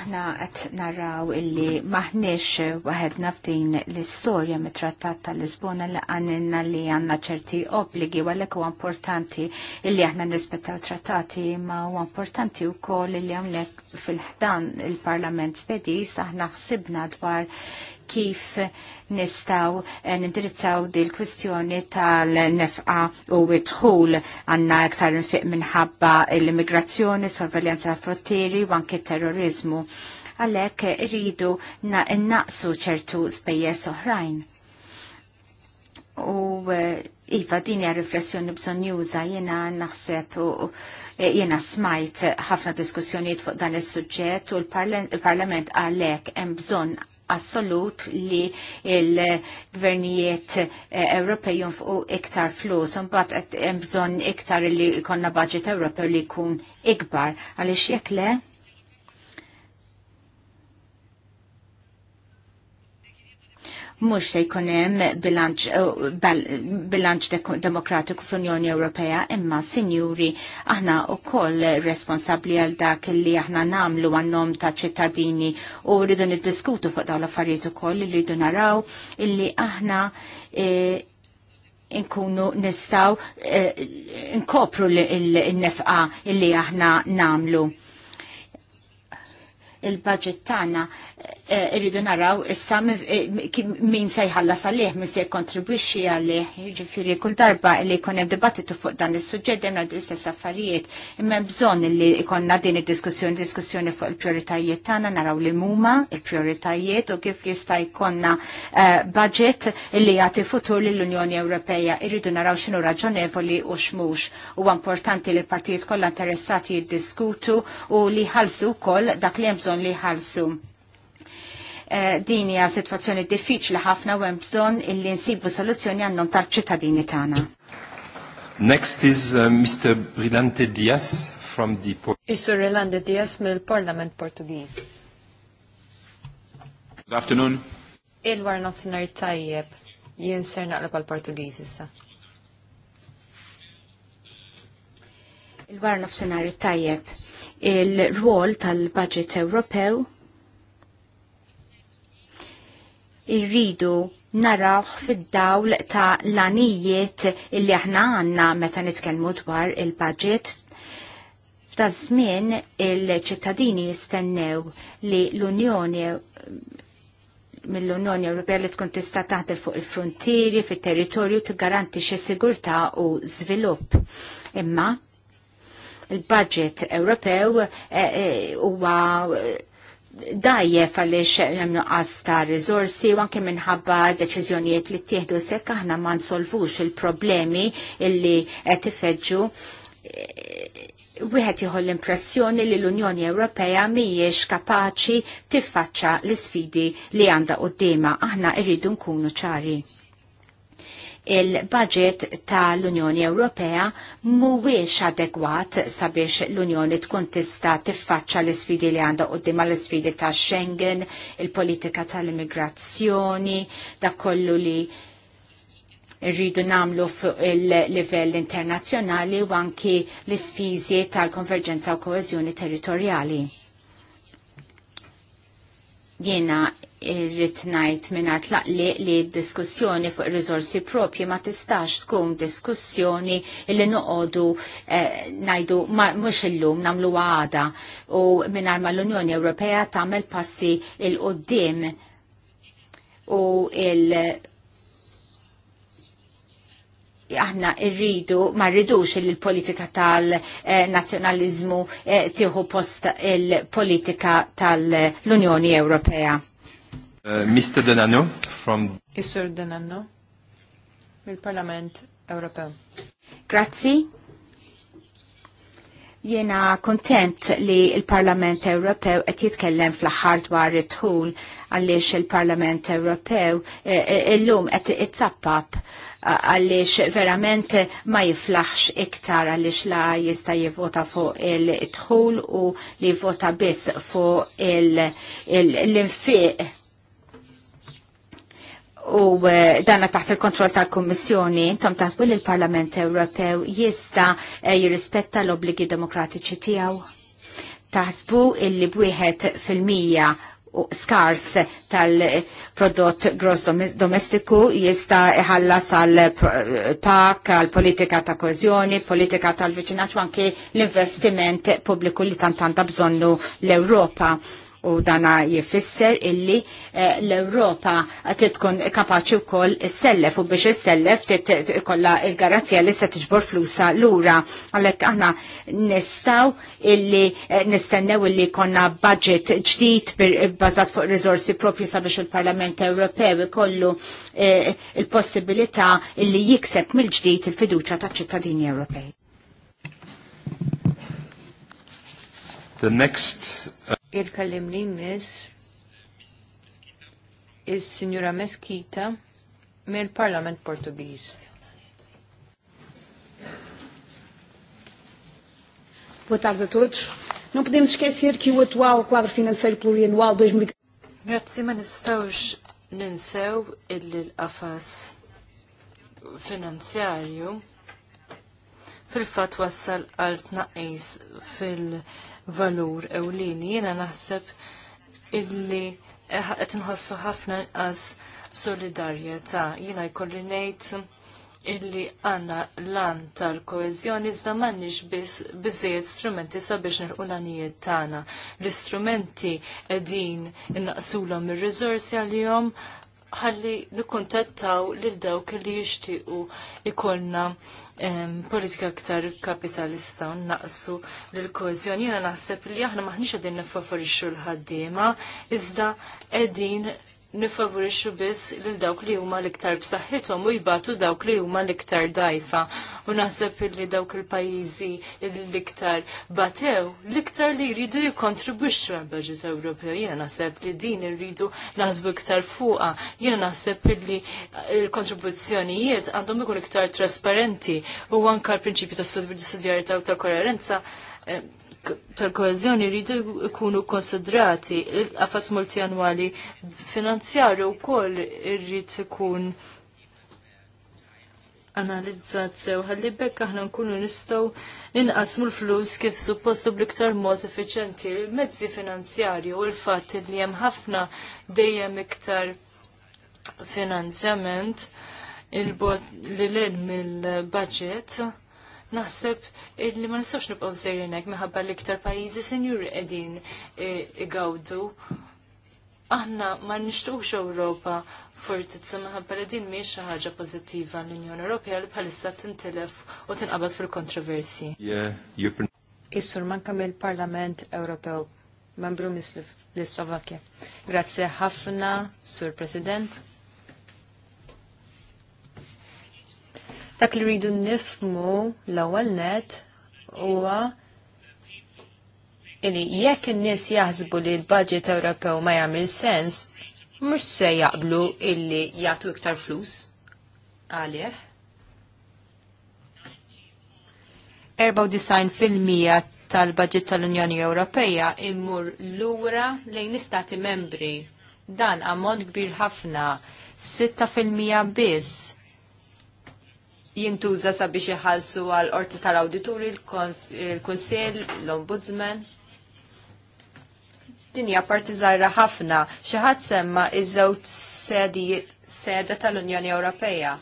aħna qed narraw illi maħniex waħedna f'din l-istorja mit-trattat tal-Lisbona li għanninna li għanna ċerti obbligi għalhekk huwa importanti illi aħna nrispettaw trattati ma huwa importanti wkoll illi hawnhekk fil-ħdan il-Parlament Svediż aħna ħsibna dwar kif nistaw eh, nindirizzaw dil kwistjoni tal-nefqa u id-dħul għanna iktar nfiq minħabba l-immigrazzjoni, sorveljanza frontieri u anki terrorizmu. Għalek rridu naqsu ċertu spejjeż oħrajn. U eh, Iva, din hija riflessjoni bżonn juża jiena naħseb u eh, jiena smajt ħafna diskussjonijiet fuq dan is-suġġett u l-Parlament għalhekk hemm bżonn assolut li il-gvernijiet eh, Ewropej jonfqu iktar flus, mbagħad hemm bżonn iktar li jkollna budget Ewropej li jkun ikbar għaliex jekk le mhux se jkun hemm bilanċ eh, demokratiku fl-Unjoni Ewropea imma sinjuri aħna wkoll responsabbli għal dak li aħna nagħmlu għannom ta' ċittadini u rridu niddiskutu fuq dawn l-affarijiet ukoll li rridu naraw illi aħna inkunu eh, nistaw eh, nkopru l-nefqa illi aħna namlu il-budget tagħna Eh, irridu naraw issa eh, min se jħallas għalih, min se jkontribwixxi għalih, ġifiri kull darba li jkun hemm dibattitu fuq dan is-suġġett hemm l-istess affarijiet, imma bżonn li jkollna din id-diskussjoni, diskussjoni fuq il-prijoritajiet tagħna naraw li huma il-prijoritajiet u kif jista' jkollna eh, budget li jagħti futur lill-Unjoni Ewropea. Irridu naraw x'inhu raġonevoli u xmux, Huwa importanti li l-partijiet kollha interessati jiddiskutu u li ħalsu wkoll dak li hemm bżonn li ħalsu Eh, din hija sitwazzjoni diffiċli ħafna u hemm bżonn illi nsibu soluzzjoni għandhom tal-ċittadini tagħna. Next is uh, Mr. Brilante Diaz from the Port Is-Sur Rilande Diaz mill-Parlament Portuguese. Good afternoon. Il-war nofsinhar tajjeb jien ser naqleb għal-Portugiż issa. Il-war nofsinhar tajjeb il-rwol tal-Budget Ewropew irridu narawħ fid-dawl ta' lanijiet illi aħna għanna meta nitkellmu dwar il-budget. Ta' żmien il-ċittadini jistennew li l-Unjoni mill-Unjoni Ewropea li tkun tista' taħdem fuq il-frontieri, fit-territorju tiggarantixxi sigurtà u żvilupp. Imma il-budget Ewropew eh, eh, huwa e, e, dajjef għaliex hemm nuqqas ta' riżorsi u anke minħabba deċiżjonijiet li ttieħdu sekk aħna ma nsolvux il-problemi illi qed ifeġġu wieħed jieħu l-impressjoni li l-Unjoni Ewropea mhijiex kapaċi tiffaċċa l-isfidi li għandha qudiema aħna rridu nkunu ċari il-budget tal-Unjoni Ewropea mhuwiex adegwat sabiex l-Unjoni tkun tista tiffaċċa l-isfidi li għandha qudiem l-isfidi ta' Schengen, il-politika tal-immigrazzjoni, da kollu li rridu namlu fuq il-livell internazzjonali u anki l-isfizi tal-konverġenza u koeżjoni territorjali. Jena irrit ngħid mingħajr tlaqli li d-diskussjoni fuq ir-riżorsi propji ma tistax tkun diskussjoni li noqogħdu eh, ngħidu mhux illum nagħmlu għada u mingħajr ma l-Unjoni Ewropea tagħmel passi il qudiem u il aħna irridu, ma rridux il-politika tal-nazjonalizmu eh, tieħu post il-politika tal-Unjoni Ewropea. Uh, Mr. Denano from Isur Denano mill-Parlament Ewropew. Grazzi. Jena kontent li il-Parlament Ewropew qed jitkellem fl-aħħar dwar it-tul għaliex il-Parlament Ewropew eh, eh, illum qed it-tappap eh, għaliex verament ma jiflaħx iktar għaliex la jista jivvota fuq il-tħul u li jivvota biss fuq il infiq u eh, danna taħt il-kontroll tal-Kommissjoni, intom tasbu li l-Parlament Ewropew jista eh, jirrispetta l-obligi demokratiċi tiegħu. Taħsbu illi bwieħed fil-mija skars tal-prodott gross domestiku jista iħallas għal pak, għal politika ta' kozjoni, politika tal-viċinaċ, anki l-investiment pubbliku li tantanta bżonnu l-Europa u dana jifisser illi eh, l-Europa titkun tkun kapaċi wkoll is-sellef u biex is-sellef ikolla il-garanzija li se tiġbor flusa lura għalhekk aħna nistgħu illi eh, nistennew illi konna budget ġdid bbażat fuq rizorsi propri sabiex il-Parlament Ewropew ikollu eh, il-possibilità illi jikseb mill-ġdid il-fiduċja ta' ċittadini Ewropej. The next uh il kallimni mis jmiss is-Sinjura Meskita mill-Parlament Portugiż. Boa tarde a todos. Não podemos esquecer que o atual quadro financeiro plurianual 2014 e Grazie, ma nistawx ninsew illi l-qafas finanzjarju fil-fat wassal għal tnaqis fil- valur ewlieni. Jiena naħseb illi qed nħossu ħafna inqas solidarjetà. Jiena jkolli ngħid illi għanna lan tal-koezjoni iżda m'għandniex biss biżejjed strumenti sabiex nirqu l-għanijiet tagħna. L-istrumenti qegħdin innaqsulhom ir-riżorsi għalihom ħalli nikkuntattaw lil dawk li jixtiequ ikollna politika aktar kapitalista u naqsu l-kozjoni. Jena naħseb li aħna maħniċ għedin nifavorixxu l-ħaddiema, iżda edin nifavorixxu biss lil dawk li huma l-iktar b'saħħithom u jibatu dawk li huma l-iktar dajfa. U naħseb li dawk il-pajjiżi l-iktar batew l-iktar li jridu jikkontribwixxu għall-Baġit Ewropew. Jiena naħseb li din irridu naħsbu iktar fuqha. Jiena naħseb li l-kontribuzzjonijiet għandhom ikun iktar trasparenti u anke l-prinċipju ta' sudjarità u ta' koerenza eh, tal-koezjoni rridu jkunu konsidrati. Il-qafas multianwali finanzjarju wkoll irrid ikun analizzat sew ħalli bekk aħna nkunu nistgħu ninqasmu l-flus kif suppostu bl-iktar mod effiċenti il-mezzi finanzjarji u l-fatt li hemm ħafna dejjem iktar finanzjament il-bot li l mill-budget naħseb li ma nistgħux nibqgħu serjenek minħabba li iktar pajjiżi senjuri qegħdin e, igawdu. Aħna ma nixtuqx Ewropa fortizza minħabba li din mhix xi ħaġa pożittiva l-Unjoni Ewropea li bħalissa tintilef u tinqabad fil-kontroversi. Is-sur manka mill-Parlament Ewropew, membru mislif l-Slovakkja. Grazzi ħafna, Sur President. Dak li rridu nifmu l-ewwel net huwa illi jekk in-nies jaħsbu li l-budget Ewropew ma jagħmel sens, mhux se jaqblu illi jagħtu iktar flus għalih. 94% tal-budget tal-Unjoni Ewropeja immur lura lejn l-istati membri. Dan ammont kbir ħafna, 6% biss jintuża sabiex iħallsu għal orti tal-awdituri, il-kunsil, l-ombudsman. Dinja parti żgħira ħafna, xi ħadd semma iż-żewġ seda tal-Unjoni Ewropea.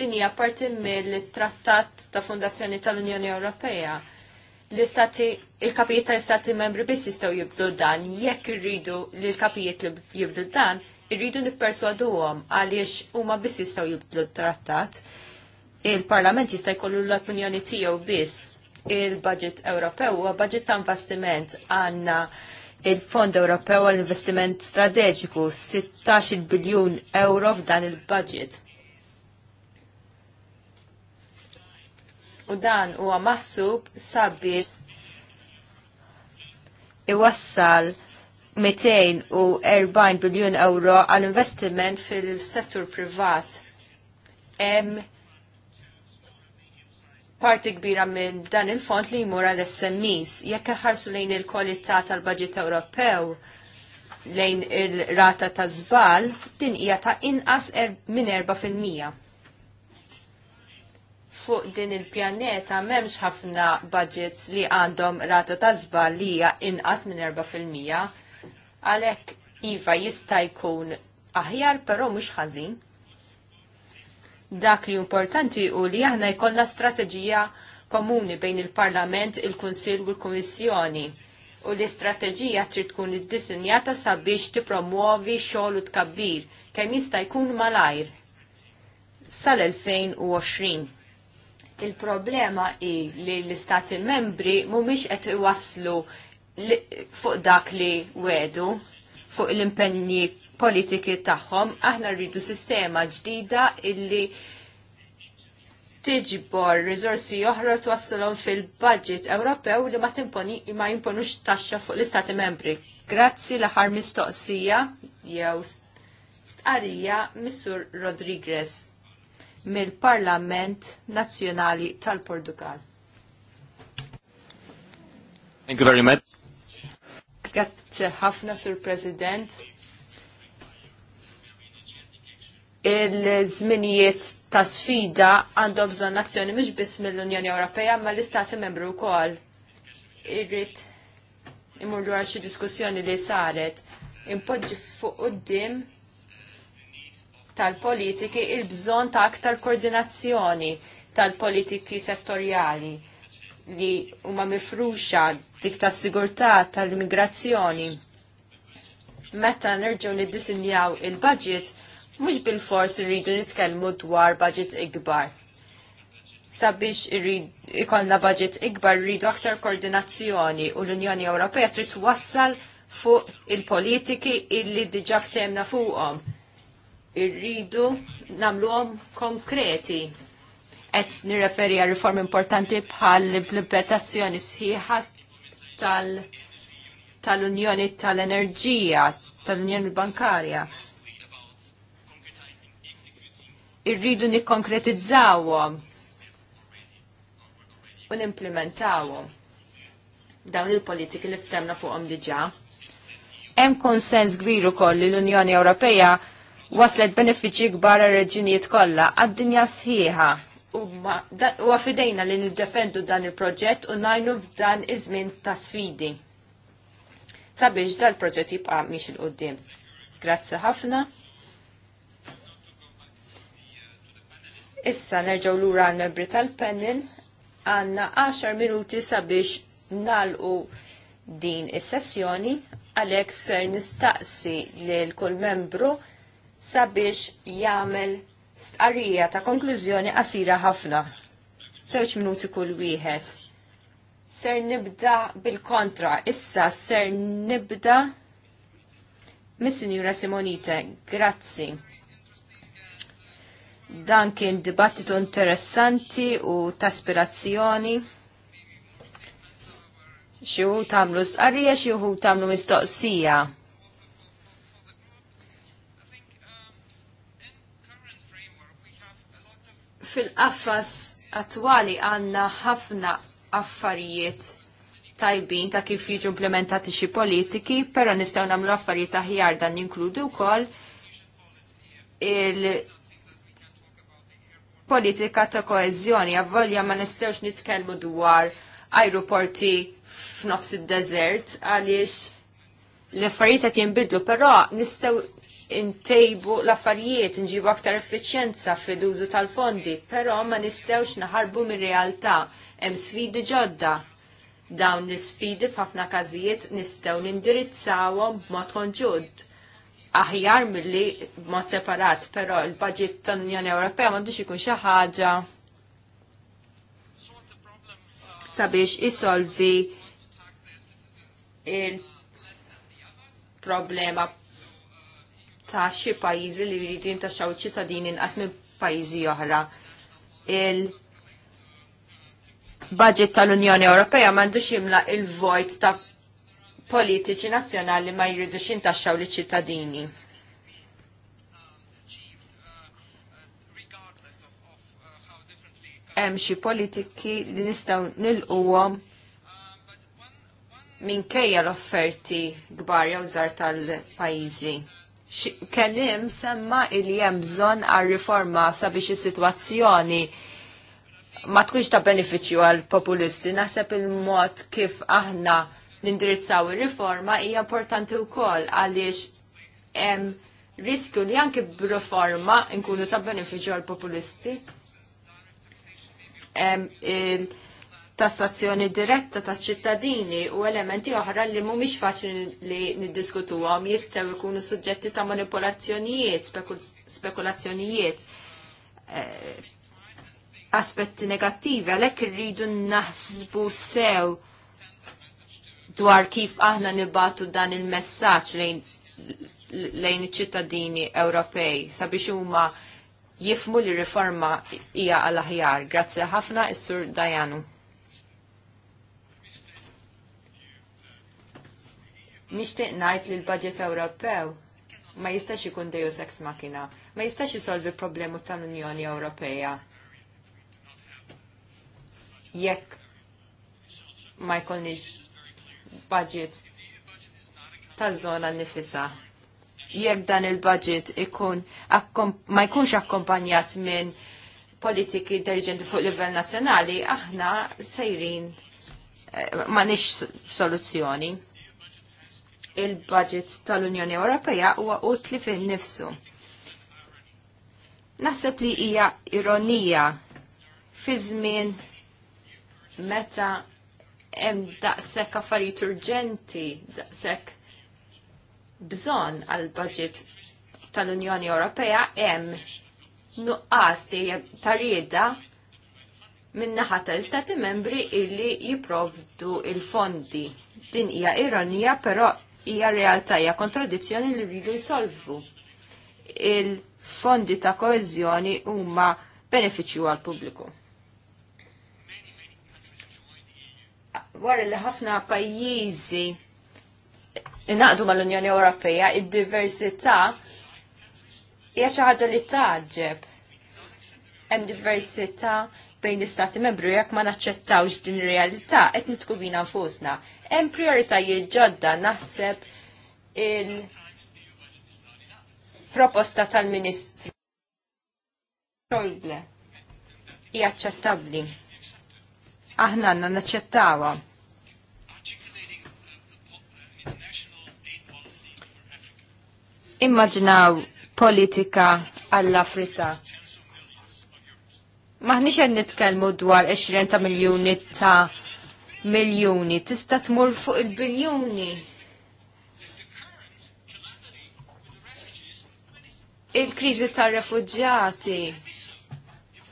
Dinja parti mill-Trattat ta' Fondazzjoni tal-Unjoni Ewropea. L-istati, il-kapijiet tal-istati membri biss jistgħu jibdu dan, jekk irridu li l-kapijiet jibdu dan, irridu nipperswaduhom għaliex huma biss jistgħu jibdu t-trattat il-Parlament jista' jkollu l-opinjoni tiegħu biss. Il-budget Ewropew huwa budget ta' investiment għandna il-Fond Ewropew għall-Investiment Strateġiku 16 biljun euro f'dan il-budget. U dan huwa maħsub sabi iwassal 240 biljun euro għal investiment fil-settur privat. Hemm parti kbira minn dan il-fond li jmur għal SMEs. Jekk ħarsu lejn il-kwalità tal-budget Ewropew lejn il-rata ta' żbal, din hija ta' inqas er minn 4%. Fuq din il-pjaneta m'hemmx ħafna budgets li għandhom rata ta' żbal li hija inqas minn 4%. Għalhekk iva jista' jkun aħjar però mhux ħażin. Dak li importanti u li aħna jkollna strateġija komuni bejn il-Parlament, il-Kunsil u l-Kummissjoni. U l-istrateġija trid tkun iddisinjata sabiex tippromuovi xogħol u tkabbir kemm jista' jkun malajr sal-2020. Il-problema hi li l-istati membri mhumiex qed iwasslu fuq dak li wedu fuq l-impenni politiki tagħhom, aħna rridu sistema ġdida illi tiġbor riżorsi oħra twassalhom fil-budget Ewropew li ma timponi ma jimponux taxxa fuq l-Istati Membri. Grazzi l-aħħar mistoqsija jew stqarrija Missur Rodriguez mill-Parlament Nazzjonali tal-Portugal. Thank you very much. Grazie ħafna sur President il-żminijiet ta' sfida għandhom bżonn azzjoni mhux biss mill-Unjoni Ewropea ma l-Istati Membru wkoll. Irrid imur dwar xi diskussjoni li saret impoġġi fuq quddiem tal-politiki il-bżonn ta' aktar koordinazzjoni tal-politiki settorjali li huma mifruxa dik ta' sigurtà tal-immigrazzjoni. Meta nerġgħu niddisinjaw il-budget, mhux bil-fors irridu nitkellmu dwar budget ikbar. Sabiex ikollna budget ikbar rridu aktar koordinazzjoni u l-Unjoni Ewropea trid wassal fuq il-politiki illi diġa ftemna fuqhom. Irridu nagħmluhom konkreti. Qed nirreferi għal riform importanti bħal l-implementazzjoni sħiħa tal-Unjoni tal-Enerġija, tal-Unjoni Bankarja. tal unjoni tal enerġija tal unjoni bankarja irridu nikkonkretizzawhom u nimplementawhom dawn il-politiki li ftemna fuqhom diġà. Hemm konsens kbir ukoll li l-Unjoni Ewropea waslet benefiċċji kbar għar-reġinijiet kollha għad-dinja sħiħa u għafidejna li niddefendu dan il-proġett u najnu f'dan iż-żmien ta' sfidi. Sabiex dal-proġett jibqa' miex il-qoddim. Grazzi ħafna. Issa nerġaw lura għal-membri tal pennin għanna 10 minuti sabiex nalqu din is-sessjoni għalhekk ser nistaqsi lil kull membru sabiex jagħmel stqarrija ta' konklużjoni qasira ħafna. Sewġ minuti kull wieħed. Ser nibda bil-kontra, issa ser nibda Missin Jura Simonite. Grazzi. Dan kien dibattitu interessanti u taspirazzjoni. Xiu tamlu s arrija xiu tamlu mistoqsija. Fil-qaffas attwali għanna ħafna affarijiet tajbin ta' kif jiġu implementati xi politiki, però nistgħu nagħmlu affarijiet aħjar dan jinkludu wkoll il politika ta' koezjoni, għavolja ma nistewx nitkellmu dwar aeroporti f'nofs id-desert għaliex l-affarijiet qed jinbidlu, però nistgħu intejbu l-affarijiet, inġibu aktar effiċjenza fil-użu tal-fondi, però ma nistgħux naħarbu mir realtà hemm sfidi ġodda. Dawn l-sfidi f'ħafna każijiet nistgħu nindirizzawhom b'mod konġud aħjar milli mod separat, però il-budget tal-Unjoni Ewropea m'għandux ikun xi ħaġa sabiex isolvi il-problema ta' xi pajjiżi li jridu jintaxxaw ċittadini inqas minn pajjiżi oħra. Il-budget tal-Unjoni Ewropea m'għandux jimla il-vojt ta' politiċi nazzjonali ma jridux jintaxxaw li ċittadini. Hemm xi politiki li nistgħu nilquhom minkejja l-offerti gbar jew żgħar tal-pajjiżi. Kellim semma li hemm bżonn għal riforma sabiex is-sitwazzjoni ma tkunx ta' benefiċċju għal populisti, naħseb il-mod kif aħna nindirizzaw ir-riforma hija importanti wkoll għaliex hemm riskju li anke b'riforma nkunu ta' benefiċċju għal populisti. Hemm il-tassazzjoni diretta ta' ċittadini u elementi oħra li mhumiex faċli li niddiskutuhom jistgħu jkunu suġġetti ta' manipolazzjonijiet, spekulazzjonijiet. Eh, aspetti negattivi, għalhekk irridu naħsbu sew dwar kif aħna nibatu dan il-messaġġ lejn lejn iċ-ċittadini Ewropej sabiex huma jifmu li riforma hija għal aħjar. Grazzi ħafna is-Sur Dajanu. Nixtieq ngħid li l-budget Ewropew ma jistax ikun Deus ex machina, ma jistax isolvi problemu tal-Unjoni Ewropea. Jekk ma jkollniex budget taż-żona nifisa. Jekk dan il-budget ikun ma jkunx akkompanjat minn politiki intelligenti fuq livell nazzjonali, aħna sejrin eh, ma nix soluzzjoni. Il-budget tal-Unjoni Ewropea huwa utli fin nifsu. Naħseb li hija ironija fi żmien meta hemm daqshekk affarijiet urġenti, daqshekk bżonn għal budget tal-Unjoni Ewropea hemm nuqqas ta' rieda minnaħa ta' istati membri illi jiprovdu il-fondi. Din hija ironija, però hija realtà hija kontradizzjoni li rridu jsolvu. Il-fondi ta' koeżjoni huma benefiċċju għal pubbliku. wara li ħafna pajjiżi naqdu mal-Unjoni Ewropea, id-diversità hija xi ħaġa li taġġeb. Hemm diversità bejn l-istati membru jekk ma naċċettawx din ir-realtà qed nitkubina nfusna. Hemm prioritajiet ġodda naħseb il-proposta tal-Ministru Xolble hija aċċettabbli aħna għanna naċċettawa. Immaġinaw politika għall-Afrika. Maħniċ għed nitkelmu dwar 20 ta' miljoni ta' miljoni. Tista' tmur fuq il-biljoni. Il-krizi tar-refugġati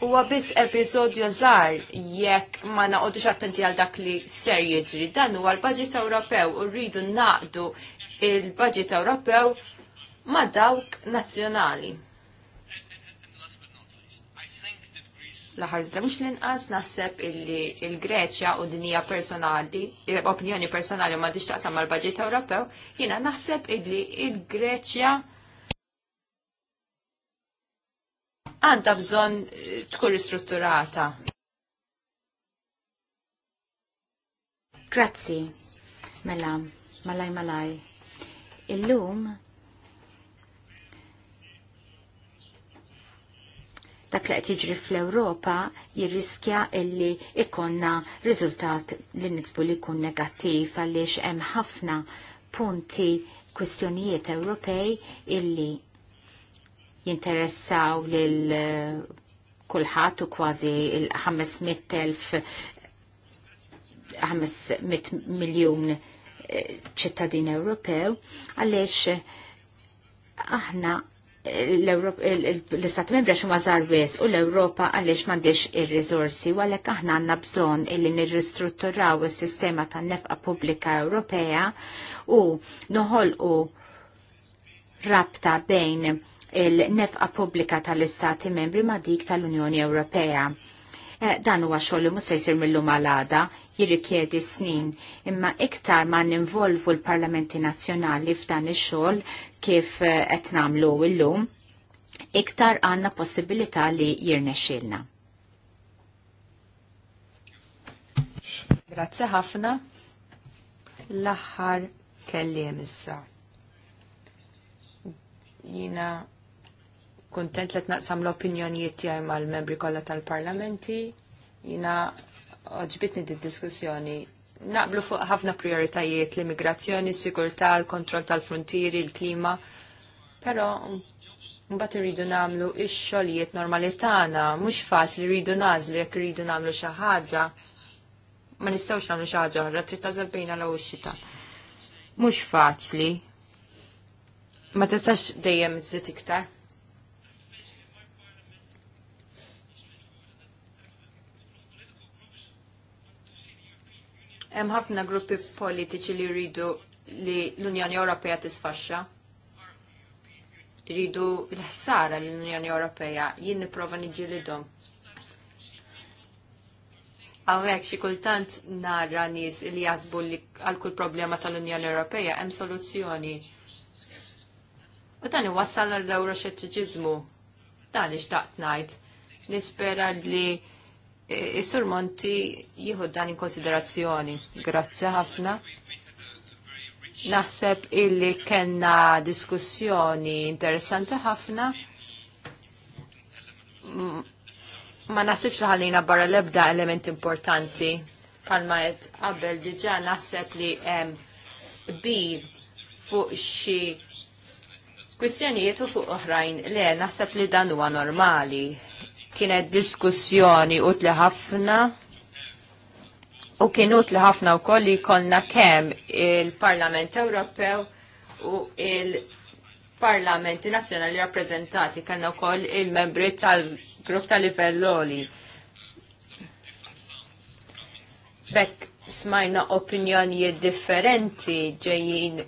huwa biss episodju żgħar jekk ma naqgħodux attenti għal dak li ser jiġri. Dan huwa l-Baġit Ewropew u rridu naqdu il-Baġit Ewropew ma' dawk nazzjonali. L-aħar iżda mhux l-inqas naħseb illi il-Greċja u dinija personali, opinjoni personali ma' taqsam mal-Baġit Ewropew, jiena naħseb illi il-Greċja l greċja għandha bżonn eh, tkun ristrutturata. Grazzi, mela, malaj malaj. Illum dak li qed jiġri fl-Ewropa jirriskja illi ikonna riżultat li nitbu li jkun negattiv għaliex hemm ħafna punti kwistjonijiet Ewropej illi jinteressaw lil eh, kulħadd u kważi il-500,000 500 miljun eh, ċittadin Ewropew għaliex eh, aħna l-Istat Membri xumma zarwis u l-Europa għalix mandiex il-rizorsi u għalek aħna għanna bżon illi nirristrutturaw il-sistema ta' nefqa publika Ewropea u noħol u rabta bejn il-nefqa pubblika tal-Istati membri ma' dik tal-Unjoni Ewropea. Eh, dan huwa xogħol li mhux se jsir mill-lum għal-għada, jirrikjedi snin, imma iktar ma ninvolvu l-Parlamenti Nazzjonali f'dan ix-xogħol kif eh, qed nagħmlu llum, iktar għandna possibilità li jirnexxilna. Grazzi ħafna. L-aħħar kelliem issa. Jina kontent li t-naqsam l-opinjonijiet tiegħi mal-membri kollha tal-parlamenti. Jina oġbitni d diskussjoni naqblu fuq ħafna prioritajiet l-immigrazzjoni, sigurtà, l-kontroll tal-frontieri, l-klima. Però mbagħad irridu nagħmlu x-xogħlijiet normali tagħna, mhux faċli rridu nażlu jekk rridu nagħmlu xi ħaġa. Ma nistgħux nagħmlu xi ħaġa oħra, trid tażel bejna l xita. Mhux faċli. Ma tistax dejjem iżid iktar. Hemm ħafna gruppi politiċi li jridu li l-Unjoni Ewropea tisfaxxa. Jridu l-ħsara li l-Unjoni Ewropea jien nipprova lidhom. Hawnhekk xi kultant nara nies li jaħsbu li għal kull problema tal-Unjoni Ewropea hemm soluzzjoni. U dan iwassal għall euroxettiċiżmu Dan daqt ngħid. Nispera li Is-Sur Monti jieħu dan in konsiderazzjoni. Grazzi ħafna. Naħseb illi kena diskussjoni interessanti ħafna. Ma naħsibx li ħallina barra l-ebda element importanti. Palma qed qabel diġà naħseb li hemm bi fuq xi kwistjonijiet u fuq oħrajn. Le, naħseb li dan huwa normali Kienet diskussjoni utli ħafna u kien utli ħafna u kolli li konna kem il-Parlament Ewropew u il-Parlamenti Nazjonali rappresentati kanna u koll il-membri tal-grupp tal-livelloli. Bekk smajna opinjonijiet differenti ġejjin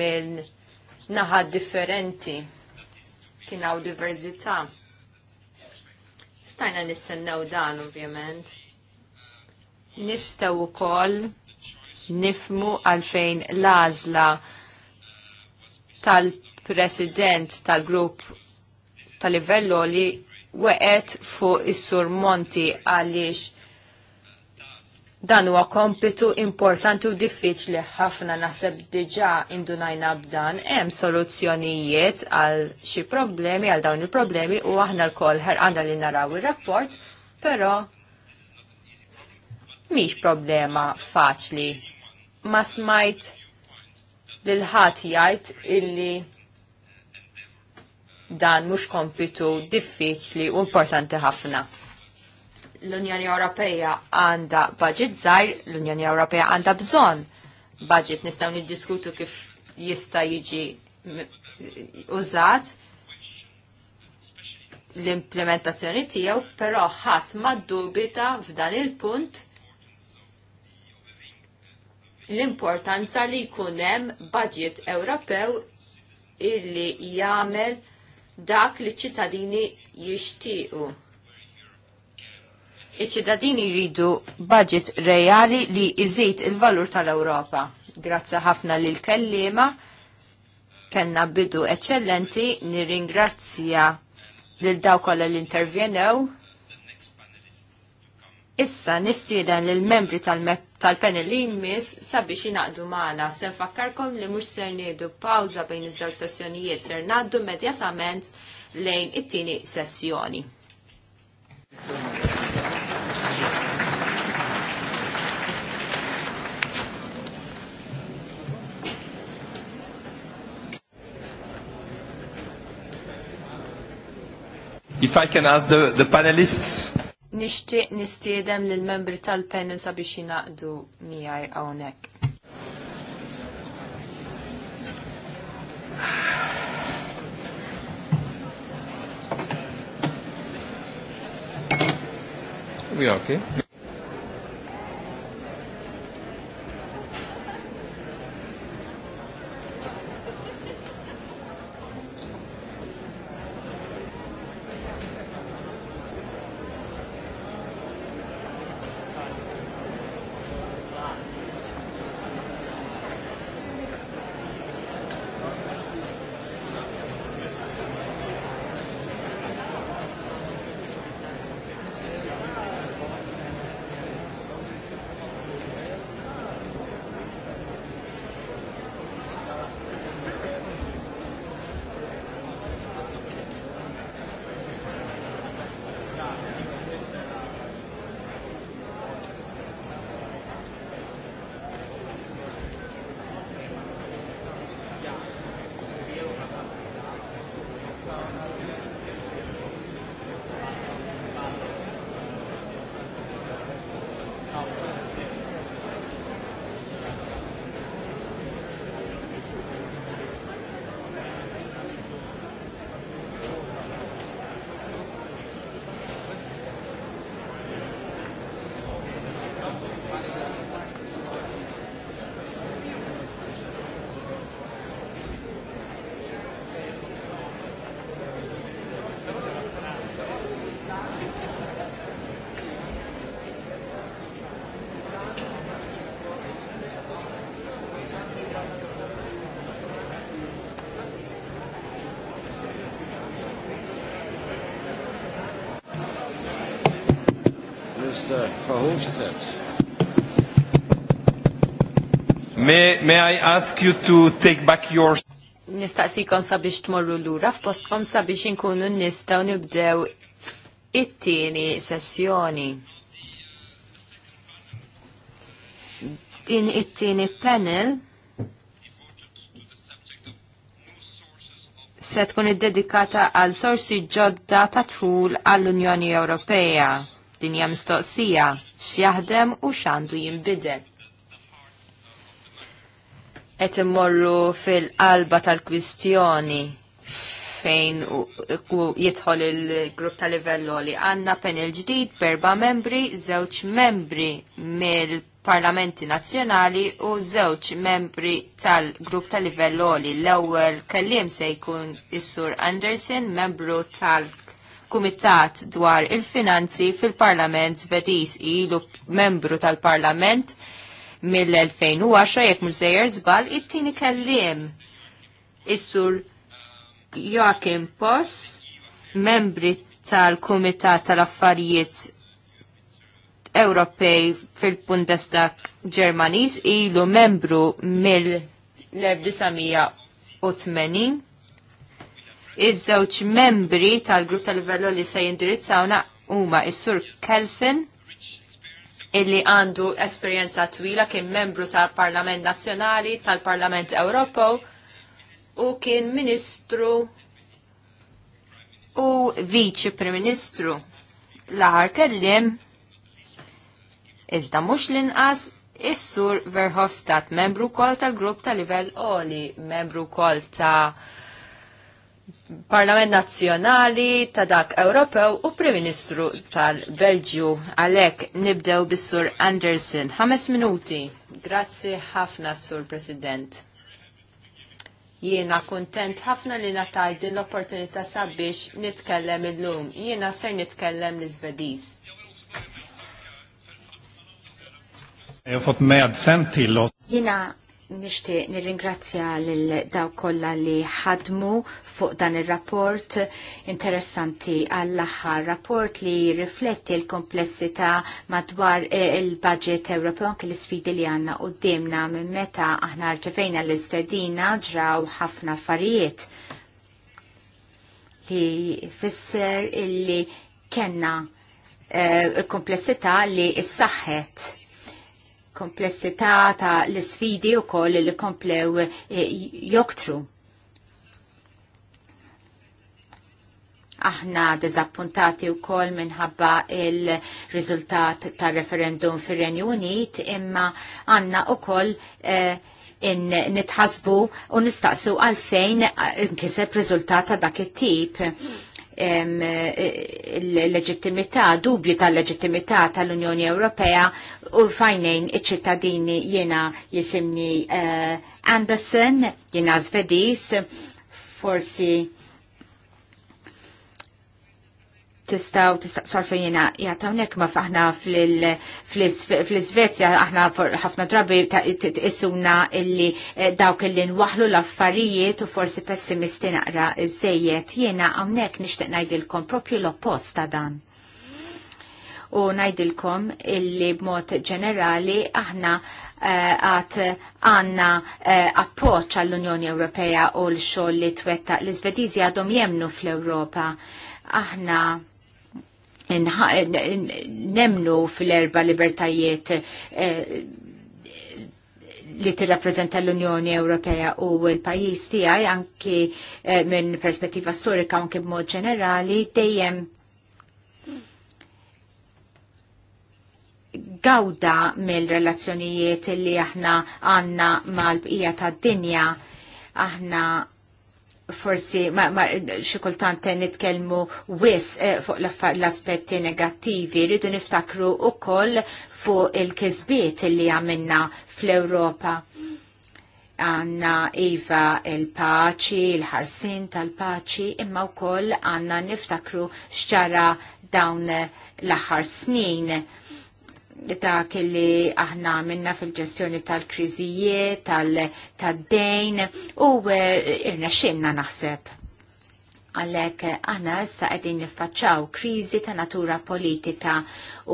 minn naħa differenti kien hawn diversità stajna nistennew dan ovvjament. Nistaw kol nifmu għalfejn l-għażla tal-president tal-grupp tal-livello li weqet fuq is-sur Monti għaliex Dan huwa kompitu importanti u diffiċli ħafna naħseb diġa indunajna b'dan hemm soluzzjonijiet għal xi problemi għal dawn il-problemi u aħna lkoll għandha li naraw ir-rapport, però mhix problema faċli. Ma smajt lil ħadd jgħid illi dan mhux kompitu diffiċli u importanti ħafna l-Unjoni Ewropea għandha budget żgħir, l-Unjoni Ewropea għandha bżonn budget nistgħu niddiskutu kif jista' jiġi użat l-implementazzjoni tiegħu, però ħadd ma dubita f'dan il-punt l-importanza li jkun hemm budget Ewropew illi jagħmel dak li ċittadini jixtiequ Iċ-ċittadini jridu budget reali li iżid il-valur tal-Ewropa. Grazzi ħafna lil kellima kellna bidu eċċellenti, nirringrazzja lil dawk kollha li intervjenew. Issa nistieden lil membri tal-panel li sabiex jinaqdu magħna. Se nfakkarkom li mhux ser nieħdu pawża bejn iż-żewġ sessjonijiet ser ngħaddu immedjatament lejn it-tieni sessjoni. If I can ask the, the panelists. Nishtiq nistiedem lil membri tal-panel sabiex jinaqdu miegħi hawnhekk. We are okay. Verhofstadt. May, may I ask you to take back your... Nistaqsikom sabiex tmorru l-ura f'postkom sabiex inkunu nistaw nibdew it-tieni sessjoni. Din it-tieni panel se tkun id-dedikata għal sorsi ġodda ta' tul għall-Unjoni Ewropea Din hija mistoqsija x'jaħdem u x'għandu jinbidel. Qed immorru fil-qalba tal-kwistjoni fejn jidħol il-grupp tal livello li għanna panel ġdid berba membri, żewġ membri mill-parlamenti nazzjonali u żewġ membri tal-grupp tal livello li l-ewwel kellim se jkun is-sur Anderson, membru tal kumitat dwar il-finanzi fil-Parlament Svediż ilu membru tal-Parlament mill-2010 jekk mużejer żball it-tieni kelliem is-sur Joachim Pos, membri tal-Kumitat tal-Affarijiet Ewropej fil-Bundestag Ġermaniż ilu membru mill-1980 Iż-żewġ membri tal-grupp tal-livello li se jindirizzawna huma is-Sur Kelfin illi għandu esperjenza twila kien membru tal-Parlament Nazzjonali, tal-Parlament Ewropew u kien Ministru u Viċi Prim Ministru. L-aħar kellim iżda mhux l-inqas is-Sur Verhofstadt, membru kol tal-grupp tal-livell oli, membru kol ta' Parlament Nazzjonali ta' dak Ewropew u Prim Ministru tal-Belġju għalek nibdew bis-Sur Anderson. Ħames minuti. Grazzi ħafna, Sur President. Jiena kontent ħafna li nataj din l-opportunità sabiex nitkellem illum. Jiena ser nitkellem l-Izvediż. Jiena nishtiq nirringrazzja lil daw kollha li ħadmu fuq dan ir-rapport interessanti għall aħħar rapport li rifletti l-komplessità madwar eh, il-budget Ewropew anke l-isfidi li għandna qudiemna minn meta aħna rċevejna l-istedina ġraw ħafna affarijiet li fisser illi kenna eh, l komplessità li s-saħħet komplessità ta' l-sfidi u koll li komplew eh, joktru. Aħna dizappuntati u koll minħabba il-rizultat ta' referendum fir renju Unit imma għanna u koll eh, in nitħasbu u nistaqsu għalfejn nkiseb rizultat ta' dak it-tip Eh, l-leġittimità, dubju tal-leġittimità tal-Unjoni Ewropea u fajnejn iċ-ċittadini jena jisimni eh, Anderson, jena Svedis, forsi tistaw tistaqsar fejn jena jgħatawnek ma faħna fl-Svezja aħna ħafna drabi t-issuna illi eh, dawk illi nwaħlu l-affarijiet u forsi pessimisti naqra zzejiet jena għamnek nishtiq najdilkom propju l-oppost ta' dan. U najdilkom illi b'mod ġenerali aħna eh, għat għanna eh, appoċ għall-Unjoni Ewropea u l-xogħol li twetta l svedizja għadhom jemnu fl-Ewropa. Aħna nemnu fil-erba libertajiet eh, li tirrappreżenta l-Unjoni Ewropea u l-pajjiż tiegħi anki eh, minn perspettiva storika anki b'mod ġenerali dejjem gawda mill-relazzjonijiet li aħna għanna mal-bqija tad-dinja aħna forsi ma, ma xikultant nitkelmu wis eh, fuq l-aspetti negattivi, rridu niftakru u koll fuq il-kizbiet li għamilna fl-Europa. Għanna Iva il-paċi, il-ħarsin tal-paċi, imma u koll għanna niftakru xċara dawn l ħarsnin snin ta' kelli aħna minna fil-ġestjoni tal-kriżijiet, tal-dejn u eh, irna xinna naħseb għalek aħna issa qegħdin niffaċċaw kriżi ta' natura politika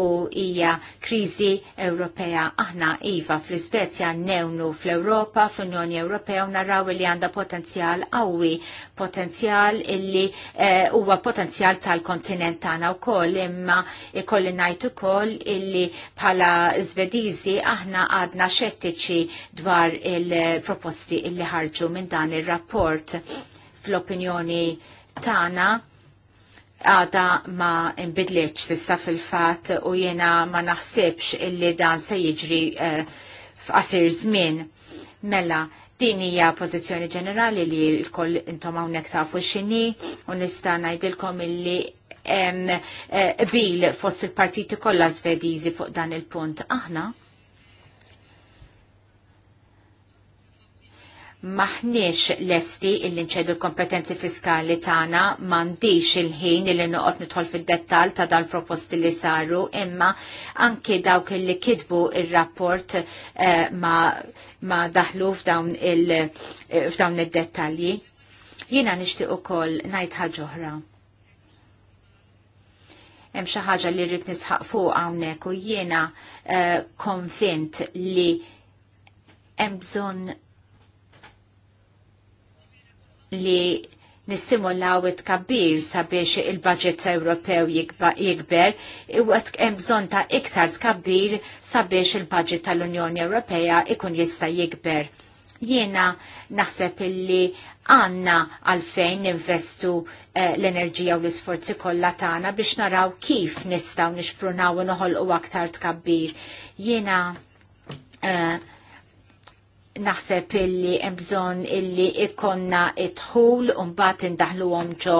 u hija kriżi Ewropea. Aħna iva fl-Iżvezja newnu fl-Ewropa, fl-Unjoni Ewropea u naraw li għandha potenzjal qawwi, potenzjal illi eh, huwa eh, potenzjal tal-kontinent tagħna wkoll, imma ikolli ngħid ukoll illi bħala Żvediżi aħna għadna xettiċi dwar il-proposti illi ħarġu minn dan ir-rapport fl-opinjoni Tana għada ma imbidliċ sissa fil-fat u jena ma naħsibx illi dan se jiġri eh, f'qasir żmien. Mela, din hija pożizzjoni ġenerali li l-koll intom hawnhekk tafu x'inhi u nista' ngħidilkom illi eh, bil fost il-partiti kollha Svediżi fuq dan il-punt aħna maħniex lesti illi nċedu l-kompetenzi fiskali tagħna m'għandix il-ħin illi noqgħod nidħol fid-dettall ta' dal proposti li saru imma anke dawk illi kitbu ir-rapport eh, ma, ma daħlu f'dawn eh, f'dawn id-dettalji. Jiena nixtieq ukoll ngħid ħaġa oħra. Hemm xi ħaġa li rrid nisħaq fuq hawnhekk u jiena eh, konvint li hemm bżonn li nistimulaw it-kabbir sabiex il-budget Ewropew jikber u għat hemm bżonn ta' iktar tkabbir sabiex il-budget tal-Unjoni Ewropea ikun jista' jikber. Jiena naħseb illi għanna għalfejn investu eh, l-enerġija u l-isforzi kollha tagħna biex naraw kif nistgħu nixprunaw u noħolqu aktar tkabbir. Jiena eh, naħseb illi bżon illi ikonna idħul mbagħad indaħlu ġo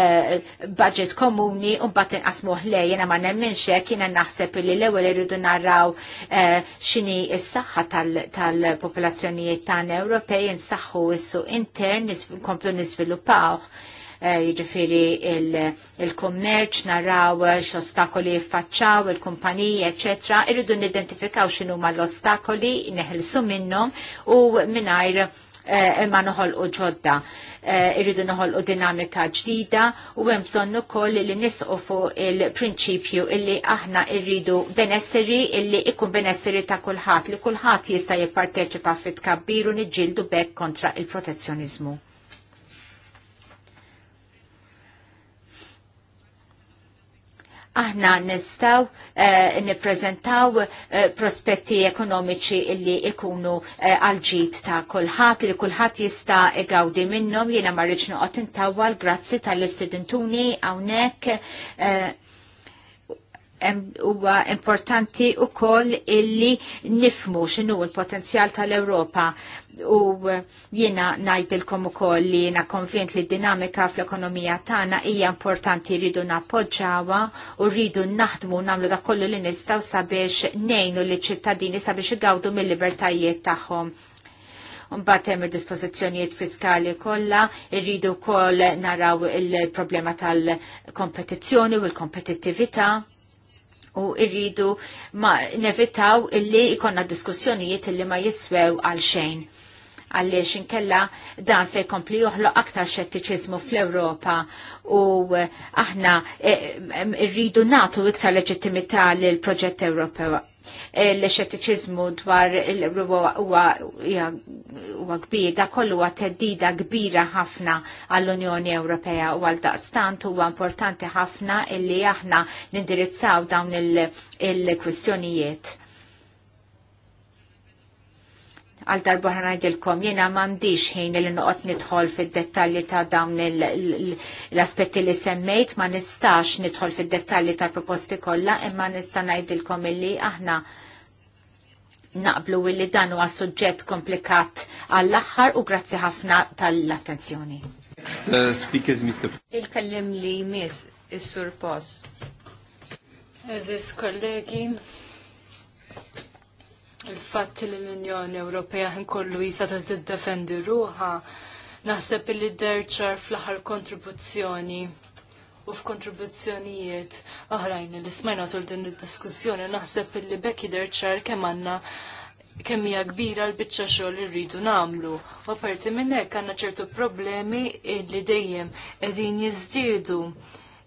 eh, budget komuni unbat inqasmuh le jena ma nemminx hekk jiena naħseb illi l-ewwel irridu narraw eh, x'inhi s-saħħa tal-popolazzjonijiet tan tagħna Ewropej insaħħu is-suq intern komplu niżviluppawh. Eh, jiġifieri il-kummerċ, naraw x'ostakoli jiffaċċaw il-kumpaniji, eċetera. Irridu nidentifikaw x'inhu l-ostakoli, neħilsu minnhom u mingħajr eh, imma noħolqu ġodda. Eh, irridu noħolqu dinamika ġdida u hemm bżonn ukoll li nisqu fuq il-prinċipju illi aħna rridu benesseri illi ikun benesseri ta' kulħadd li kulħadd jista' jipparteċipa fit-tkabbir u niġġieldu bekk kontra il-protezzjonizmu. aħna nistaw eh, niprezentaw eh, prospetti ekonomiċi illi ikunu eh, għalġit uh, ta' kulħadd li kulħadd jista' igawdi minnhom jiena ma rridx noqgħod intawwal grazzi tal-istudentuni hawnhekk huwa importanti u koll illi nifmu xinu l-potenzjal tal-Europa u uh, jiena najdilkom u koll li jiena konvint li dinamika fl-ekonomija tana hija importanti rridu napoġġawa u rridu naħdmu namlu da kollu li nistaw sabiex nejnu li ċittadini sabiex igawdu mill-libertajiet tagħhom. Mbagħad hemm id-dispożizzjonijiet fiskali kollha, irridu wkoll naraw il-problema tal-kompetizzjoni u l-kompetittività u irridu ma nevitaw illi ikonna diskussjonijiet illi ma jiswew għal xejn għalliex inkella dan se jkompli joħloq aktar xettiċizmu fl-Ewropa u eh, aħna eh, rridu natu iktar leġittimità l proġett Ewropew l-xettiċizmu dwar il kbir, da kollu għat teddida kbira ħafna għall-Unjoni Ewropea u għal daqstant huwa importanti ħafna illi aħna nindirizzaw dawn il-kwistjonijiet għal darbohra najdilkom jena mandiċ ħin li nuqot nidħol fid dettalji ta' dawn l-aspetti li semmejt ma nistax nidħol fid dettalji ta' proposti kolla imma nista najdilkom illi aħna naqblu illi dan huwa suġġett komplikat għall aħħar u grazzi ħafna tal-attenzjoni. Uh, Il-kellim li mis is-surpos. Eżis kollegi, il-fatt li l-Unjoni Ewropea ħinkollu jisa ta' tiddefendi ruha, naħseb li derċar fl-aħħar kontribuzzjoni u f'kontribuzzjonijiet oħrajn li smajna tul din id-diskussjoni naħseb li bekk derċar kemm għandna kemm hija kbira l-biċċa xogħol irridu nagħmlu. U parti minn hekk għandna ċertu problemi li dejjem qegħdin jiżdiedu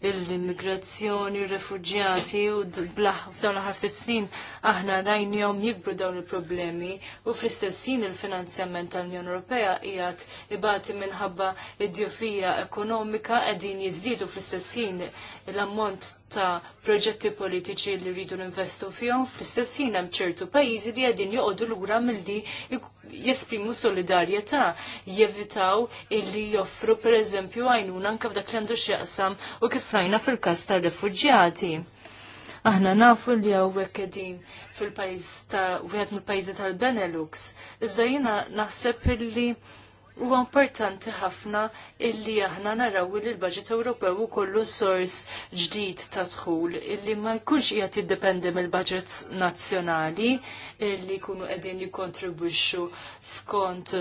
l-immigrazzjoni, r-refuġjati u blaħ f'dawn l ftit snin aħna rajnjom jikbru dawn il-problemi u fl sin il-finanzjament tal-Unjoni Ewropea qiegħed ibati minħabba id-djufija ekonomika qegħdin jiżdiedu fl sin l-ammont ta' proġetti politiċi li rridu ninvestu fihom, fl-istess ħin hemm ċertu pajjiżi li qegħdin joqogħdu lura milli jesprimu solidarjetà, jevitaw illi joffru pereżempju għajnuna anke f'dak li għandu x'jaqsam u kif rajna fil-każ tar-refuġjati. Aħna nafu li hawnhekk qegħdin fil-pajjiż ta' wieħed mill-pajjiżi tal-Benelux. Iżda jiena naħseb illi U importanti ħafna illi aħna naraw li l-budget Ewropew kollu sors ġdid ta' dħul illi ma jkunx qiegħed jiddependi mill-budgets nazzjonali illi jkunu qegħdin jikkontribwixxu skont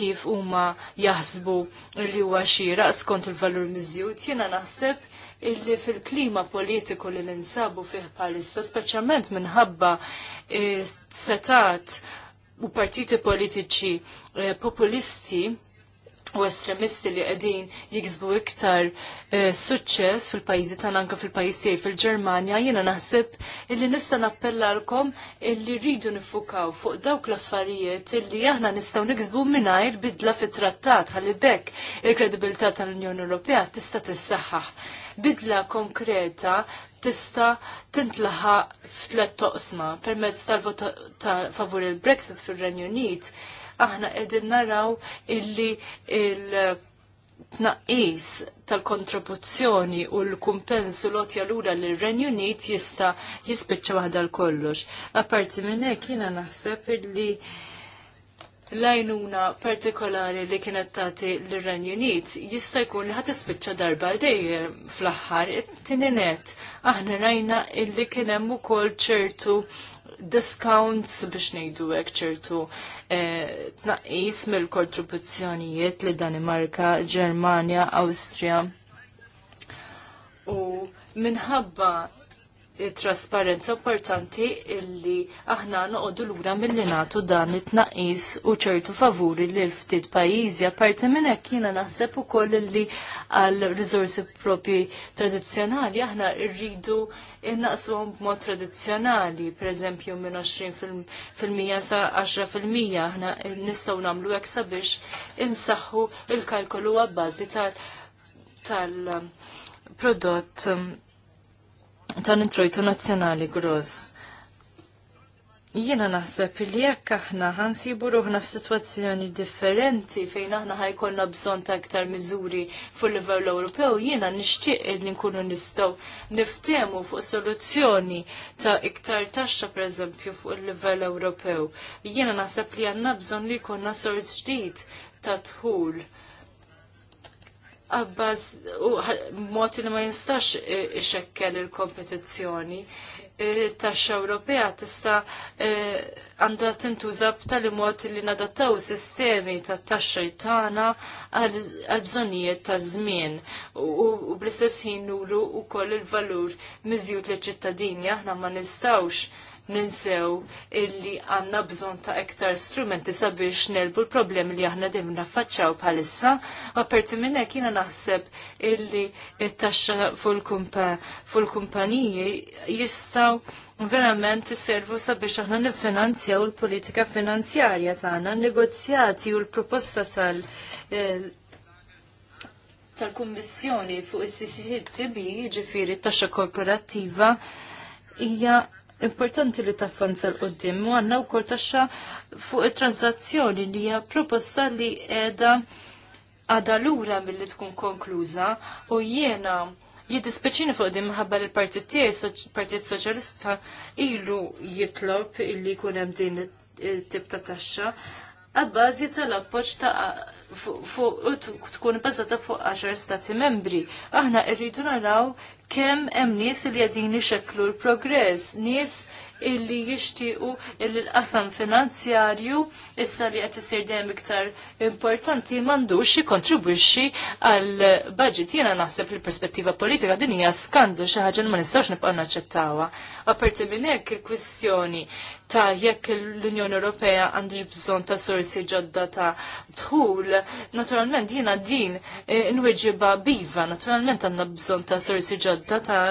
kif huma jaħsbu li huwa xira skont il-valur miżjud. Jiena naħseb illi fil-klima politiku li ninsabu fih bħalissa, speċjalment minħabba setat u partiti politiċi eh, populisti u estremisti li qegħdin jiksbu iktar eh, suċċess fil-pajjiżi tagħna anke fil-pajjiż tiegħi fil-Ġermanja, jiena naħseb illi nista' nappellalkom illi rridu nifukaw fuq dawk l-affarijiet illi aħna nistgħu niksbu mingħajr bidla fit-trattat ħalli bekk il-kredibilità tal-Unjoni Ewropea tista' tissaħħaħ. Bidla konkreta tista tintlaħa f'tlet toqsma permezz tal-vot favur il-Brexit fir-Renju Unit aħna qegħdin naraw illi il- tnaqqis tal-kontribuzzjoni u l-kumpens u lotja lura l renju Unit jista' jispiċċa waħda l-kollox. Apparti minn hekk jiena naħseb illi lajnuna partikolari li kienet tagħti l-Renju Unit jista' jkun li ħat ispiċċa darba dejjem fl-aħħar it-tininet. Aħna rajna illi kien hemm ukoll ċertu discounts biex ngħidu hekk ċertu Eh, tnaqqis mill-kontribuzzjonijiet li Danimarka, Ġermanja, Awstrija. U minħabba trasparenza importanti illi aħna noqogħdu lura milli nagħtu dan it-tnaqqis u ċertu favuri lil ftit pajjiżi apparti minn hekk jiena naħseb ukoll illi għal riżorsi propri tradizzjonali aħna rridu innaqsuhom b'mod tradizzjonali, pereżempju minn 20 fil-mija sa 10 fil-mija aħna nistgħu nagħmlu hekk sabiex insaħħu il-kalkolu għabbażi tal-prodott tal um, ta' introjtu nazzjonali gross. Jiena naħseb li jekk aħna ħansibu ruħna f'sitwazzjoni differenti fejn aħna ħajkollna bżonn ta' iktar miżuri fuq livell Ewropew, jiena nixtieq li nkunu nistgħu niftehmu fuq soluzzjoni ta' iktar taxxa pereżempju fuq il-livell Ewropew. Jiena naħseb li għandna bżonn li jkollna sorġ ġdid ta' tħul Abbas, u mod li ma jinstax ixekkel il-kompetizzjoni. Taxxa Ewropea tista' e, għandha tintuża b'tali mod li nadattaw sistemi ta' taxxa tagħna għal bżonnijiet ta' żmien u bl-istess ħin nuru wkoll il-valur miżjud liċ ċittadini aħna ma nistgħux ninsew illi għanna bżon ta' iktar strumenti sabiex nelbu l-problemi li aħna dim naffaċċaw bħalissa, apparti minn hekk jiena naħseb illi it-taxxa fuq l-kumpaniji jistgħu verament servu sabiex aħna nifinanzjaw il-politika finanzjarja tagħna, negozjati u l-proposta tal- eh, tal-Kummissjoni fuq is-CCTB, ġifiri taxxa korporattiva, hija importanti li taffanza l-qoddim. U għanna u kol taxxa fuq il-transazzjoni li hija proposta li edha għada l-ura mill-li tkun konkluża u jiena jiddispeċini fuq din minħabba l-Partit tiegħi Partit Soċjalista ilu jitlob illi jkun hemm din it-tip ta' taxxa għabbażi tal-appoġġ ta' fuq tkun bazzata fuq 10 stati membri. Aħna rridu naraw kemm hemm nies li qegħdin ixekklu l-progress, nies illi jixtiequ illi l-qasam finanzjarju issa li qed isir dejjem iktar importanti m'għandux jikkontribwixxi għal budget jiena naħseb li perspettiva politika din hija skandlu xi ħaġa li ma nistgħux nibqgħu naċċettawha. Apparti minn hekk il-kwistjoni ta' jekk l-Unjoni Ewropea għandix bżonn ta' sorsi ġodda ta' dħul, naturalment jiena din inweġiba eh, biva, naturalment għandna bżonn ta' sorsi ġodda ta'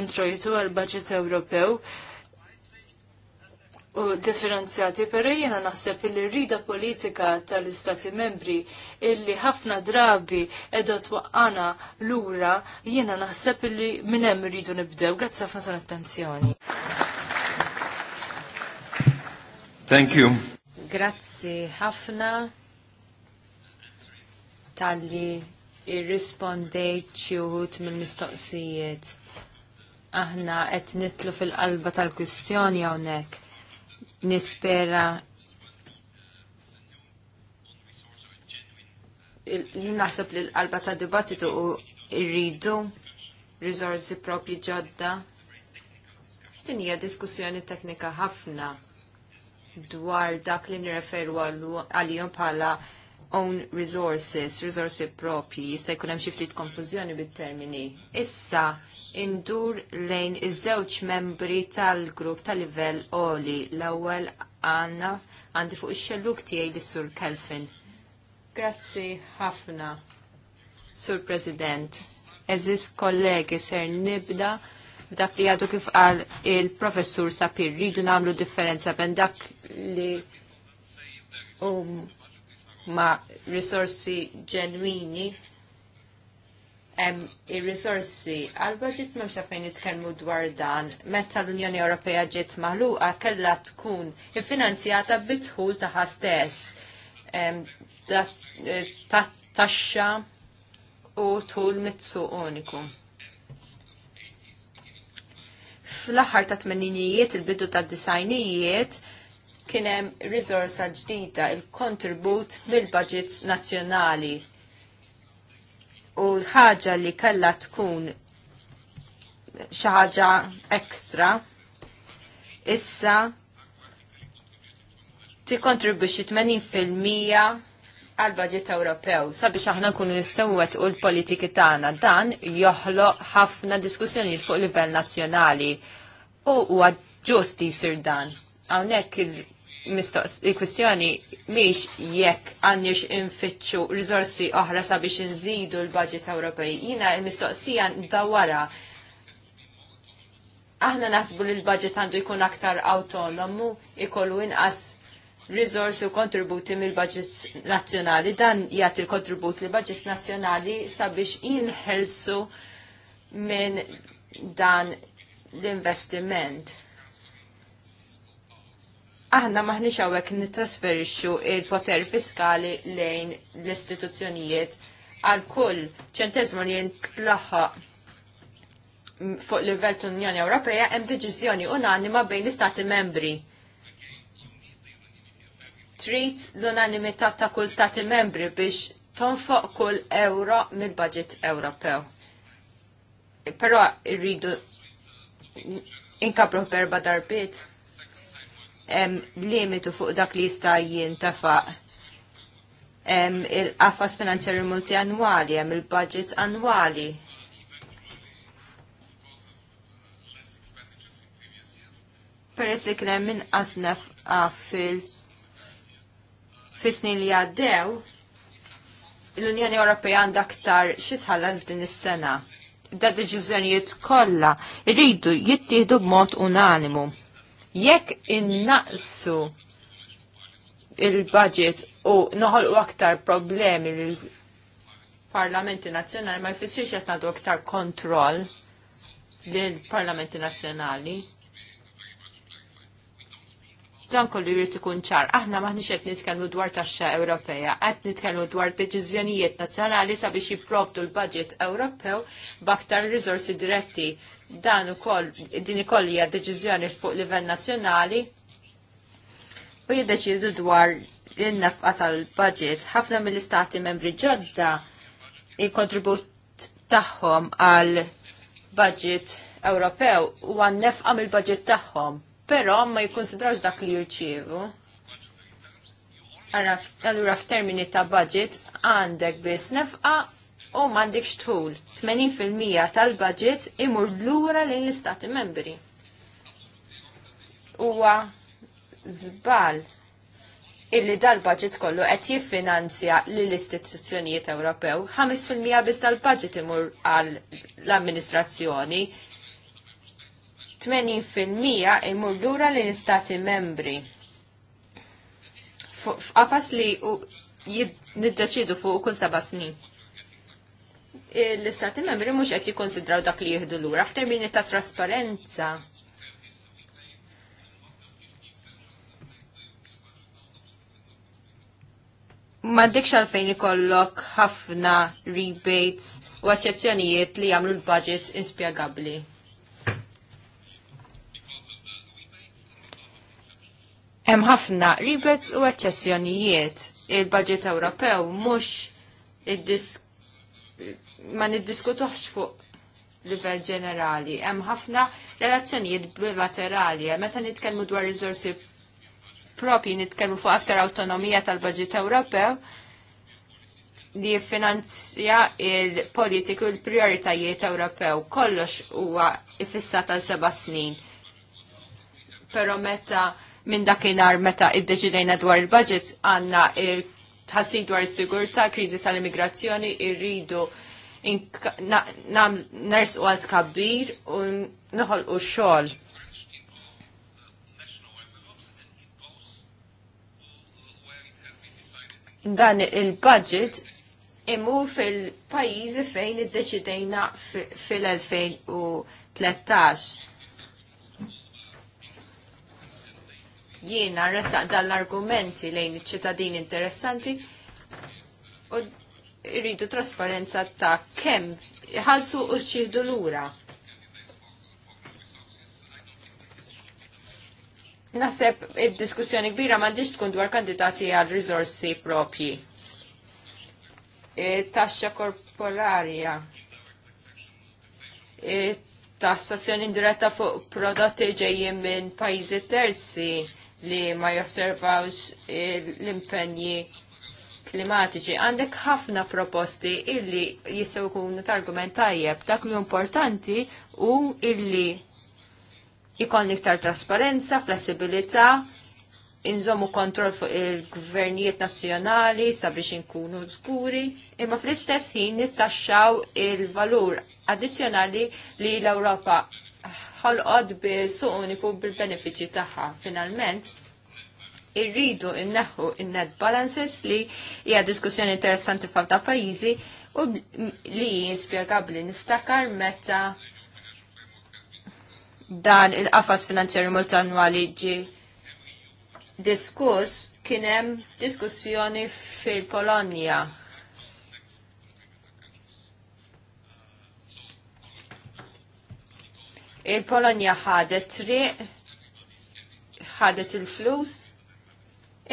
introjtu għal budget Ewropew, u differenzjati, pero jena naħseb li rrida politika tal-istati membri illi ħafna drabi edha twaqqana lura jena naħseb illi minnem rridu nibdew. Grazzi ħafna tal-attenzjoni. Thank you. Grazzi ħafna tal-li irrispondejt xiuħut mill-mistoqsijiet. Aħna qed nitlu fil-qalba tal-kwistjoni hawnhekk nispera li naħseb li l-qalba ta' dibattitu u irridu rizorzi propri ġodda. Din hija diskussjoni teknika ħafna dwar dak li nirreferu għalihom bħala own resources, resources propri, jista' jkun hemm xi ftit konfużjoni bit-termini. Issa indur lejn iż-żewġ membri tal-grupp tal-livell oli l-ewwel għandna għandi fuq ix-xelluk tiegħi li sur Kelfin. Grazzi ħafna, Sur President. Eżis kollegi ser nibda dak li għadu kif qal il-professur Sapir rridu nagħmlu differenza bejn dak li um, ma risorsi ġenwini hemm ir-risorsi għal-budget m'hemmx għalfejn nitkellmu dwar dan. Meta l-Unjoni Ewropea ġiet maħluqa kella tkun iffinanzjata bitħul taħa stess taxxa u tul mitsu uniku. Fl-aħħar ta' 80ijiet il-bidu ta' disajnijiet kien hemm risorsa ġdida il-kontribut mill-budgets nazzjonali u l-ħaġa li kella tkun xi ħaġa ekstra issa tikkontribwixxi 80% għal budget Ewropew sabiex aħna nkunu nistgħu u l-politiki tagħna dan joħloq ħafna diskussjonijiet fuq livell nazzjonali u huwa ġusti sir dan. Għawnek Mistoqs, il-kwistjoni miex jekk għannix infittxu rizorsi oħra sabiex nżidu l-budget Ewropej. Jina mistoqsija dawara. Aħna nasbu li l-budget għandu jkun aktar autonomu, ikollu inqas rizorsi u kontributi mill-budget nazzjonali. Dan jgħat il-kontribut li budget nazzjonali sabiex jinħelsu minn dan l-investiment aħna maħniex hawnhekk nittrasferixxu il-poter fiskali lejn l-istituzzjonijiet għal kull ċentesma li jintlaħħaq fuq livell tal-Unjoni Ewropea hemm deċiżjoni unanima bejn l-Istati membri. Trid l-unanimità ta' kull Stati membri biex tonfoq kull euro mill-budget Ewropew. Però rridu inkabru berba darbiet limitu fuq dak li jista' jintafaq il-qafas finanzjarju multianwali, hemm il-budget annwali. Peress li kien hemm inqas nefqa fis-snin li għaddew, l-Unjoni Ewropea għandha aktar xi tħallas din is-sena. Da deċiżjonijiet kollha jridu jittieħdu b'mod unanimu. Jekk innaqsu il-budget u noħolqu aktar problemi l parlamenti nazzjonali ma jfissirx qed nagħdu aktar kontroll l parlamenti nazzjonali. Dan kollu jrid ikun ċar. Aħna maħniex qed nitkellmu dwar taxxa Ewropea, qed nitkellmu dwar deċiżjonijiet nazzjonali sabiex jipprovdu l-budget Ewropew b'aktar riżorsi diretti dan ukoll din koll hija deċiżjoni fuq livell nazzjonali u jiddeċidu dwar l nafqa tal-budget. Ħafna mill-istati membri ġodda il-kontribut tagħhom għal budget Ewropew u għan nefqa mill-budget tagħhom, però ma jikkonsidrawx dak li jirċievu. Allura f'termini ta' budget għandek biss nefqa u mandikx tħul. 80% tal-budget imur lura lejn l-istati membri. Huwa zbal illi dal-budget kollu qed jiffinanzja lill-istituzzjonijiet Ewropew. 5% biss tal-budget imur għal l-amministrazzjoni, 80% imur lura lejn l-istati membri. F'qafas li niddeċidu fuq kull seba' snin l-istati membri mhux qed jikkonsidraw dak li jieħdu lura f'termini ta' trasparenza. Ma dikx għalfejn ikollok ħafna rebates u aċċezzjonijiet li jagħmlu l-budget inspjegabbli. Hemm ħafna rebates u aċċezzjonijiet. Il-budget Ewropew mhux id-disk ma niddiskutux fuq livell ġenerali. Hemm ħafna relazzjonijiet bilaterali, meta nitkellmu dwar riżorsi propri nitkellmu fuq aktar awtonomija tal-Baġit Ewropew li jiffinanzja il-politiku l-prioritajiet Ewropew. Kollox huwa ifissat għal seba' snin. Però meta minn dakinhar meta iddeċidejna dwar il-budget għandna il ħassin dwar is-sigurtà, kriżi tal-immigrazzjoni, irridu il ners u għal tkabbir u nħol u xol. Dan il-budget imu fil-pajizi fejn id-deċidejna fil-2013. Jiena resaq dal-argumenti lejn iċ-ċittadini interessanti u irridu trasparenza ta' kemm ħalsu u l lura. Naseb id-diskussjoni kbira m'għandix tkun dwar kandidati għal risorsi propji. E, Taxxa korporarja. E, Tassazzjoni indiretta fuq prodotti ġejjin minn pajjiżi terzi li ma josservawx l-impenji klimatiċi. Għandek ħafna proposti illi jistgħu jkunu targument tajjeb dak li importanti u illi ikon iktar trasparenza, flessibilità, inżommu kontroll fuq il-gvernijiet nazzjonali sabiex inkunu żguri, imma fl-istess ħin nittaxxaw il-valur addizzjonali li l-Ewropa ħolqod bil-suq uniku bil-benefiċi tagħha. Finalment, irridu inneħu in-net balances li hija diskussjoni interessanti f'ħafna pajjiżi u li jispjegabbli niftakar meta dan il-qafas finanzjarju multanwali ġi diskuss kien hemm diskussjoni fil-Polonja il-Polonja ħadet triq, ħadet il-flus,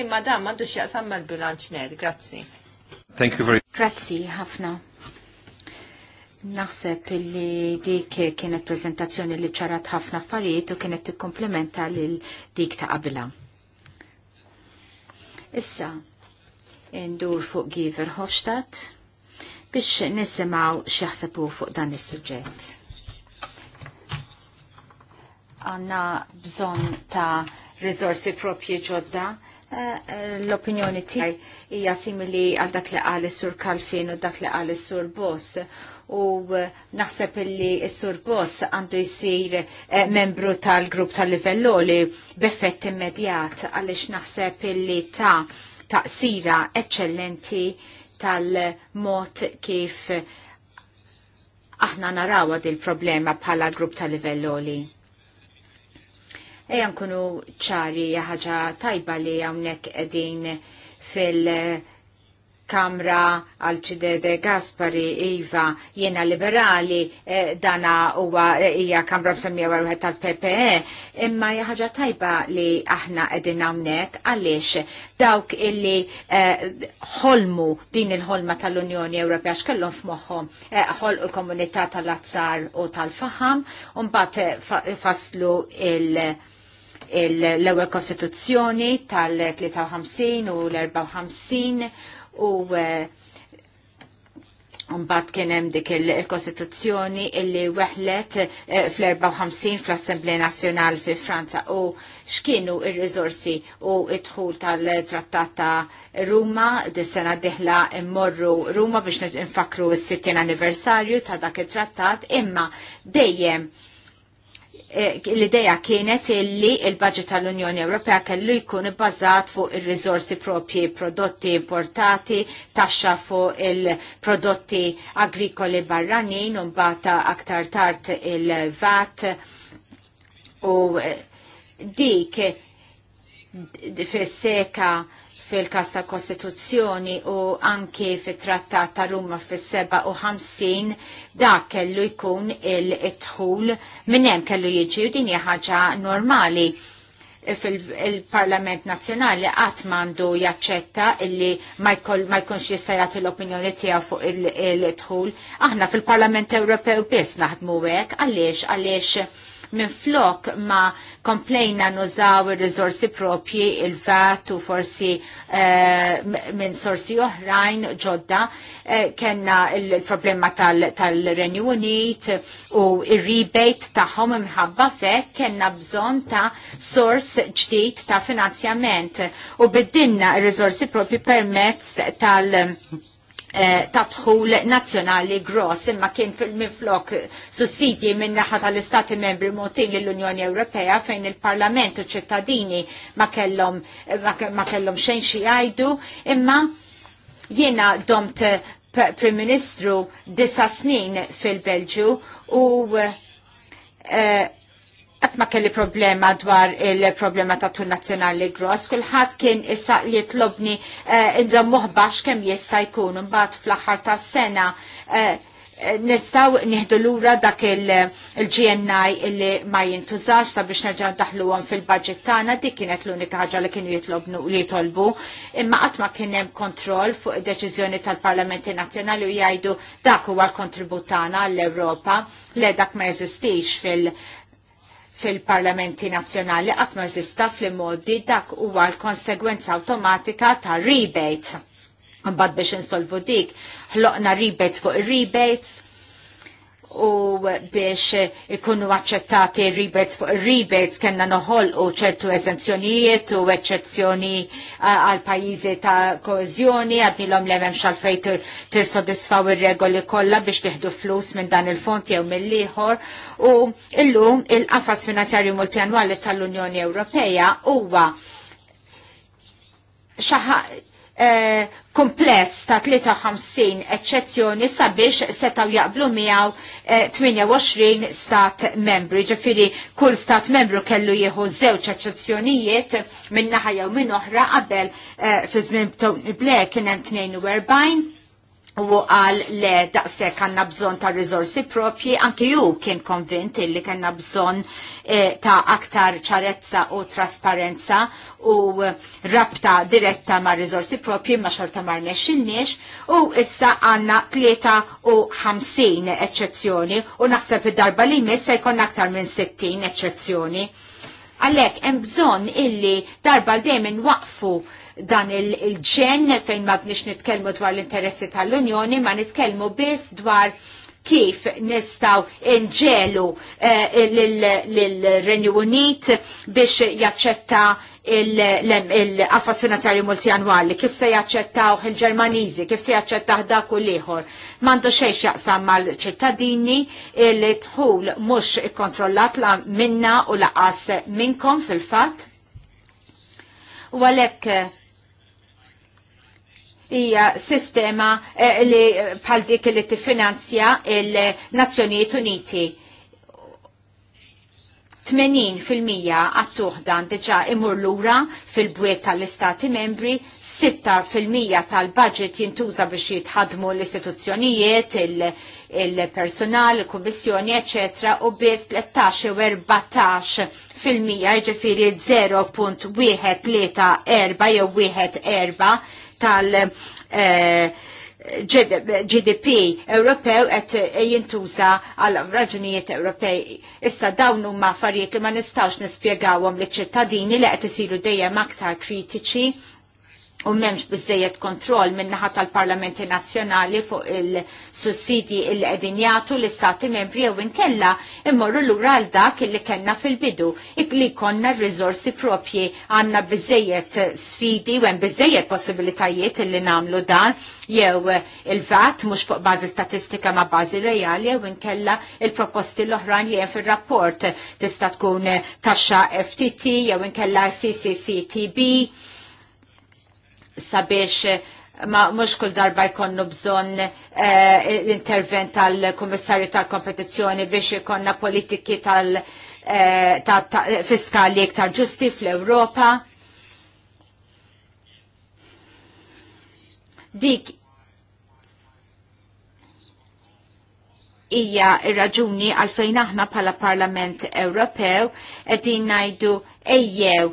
imma dan m'għandux jaqsam mal-bilanċ net. Grazzi. Thank you very much. Grazzi ħafna. Naħseb li dik kienet prezentazzjoni li ċarat ħafna affarijiet u kienet tikkomplementa lil dik ta' qabila. Issa, ndur fuq Giver Hofstadt biex nisimaw xieħsebu fuq dan is suġġett Għanna bżon ta' rizorsi propju ġodda Eh, eh, l-opinjoni tiegħi hija simili għal dak li qal is-sur Kalfin u dak li qal is-sur Boss u eh, naħseb illi s-sur Boss għandu jsir membru tal-grupp tal-livell b'effett immedjat għaliex naħseb illi ta' taqsira eċċellenti tal-mod kif aħna narawa il problema bħala grupp tal-livell Ejja nkunu ċari ħaġa tajba li hawnhekk qegħdin fil- Kamra għal-ċidede Gaspari Iva jena liberali eh, dana huwa e, hija Kamra b'semmija wieħed tal-PPE imma hija tajba li aħna qegħdin hawnhekk għaliex dawk illi e, ħolmu din il-ħolma tal-Unjoni Ewropea x'kellhom f'moħħhom e, ħolqu l-komunità tal-azzar u tal faham u mbagħad faslu il- l-ewwel Kostituzzjoni tal-53 u l-54 u Mbagħad eh, kien hemm dik il-Kostituzzjoni illi weħlet eh, fl-54 fl-Assemblea Nazzjonali fi Franza u x'kienu ir-riżorsi u id-dħul tal-Trattat ta' Ruma dis-sena diħla immorru Ruma biex infakru s-sittin anniversarju ta' dak it-trattat imma dejjem Eh, l-ideja kienet illi il-budget tal-Unjoni Ewropea kellu jkun ibbażat fuq ir-riżorsi propji, prodotti importati, taxxa fuq il-prodotti agrikoli barranin, u mbagħad aktar tard il-VAT u eh, dik fis-seka fil-Kassa Kostituzzjoni u anki fit-Trattat ta' Ruma fis-57 dak kellu jkun il-tħul minn hemm kellu jiġi u din hija ħaġa normali fil-Parlament Nazzjonali qatt m'għandu jaċċetta illi ma jkunx jista' jagħti l-opinjoni tiegħu fuq il tħul Aħna fil-Parlament Ewropew biss naħdmu hekk għaliex għaliex minn flok ma komplejna nużaw il-rizorsi propji, il-vat u forsi eh, minn sorsi oħrajn ġodda, eh, kena il-problema tal renju Unit u il-rebate taħħom imħabba fek, kena bżon ta' sors ġdid ta' finanzjament u biddinna il-rizorsi propji permezz tal- Eh, ta' tħul nazzjonali gross imma kien fil-minflok sussidji minn naħa tal-Istati membri motin l-Unjoni Ewropea fejn il-Parlament u ċittadini ma kellhom ma kellhom xejn xi jgħidu imma jiena domt eh, Prim Ministru disa snin fil-Belġu u uh, ma kelli problema dwar il-problema ta' tun nazjonali gross, kullħat kien issa li jitlobni uh, eh, inżom muħbax kem jista' jkun mbagħad fl-aħħar ta' sena uh, eh, eh, nistaw nieħdu lura dak il-GNI illi ma jintużax sabiex nerġgħu daħluhom fil-budget tagħna dik kienet l-unika ħaġa li kienu jitlobnu li jitolbu imma qatt ma kien hemm kontroll fuq id-deċiżjoni tal-Parlamenti Nazzjonali u jgħidu dak huwa l-kontribut tagħna għall-Ewropa le dak ma jeżistix fil- fil-parlamenti nazjonali għatma zista fl moddi dak huwa l-konsegwenza automatika ta' rebate. Mbad biex insolvu dik, ħloqna rebates fuq rebates, u biex ikunu accettati rebates fuq rebates kena noħol u ċertu eżenzjonijiet u eccezzjoni għal pajizi ta' koezjoni għadni l għemem xalfejt t-sodisfaw il-regoli kolla biex tiħdu flus minn dan il-fond jew mill-liħor u illum il-qafas finanzjarju multianwali tal-Unjoni Ewropeja huwa xaħat Eh, kumpless kompless ta' 53 eccezzjoni sabiex setaw jaqblu miegħu 28 eh, stat membri. Ġifiri kull stat membru kellu jieħu żewġ eccezzjonijiet minn naħa jew minn oħra qabel eh, fi żmien Blair kien hemm 42 U għal le daqse kanna bżon ta' rizorsi propji, anki ju kien konvint illi kanna bżon eh, ta' aktar ċarezza u trasparenza u rabta diretta ma' rizorsi propji ma' xorta ma nexinniex u issa għanna ħamsin eccezzjoni u naħseb id-darba li se jkun aktar minn 60 eccezzjoni. Għalek, hemm bżon illi darba dejjem waqfu dan il-ġen fejn ma bniex nitkellmu dwar l-interessi tal-Unjoni, ma nitkellmu biss dwar kif nistaw inġelu eh, l-Renju Unit biex jaċċetta l-affas finanzjarju multianwali, kif se jaċċettaw il-Ġermaniżi, kif se jaċċettaw dak u liħor. Mandu xejx jaqsam mal-ċittadini li tħul mux ikkontrollat la minna u laqas minnkom fil-fat. U għalek hija sistema eh, li bħal dik li tiffinanzja il-Nazzjonijiet Uniti. 80% għattuħ dan diġa imur lura fil-bwiet tal-istati membri, 6% tal-budget jintuża biex jitħadmu l-istituzzjonijiet, il-personal, il-kommissjoni, ecc. u biss 13 u 14% fil-mija 3 4 jew 1 tal- eh, GDP Ewropew qed jintuża għal raġunijiet Ewropej. Issa dawn huma affarijiet li ma nistgħux nispjegawhom liċ ċittadini li qed isiru dejjem aktar kritiċi u memx bizzejiet kontroll minnaħat tal-Parlamenti Nazzjonali fuq il sussidi il qegħdin jagħtu l-Istati membri jew inkella immorru lura għal dak li kellna fil-bidu ikli konna r rizorsi propji għanna biżejjed sfidi u hemm bizzejet possibilitajiet li nagħmlu dan jew il-VAT mhux fuq bażi statistika ma' bażi reali jew inkella il-proposti l-oħrajn li hemm fir-rapport tista' tkun taxxa FTT jew inkella CCCTB sabiex eh, ma mux kull darba jkonnu bżon l-intervent eh, tal-Kummissarju tal-Kompetizzjoni biex ikonna politiki tal-fiskali eh, iktar ġusti fl-Europa. Dik hija ir-raġuni għalfejn aħna bħala Parlament Ewropew qegħdin ngħidu ejjew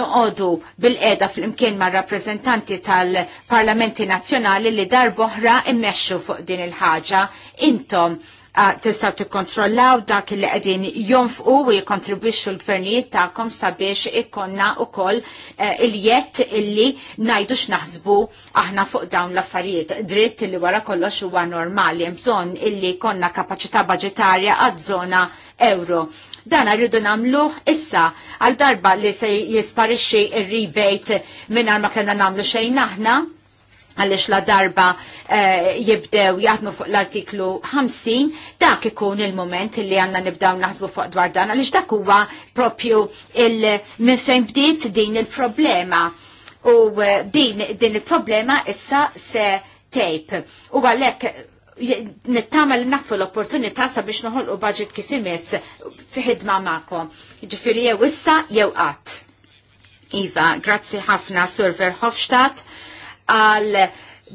noqogħdu bil-qeda fl-imkien ma' rappreżentanti tal-Parlamenti Nazzjonali li darboħra immexxu fuq din il-ħaġa intom Ah, tistaw tikkontrollaw dak li qegħdin jonfqu u jikontribuixu l-gvernijiet tagħkom sabiex ikkonna wkoll eh, il-jett illi najdux naħsbu aħna fuq dawn l-affarijiet. Dritt li wara kollox huwa normali hemm bżonn illi konna kapaċità baġitarja għaż-żona euro. Dan rridu nagħmluh issa għal darba li se jisparixxi ir-rebate mingħajr ma kellna nagħmlu xejn aħna għalix la darba eh, jibdew jaħdmu fuq l-artiklu 50, dak ikun il-moment li għanna nibdaw naħsbu fuq dwar dan, għalix dak huwa propju il fejn bdiet din il-problema. U eh, din, din il-problema issa se tape. U għalek nittama li naqfu l-opportunità sabiex noħolqu budget kif imiss fi ħidma magħkom. Jiġifieri jew issa jew qatt. Iva, grazzi ħafna Sur Verhofstadt għal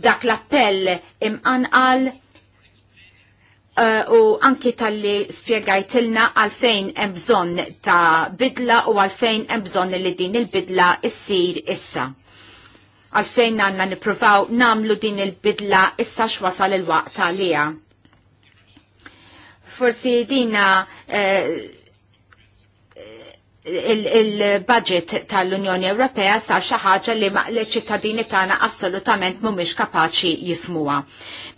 dak l-appell imqanqal eh, u anki tal-li spiegajtilna għalfejn hemm bżonn ta' bidla u għalfejn hemm bżonn li din il-bidla issir issa. Għalfejn għanna nipruvaw namlu din il-bidla issa x'wasal il-waqt għalija. Forsi dina eh, il-budget il tal-Unjoni Ewropea sar xi ħaġa li l-ċittadini tagħna assolutament mhumiex kapaċi jifmuha.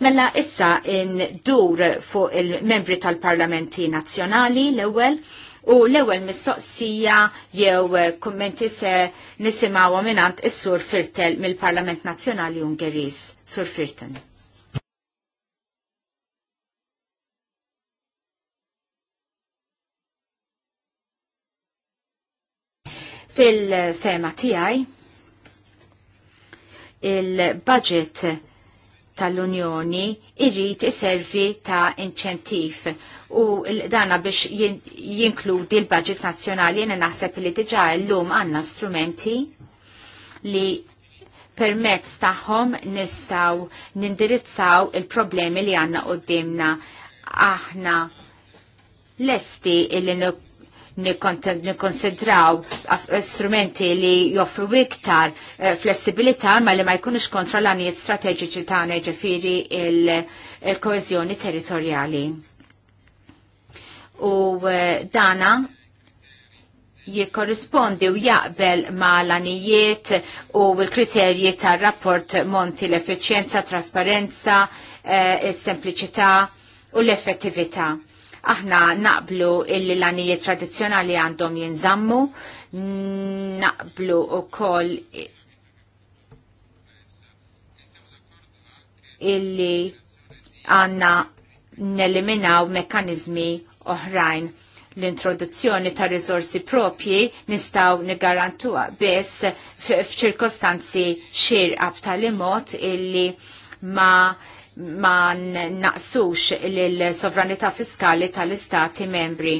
Mela issa ndur fuq il-membri tal-Parlamenti Nazzjonali l-ewwel u l-ewwel mistoqsija jew kummenti se nisimgħu minant is-Sur Firtel mill-Parlament Nazzjonali Ungeriż. Sur Firten. Fil-fema tiegħi il-budget tal-Unjoni irrid iservi ta' inċentiv u dana biex jinkludi l-budget nazjonali jenna naħseb li diġa l-lum għanna strumenti li permezz taħħom nistaw nindirizzaw il-problemi li għanna qoddimna aħna lesti nuk nikkonsidraw strumenti li joffru iktar eh, flessibilità ma li ma jkunux kontra l-għanijiet strateġiċi tagħna ġifiri il-koezjoni territorjali. U eh, dana jikorrispondi u jaqbel ma l-anijiet u l-kriterji tar rapport monti l-efficienza, trasparenza, eh, il-sempliċità u l-effettività Aħna naqblu illi l-anijiet tradizjonali għandhom jinżammu, naqblu u koll illi għanna neliminaw mekanizmi oħrajn l-introduzzjoni ta' rizorsi propji nistaw nigarantuha biss f'ċirkostanzi xirqab tal-imot illi ma' ma naqsux l-sovranità fiskali tal-istati membri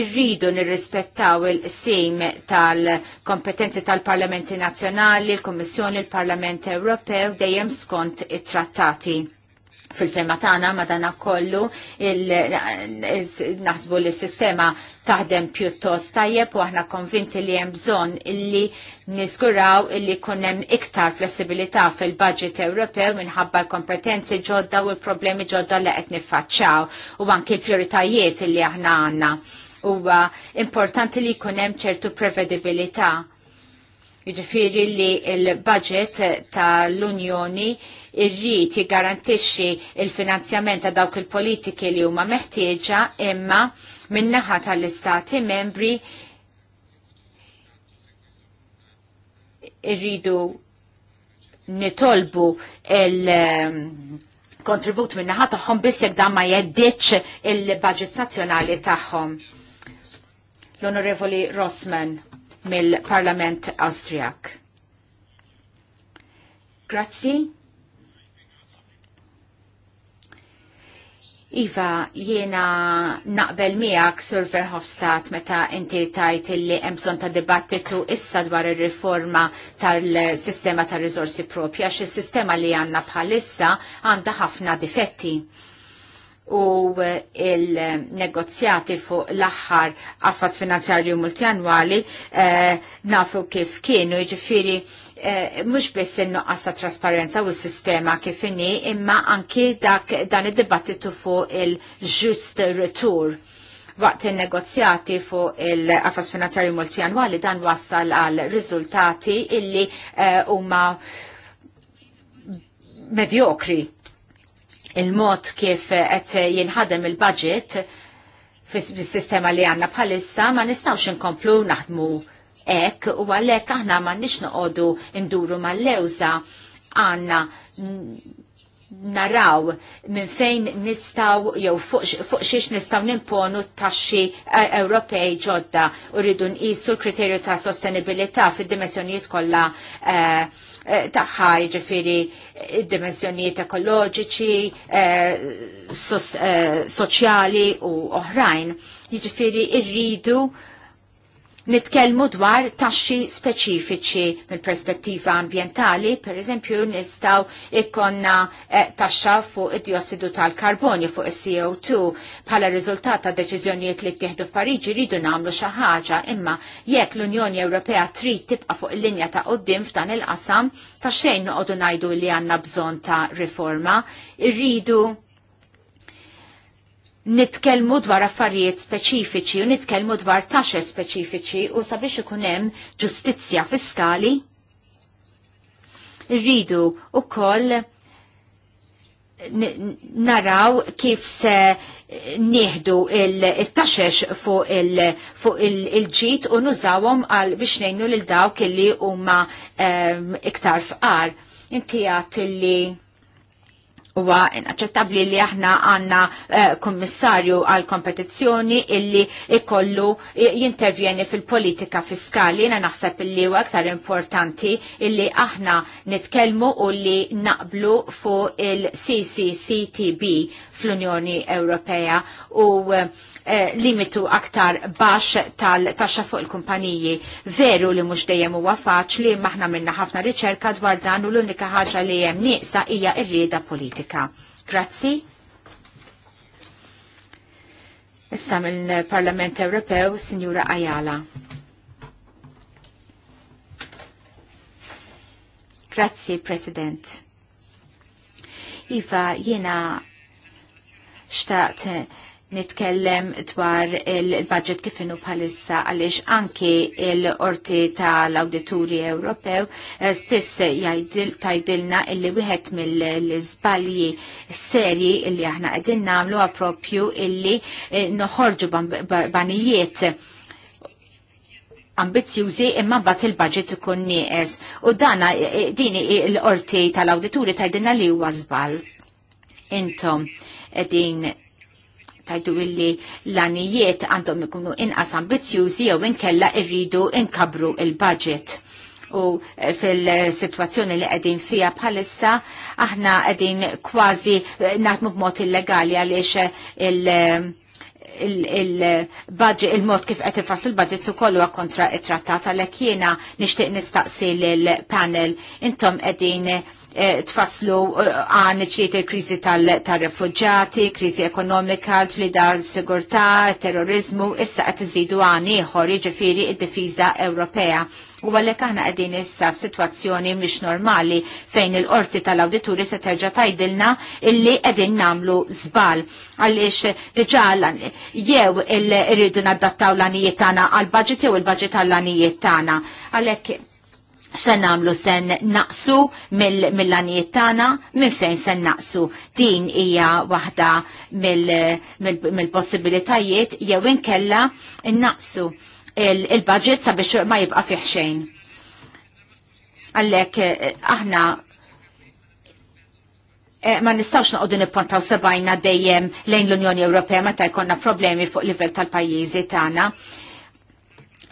irridu nirrispettaw il-sejm tal-kompetenzi tal-Parlamenti Nazzjonali, il-Kommissjoni, il-Parlament Ewropew dejjem skont it-trattati fil-fema tagħna dana kollu naħsbu li s-sistema taħdem pjuttost tajjeb u aħna konvinti li hemm bżonn illi niżguraw illi jkun hemm iktar flessibilità fil-budget Ewropew minħabba l-kompetenzi ġodda u l-problemi ġodda li qed niffaċċjaw u anke l-prijoritajiet illi aħna għandna. Huwa importanti li jkun hemm ċertu prevedibilità. Jiġifieri li l-budget tal-Unjoni irrid jiggarantixxi il-finanzjament ta' dawk il-politiki li huma meħtieġa imma min-naħa tal-istati membri irridu nitolbu il- um, kontribut minnaħat taħħom bissek da ma jeddiċ il-budget nazjonali taħħom. L-Onorevoli Rossman mill-Parlament Austriak. Grazzi. Iva, jiena naqbel miegħek Sur Verhofstadt meta inti tajt illi hemm bżonn ta' dibattitu issa dwar ir-riforma tal-sistema tar riżorsi propja għax sistema li għandna bħalissa għandha ħafna difetti u il-negozjati fuq l-aħħar affas finanzjarju multjanwali eh, nafu kif kienu jiġifieri Eh, mhux biss in-nuqqas ta' trasparenza u s-sistema kif inhi imma anki dak dan id-dibattitu fuq il-ġust retur waqt il-negozjati fuq il-qafas finanzjari multianwali dan wassal għal riżultati illi eh, huma uh, medjokri il-mod kif qed jinħadem il-budget fis-sistema li għanna bħalissa ma nistawx inkomplu naħdmu ek u għalek aħna ma nix noqodu induru ma lewza għanna naraw minn fejn nistaw jew fuq xiex nistaw nimponu taxxi e, Ewropej ġodda u rridu nqisu l-kriterju ta' sostenibilità fid-dimensjonijiet kollha e, e, tagħha jiġifieri d dimensjonijiet ekoloġiċi, soċjali u oħrajn. Jiġifieri rridu nitkellmu dwar taxxi speċifiċi mill-perspettiva ambientali, per eżempju nistaw ikkonna eh, taxxa fuq id-diossidu tal-karbonju fuq is-CO2 bħala riżultat ta' deċiżjonijiet li ttieħdu f'Pariġi rridu nagħmlu xi ħaġa, imma jekk l-Unjoni Ewropea trid tibqa' fuq il-linja ta' qudiem f'dan il-qasam ta' xejn noqogħdu ngħidu li għandna bżonn ta' riforma, irridu nitkelmu dwar affarijiet speċifiċi u nitkelmu dwar taxxe speċifiċi u sabiex ikun hemm ġustizzja fiskali rridu wkoll naraw kif se nieħdu il-taxex fuq il-ġit u nużawhom għal biex ngħinu lil dawk illi huma ehm, iktar fqar. Inti għat illi huwa inaċċettabbli li aħna għandna eh, kummissarju għal kompetizzjoni illi ikollu jintervjeni fil-politika fiskali. Jiena naħseb illi huwa aktar importanti illi aħna nitkellmu u li naqblu fuq il-CCCTB fl-Unjoni Ewropea u uh, Eh, limitu aktar baxx tal-taxxa fuq il-kumpaniji. Veru li mhux dejjem huwa faċli maħna minna ħafna riċerka dwar dan u l-unika ħaġa li hemm nieqsa hija rieda politika. Grazzi. Issa mill-Parlament Ewropew, Sinjura Ajala. Grazzi, President. Iva, jiena xtaqt nitkellem dwar il-budget kif inhu bħalissa għaliex anki l-orti tal-Awdituri Ewropew eh, spiss tajdilna illi wieħed mill iżbalji serji illi aħna qegħdin nagħmlu appropju illi eh, noħorġu banijiet ambizjużi imma bat il-budget ikun nieqes u dana eh, dini l-orti tal-awdituri tajdilna li huwa żball. Intom, din tajdu illi l-anijiet għandhom ikunu inqas ambizjużi jew inkella irridu inkabru il-budget u eh, fil-situazzjoni li qegħdin fija bħalissa aħna qegħdin kważi eh, naħdmu b'mod illegali għaliex eh, il- il-budget, il-mod kif qed ifasslu il-budget su kollu kontra it-trattat għalhekk jiena nixtieq nistaqsi lill-panel intom qegħdin Eh, tfasslu eh, ċiet il kriżi tal-refugġati, kriżi ekonomika, l sigurta, sigurtà terrorizmu, issa qed iżidu għan ieħor jiġifieri id-difiża Ewropea. U għallek aħna qegħdin issa f'sitwazzjoni mhix normali fejn il-qorti tal-awdituri se terġa' tgħidilna illi qegħdin nagħmlu zbal. għaliex diġà jew il-ridu nadattaw l-anijiet tagħna għall budget jew il-budget għal anijiet tagħna. Għallek se namlu sen naqsu mill-għaniet tagħna minn fejn sen naqsu. Din hija waħda mill-possibilitajiet jew inkella naqsu il-budget sabiex ma jibqa' fih xejn. Għallek eh, aħna eh, ma nistawx naqogħdu nippontaw sebajna dejjem lejn l-Unjoni Ewropea meta jkollna problemi fuq livell tal-pajjiżi tagħna.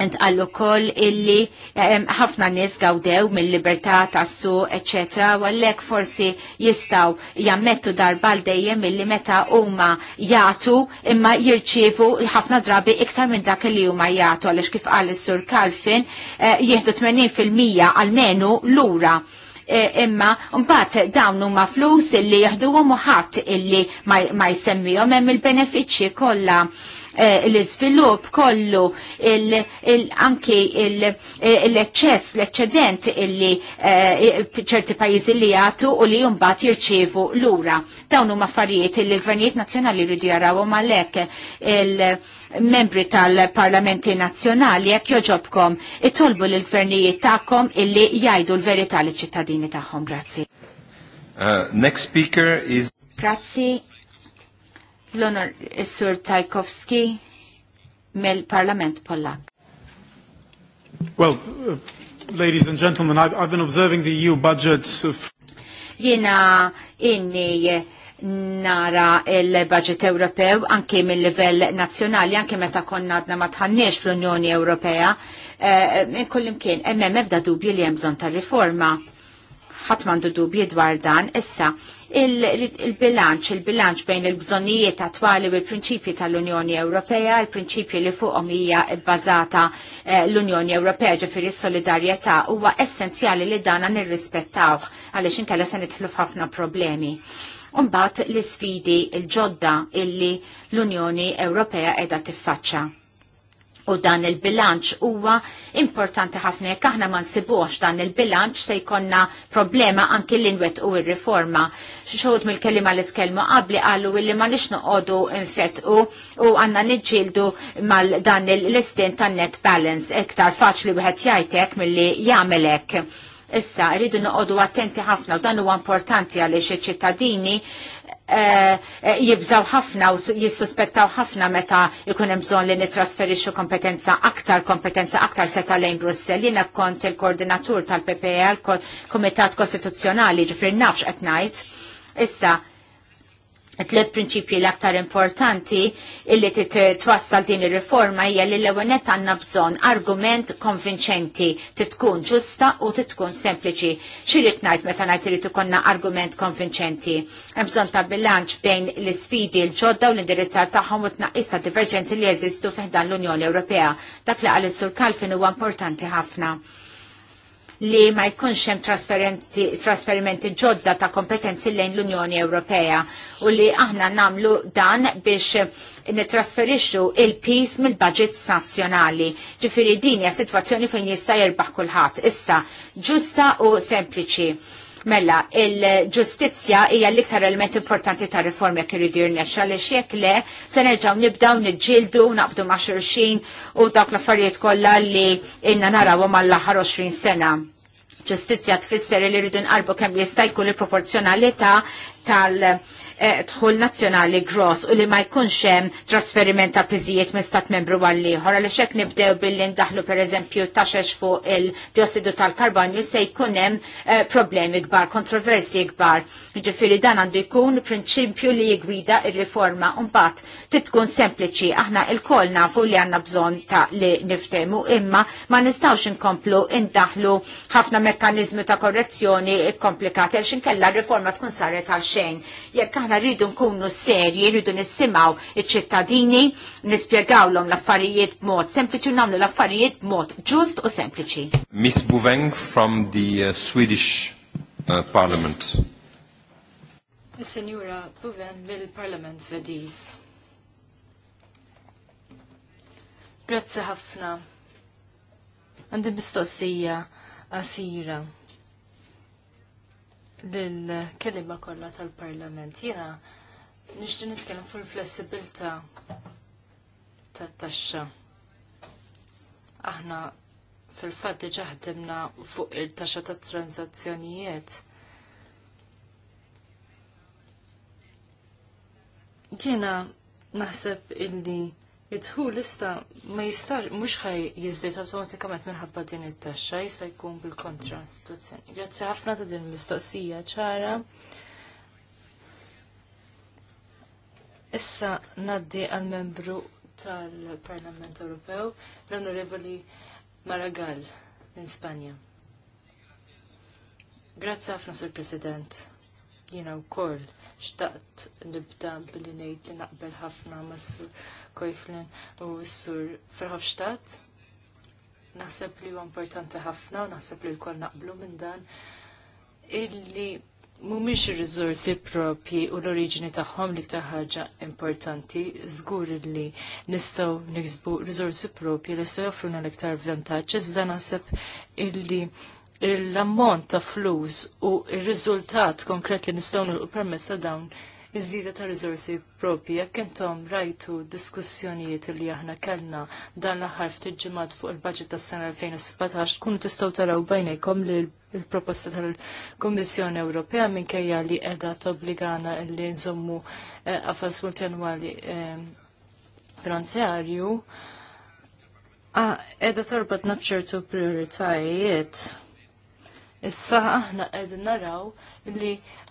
Ent għallu koll illi ħafna nis gawdew mill-libertà tassu, ecc. Għallek forsi jistaw jammettu darbal dejjem illi meta huma jatu imma jirċivu ħafna drabi iktar minn dak li huma jatu għalix kif għal sur Kalfin eh, jihdu 80% għal-menu l-ura. E, imma mbagħad dawn huma flus illi jieħduhom u ħadd illi ma jsemmihom hemm il-benefiċċji kollha Eh, l-izvilup kollu anki eh, l-eċċess, l-eċċedent illi eh, ċerti pajizi li jgħatu u li jumbat jirċivu l-ura. Dawn huma affarijiet illi l-gvernijiet nazjonali rridu jaraw għalhekk il-membri tal-parlamenti nazzjonali jekk joġobkom itolbu l-gvernijiet tagħkom illi jgħidu l-verità l-ċittadini tagħhom. Grazie. Uh, next speaker is Grazzi l-onor Sur Tajkowski mill-Parlament Pollak. Well, uh, ladies and gentlemen, I've, I've been observing the EU budget. Uh, Jena inni nara il-budget Ewropew anke mill-livell nazzjonali, anke meta konna għadna ma tħanniex fl-Unjoni Ewropea. Uh, Kullimkien, emmem ebda dubju li hemm bżonn ta' riforma ħadd m'għandu dubji dwar dan, issa il-bilanċ, il-bilanċ bejn il-bżonnijiet attwali u l-prinċipji tal-Unjoni Ewropea, il-prinċipji li fuqhom hija bbażata eh, l-Unjoni Ewropea ġifieri s-solidarjetà huwa essenzjali li dana nirrispettawh għaliex inkella se nidħlu ħafna problemi. Umbagħad l-isfidi l ġodda illi l-Unjoni Ewropea qiegħda tiffaċċja. U dan il-bilanċ huwa importanti ħafna jekk aħna ma nsibuhx dan il-bilanċ se jkollna problema anki l-inwet u r-riforma. Xogħod mill-kelima li tkellmu qabli qalu illi ma nix noqogħdu nfetqu u għandna niġġieldu mal dan l-istin tan net balance iktar faċli wieħed jgħidlek milli jagħmelek. Issa, rridu noqogħdu attenti ħafna u dan huwa importanti għaliex iċ-ċittadini Eh, eh, jibżaw ħafna u jissuspettaw ħafna meta ikun hemm bżonn li nitrasferixxu kompetenza aktar kompetenza aktar seta' lejn Brussell. Jiena kont il-koordinatur tal ppl e komitat kumitat Kostituzzjonali, ġifri nafx qed ngħid. Issa, tliet prinċipji l-aktar importanti illi titwassal din ir-riforma hija li l-ewenet għandna bżonn argument konvinċenti titkun ġusta u titkun sempliċi. Xirrit ngħid meta ngħid irid ikollna argument konvinċenti. Hemm bżonn ta' bilanċ bejn l-isfidi l-ġodda u l-indirizzar tagħhom u tnaqqis ta' diverġenzi li jeżistu fiħdan l-Unjoni Ewropea. Dak li għal is-Sur Kalfin huwa importanti ħafna li ma jkunx hemm trasferimenti ġodda ta' kompetenzi lejn l-Unjoni Ewropea u li aħna namlu dan biex nitrasferixxu il-pis mill-budget nazzjonali. Ġifieri din hija sitwazzjoni fejn jista' jerbaħ kulħadd. Issa ġusta u sempliċi Mella, il-ġustizja hija l-iktar element importanti ta' riformi jekk iridu jirnexxa li jekk le se nerġgħu nibdew niġġieldu naqbdu ma' xulxin u dawk l-affarijiet kollha li inna narawhom mal-aħħar 20 sena ġustizja tfisser li rridu nqarbu kemm jista' jkun il-proporzjonalità tal-tħul eh, nazzjonali gross u li ma jkunx hemm trasferiment ta' piżijiet minn stat membru għall ieħor għaliex hekk nibdew billi ndaħlu pereżempju taxex fuq il-diossidu tal-karbonju se jkun hemm eh, problemi kbar, kontroversi kbar. Ġifieri dan għandu jkun prinċipju li jgwida ir-riforma u mbagħad titkun sempliċi. Aħna lkoll nafu li għandna bżonn ta' li niftehmu imma ma nistgħux inkomplu indaħlu ħafna mekkaniżmi ta' korrezzjoni komplikati għaliex inkella r-riforma tkun saret għal xejn. Jekk aħna rridu nkunu serji, rridu nisimgħu iċ-ċittadini, nispjegawlhom l-affarijiet b'mod sempliċi u nagħmlu l-affarijiet b'mod ġust u sempliċi. Miss Buveng from the uh, Swedish uh, Parliament. Signora Buven mill-Parlament Svediż. Grazzi ħafna. Għandi mistoqsija għasira lill-kelima kollha tal-Parlament. Jiena nixtieq nitkellem fuq il-flessibilità tat-taxxa. Aħna fil-fatt diġà ħdimna fuq il-taxxa tat-transazzjonijiet. Jiena naħseb illi Jidħu dħul issa ma jistax, mhux ħaj jiżdied awtomatikament minħabba din it-taxxa jista' jkun bil-kontra situazzjoni. Grazzi ħafna ta' din mistoqsija ċara. Issa naddi għal-membru tal-Parlament Ewropew, l-Onorevoli Maragall minn Spanja. Grazzi ħafna, Sur President. Jiena wkoll xtaqt nibda billi ngħid li naqbel ħafna mas-Sur Koiflin u s-sur Ferhofstadt. Naħseb li huwa importanti ħafna u naħseb li l-kol naqblu minn dan illi mhumiex ir-riżorsi propji u l-oriġini tagħhom l-iktar ħaġa importanti, żgur li nistgħu niksbu riżorsi propji li jistgħu joffruna l-iktar vantaġġ, iżda naħseb illi l-ammont ta' flus u r-riżultat konkret li nistgħu nilqu permezz dawn iż-żieda ta' riżorsi propi Jekk intom rajtu diskussjonijiet li aħna kellna dan l-aħħar ftit ġimgħat fuq il-budget tas-sena 2017 tkunu tistgħu taraw bejnejkom li l proposta tal-Kommissjoni Ewropea minkejja li qiegħda tobbligana li nżommu eh, qafas multjanwali eh, finanzjarju. qiegħda edha torbot prioritajiet. Issa aħna qegħdin naraw li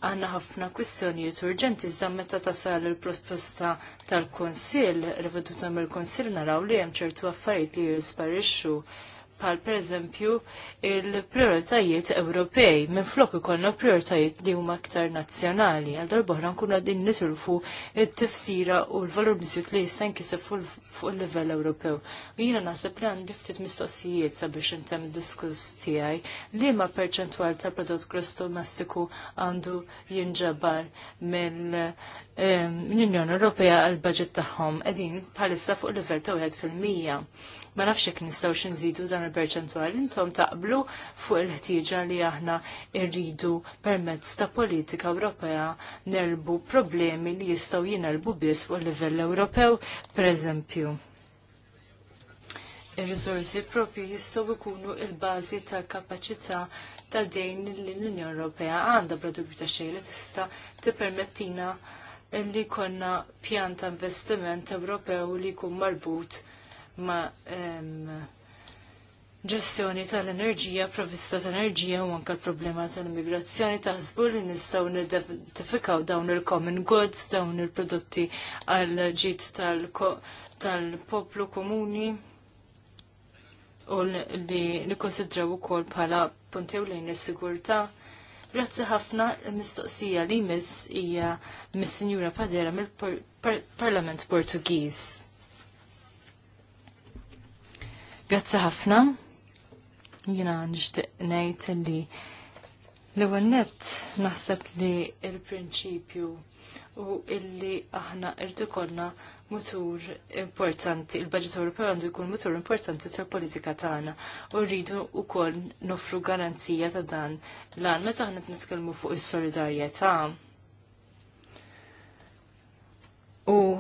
għanna ħafna kwistjonijiet urġenti iżda meta tasal il-proposta tal-Konsil, reveduta mill-Konsil naraw li hemm ċertu affarijiet li jisparixxu per pereżempju il-prioritajiet Ewropej minflok ikollna prioritajiet li huma aktar nazzjonali għal darbohra nkunu din nitrufu t-tifsira u l-valur miżjut li jista' kisef fuq il-livell Ewropew. U jiena naħseb li għandi ftit mistoqsijiet sabiex intemm id-diskuss tiegħi li ma perċentwal ta' prodott gross domestiku għandu jinġabar eh, mill-Unjoni Ewropea għal budget tagħhom qegħdin bħalissa fuq il livell ta' 1 fil-mija ma nafx jekk nistgħux nżidu dan il perċentwali intom taqblu fuq il-ħtieġa li aħna rridu permezz ta' politika Ewropea nelbu problemi li jistgħu jinelbu biss fuq livell Ewropew, pereżempju. ir rizorsi propri jistgħu jkunu il-bażi ta' kapaċità ta' dejn li l-Unjoni Ewropea għandha produbbi ta' xejn li tista' tippermettina li konna pjan ta' investiment Ewropew li jkun marbut ma' ġestjoni tal-enerġija, provvista tal-enerġija u anka l-problema tal-immigrazzjoni taħsbu li nistgħu nidentifikaw dawn il-common goods, dawn il-prodotti għal ġid tal-poplu komuni u li nikkonsidraw ukoll bħala puntew lejn is-sigurtà. Grazzi ħafna l-mistoqsija li miss hija mis-Sinjura Padera mill-Parlament Portugiż. Grazzi ħafna. Jina nixtieq ngħid li l-ewwel naħseb li l-prinċipju u illi aħna irdu kolna mutur importanti, il-budget Ewropew għandu jkun mutur importanti tal-politika tagħna u rridu wkoll nofru garanzija ta' dan lan meta aħna nitkellmu fuq is-solidarjetà u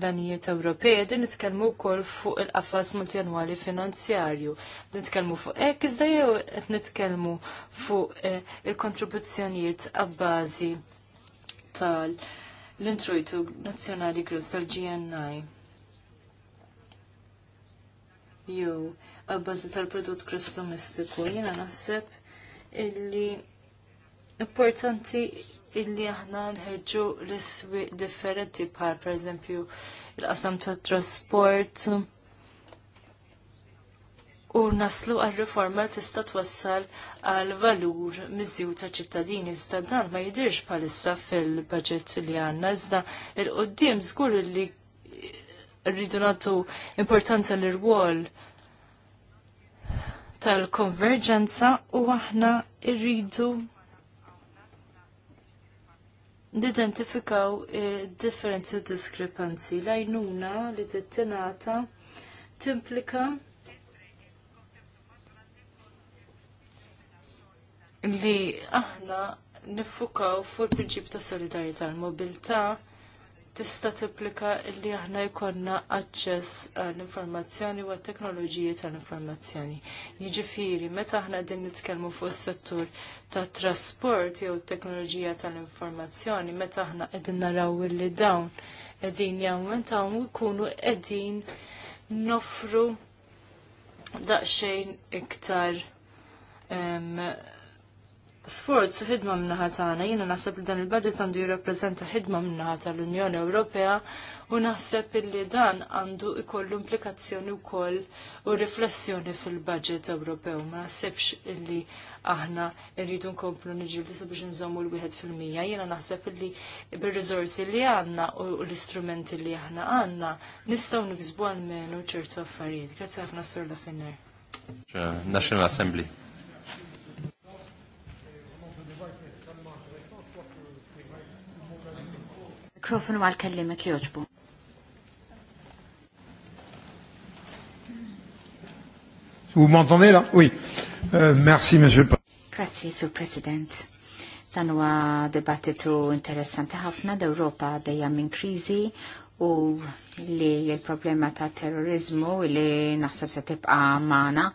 l-anijiet Ewropej din nitkellmu wkoll fuq il-qafas multianwali finanzjarju. Nitkellmu fuq hekk iżda jew qed nitkellmu fuq eh, il-kontribuzzjonijiet għabbażi tal l-intrujtu nazzjonali gross tal-GNI. Jew għabbażi tal-prodott gross domestiku jiena naħseb illi importanti illi aħna nħedġu l iswi differenti bħal pereżempju il-qasam tat trasport u naslu għal riforma tista' twassal għal valur miżju ta' ċittadini iżda dan ma jidirx bħalissa fil-budget li għandna iżda il-qoddim żgur li rridu nagħtu importanza l rwol tal-konverġenza u aħna rridu nidentifikaw eh, differenzi u diskrepanzi. Lajnuna li t-tenata timplika li aħna nifukaw fuq il-prinċip ta' solidarietà l-mobilità tista' tipplika li aħna jkollna aċċess għall-informazzjoni u għat-teknoloġiji tal-informazzjoni. Jiġifieri, meta aħna din nitkellmu fuq is-settur tat trasport jew teknoloġija tal-informazzjoni, meta aħna qegħdin naraw li dawn qegħdin jawmentaw ikunu qegħdin nofru daqsxejn iktar sforz u ħidma minnaħa tagħna, jiena naħseb li dan il-budget għandu jirrappreżenta ħidma minnaħa tal-Unjoni Ewropea u naħseb li dan għandu ikollu implikazzjoni wkoll u riflessjoni fil-budget Ewropew. Ma naħsebx li aħna rridu nkomplu niġildu sabiex nżommu l-1 fil-mija. Jiena naħseb li bir-riżorsi li għandna u l-istrumenti li aħna għandna nistgħu niksbu għal menu ċertu affarijiet. Grazzi ħafna Sur Lafiner. National Assembly. Mikrofonu għal-kellimek joġbu. Vous m'entendez là Oui. Euh, merci, Monsieur le Grazie, Sur President. Dan huwa dibattitu interessanti ħafna l-Ewropa dejja minn kriżi u li l-problema ta' terrorizmu li naħseb se tibqa' magħna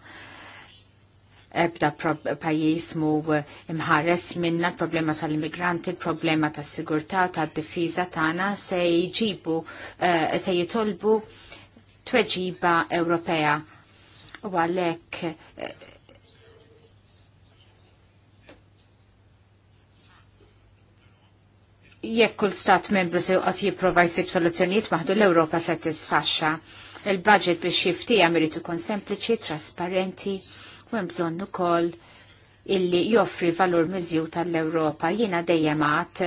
ebda pajjiż mu eh, imħares minna problema tal-immigranti, problema tas-sigurtà, tad-difiża tagħna se jġibu eh, se jitolbu tweġiba Ewropea. U għalhekk eh, jekk kull stat membru se jqgħod jipprova jsib soluzzjonijiet maħdu, l-Ewropa satisfaxxa Il-budget biex jiftija meritu ikun sempliċi, trasparenti, u hemm bżonn ukoll illi joffri valur miżju tal-Ewropa. Jiena dejjem għat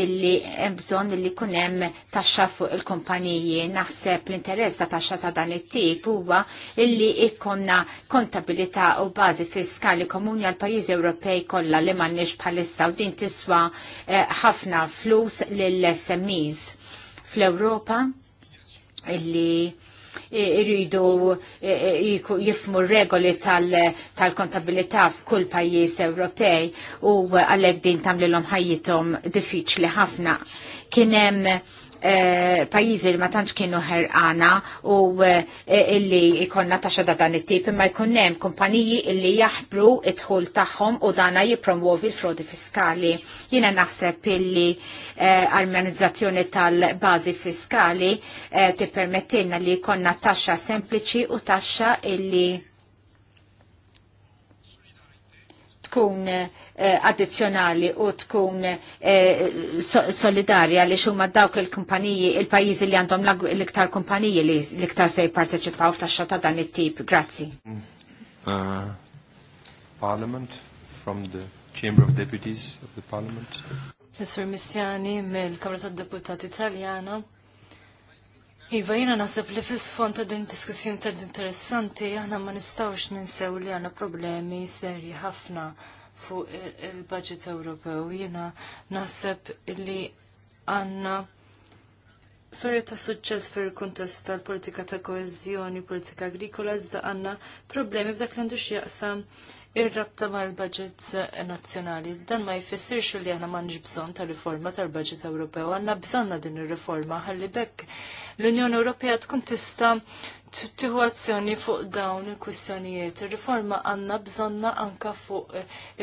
illi hemm bżonn illi jkun hemm taxxa fuq il-kumpaniji. Naħseb l-interess ta' taxxa ta' dan it-tip huwa illi ikkonna kontabilità u bażi fiskali komuni għal pajjiżi Ewropej kollha li m'għandniex bħalissa u din tiswa eh, ħafna eh, flus lill-SMEs fl-Ewropa illi iridu jifmu regoli tal-kontabilità f'kull pajjiż Ewropej u għalhekk din tagħmlilhom ħajjithom diffiċli ħafna. Kien hemm Eh, pajjiżi li ma tantx kienu ħerqana u eh, eh, illi jkollna taxxa ta' dan it-tip imma jkun hemm kumpaniji illi jaħbru id-dħul tagħhom u dana jippromuovi l-frodi fiskali. Jiena naħseb illi armonizzazzjoni tal-bażi fiskali tippermettilna li jkollna taxxa sempliċi u taxxa illi tkun eh, addizjonali u tkun eh, solidarja li xumma dawk il-kumpaniji, il-pajizi li għandhom l-iktar kumpaniji li l-iktar se jparteċipaw f'taxxa ta' dan it-tip. Grazzi. Uh, Parliament from the Chamber of Deputies of the Parliament. Mr. Missiani, mill-Kamra tad-Deputati Italjana. Iva, jina nasib li fis ta' din diskussjoni ta' interessanti, aħna ma nistawx ninsew li għana problemi serji ħafna fuq il-budget Ewropew. Jina nasib li għanna storja ta' suċċess fil-kuntest tal-politika ta' koezjoni, politika agrikola, iżda għanna problemi f'dak li industrija jaqsam ir-rabta mal-budget nazzjonali. Dan ma jfissirx li aħna manġ bżonn ta' riforma tal-budget Ewropew, għandna bżonna din ir-riforma ħalli bekk l-Unjoni Ewropea tkun tista' tieħu azzjoni fuq dawn il-kwistjonijiet. Ir-riforma għandna bżonna anka fuq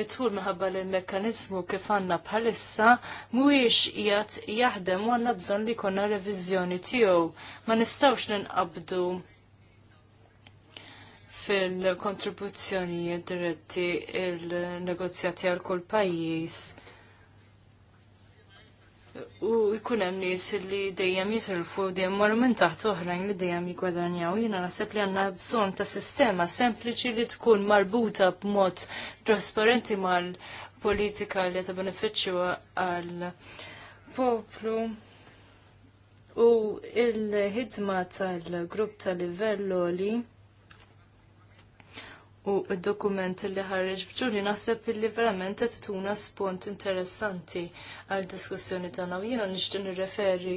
it-tul minħabba l mekkaniżmu kif għandna bħalissa mhuwiex qiegħed jaħdem u għandna bżonn li jkollna reviżjoni tiegħu. Ma nistgħux ninqabdu fil-kontribuzzjonijiet diretti il-negozjati għal kull pajjiż u jkun hemm nies li dejjem jitilfu dejjem marru minn taħt oħrajn li dejjem jigwadanjaw. Jiena naħseb li għandna bżonn ta' sistema sempliċi li tkun marbuta b'mod trasparenti mal-politika li ta' benefiċċju għal poplu. U il-ħidma tal-grupp tal-livell li u d-dokument li ħarreġ f'ġuni naħseb li verament qed tuna spont interessanti għal diskussjoni tagħna u jiena nixtieq nirreferi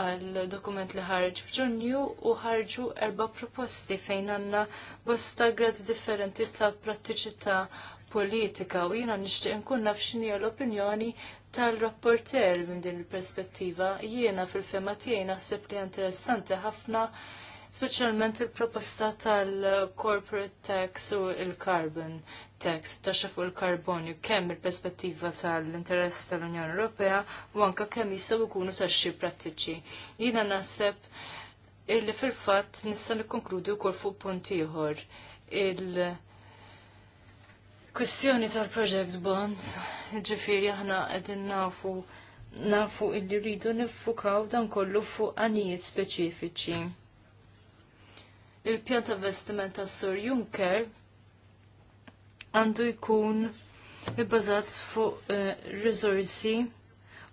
għal dokument li ħareġ f'Ġunju u ħarġu erba' proposti fejn għandna bosta grad differenti ta' prattiċità politika u jiena nixtieq nkun naf x'inhi l-opinjoni tal-rapporter minn din il-perspettiva jiena fil-fema tiegħi naħseb li interessanti ħafna speċjalment il-proposta tal-corporate tax u il-carbon tax, taxxa fuq il-karbonju, kemm il-perspettiva tal-interess tal-Unjoni Ewropea u anke kemm jistgħu jkunu taxxi prattiċi. Jiena naħseb illi fil-fatt nista' nikkonkludi wkoll fuq punt ieħor il- Kwestjoni tal-project bonds, ġifiri aħna għedin nafu nafu illi rridu nifukaw dan kollu fuq għanijiet speċifiċi il-pjan investiment ta' Sur Juncker għandu jkun ibbażat fuq uh, risorsi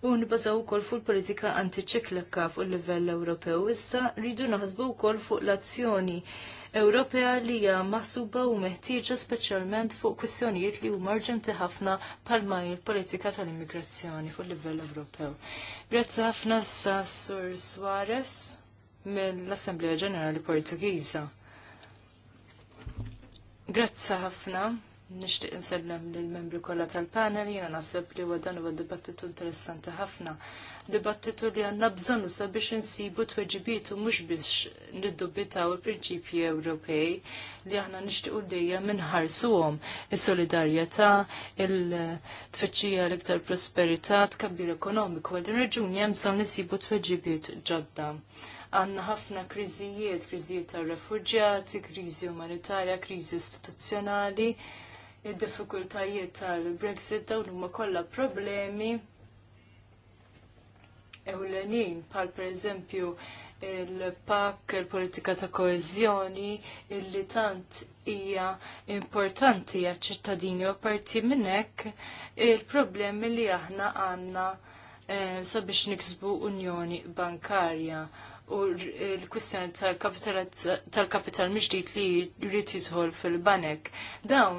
u nibbażaw ukoll fuq il-politika antiċiklika fuq il-livell Ewropew. Issa rridu naħsbu wkoll fuq l-azzjoni Ewropea li hija maħsuba u meħtieġa speċjalment fuq kwistjonijiet li huma urġenti ħafna pal il-politika tal-immigrazzjoni fuq il livell Ewropew. Grazzi ħafna sa Sur Suarez mill-Assemblea Ġenerali Portugiża. Grazzi ħafna, nixtieq insellem lill-membri kollha tal-panel, jiena naħseb li huwa dan huwa dibattitu interessanti ħafna. Dibattitu li għandna bżonn sabiex insibu tweġibiet u mhux biex niddubitaw il-prinċipji Ewropej li aħna nixtiequ dejja minħarsuhom is-solidarjetà, il-tfittxija l-iktar prosperità, tkabbir ekonomiku, għal din raġuni hemm bżonn isibu tweġibiet ġodda għandna ħafna kriżijiet, kriżijiet tar-refuġjati, kriżi umanitarja, kriżi istituzzjonali, id-diffikultajiet tal-Brexit dawn huma kollha problemi ewlenin, bħal pereżempju il-pak, il-politika ta' koezjoni, illi tant hija importanti għal ċittadini u parti minnek il-problemi li aħna għanna eh, sabiex niksbu unjoni bankarja u l-kwistjoni tal-kapital miġdijt li jrid jidħol fil-banek. Dawn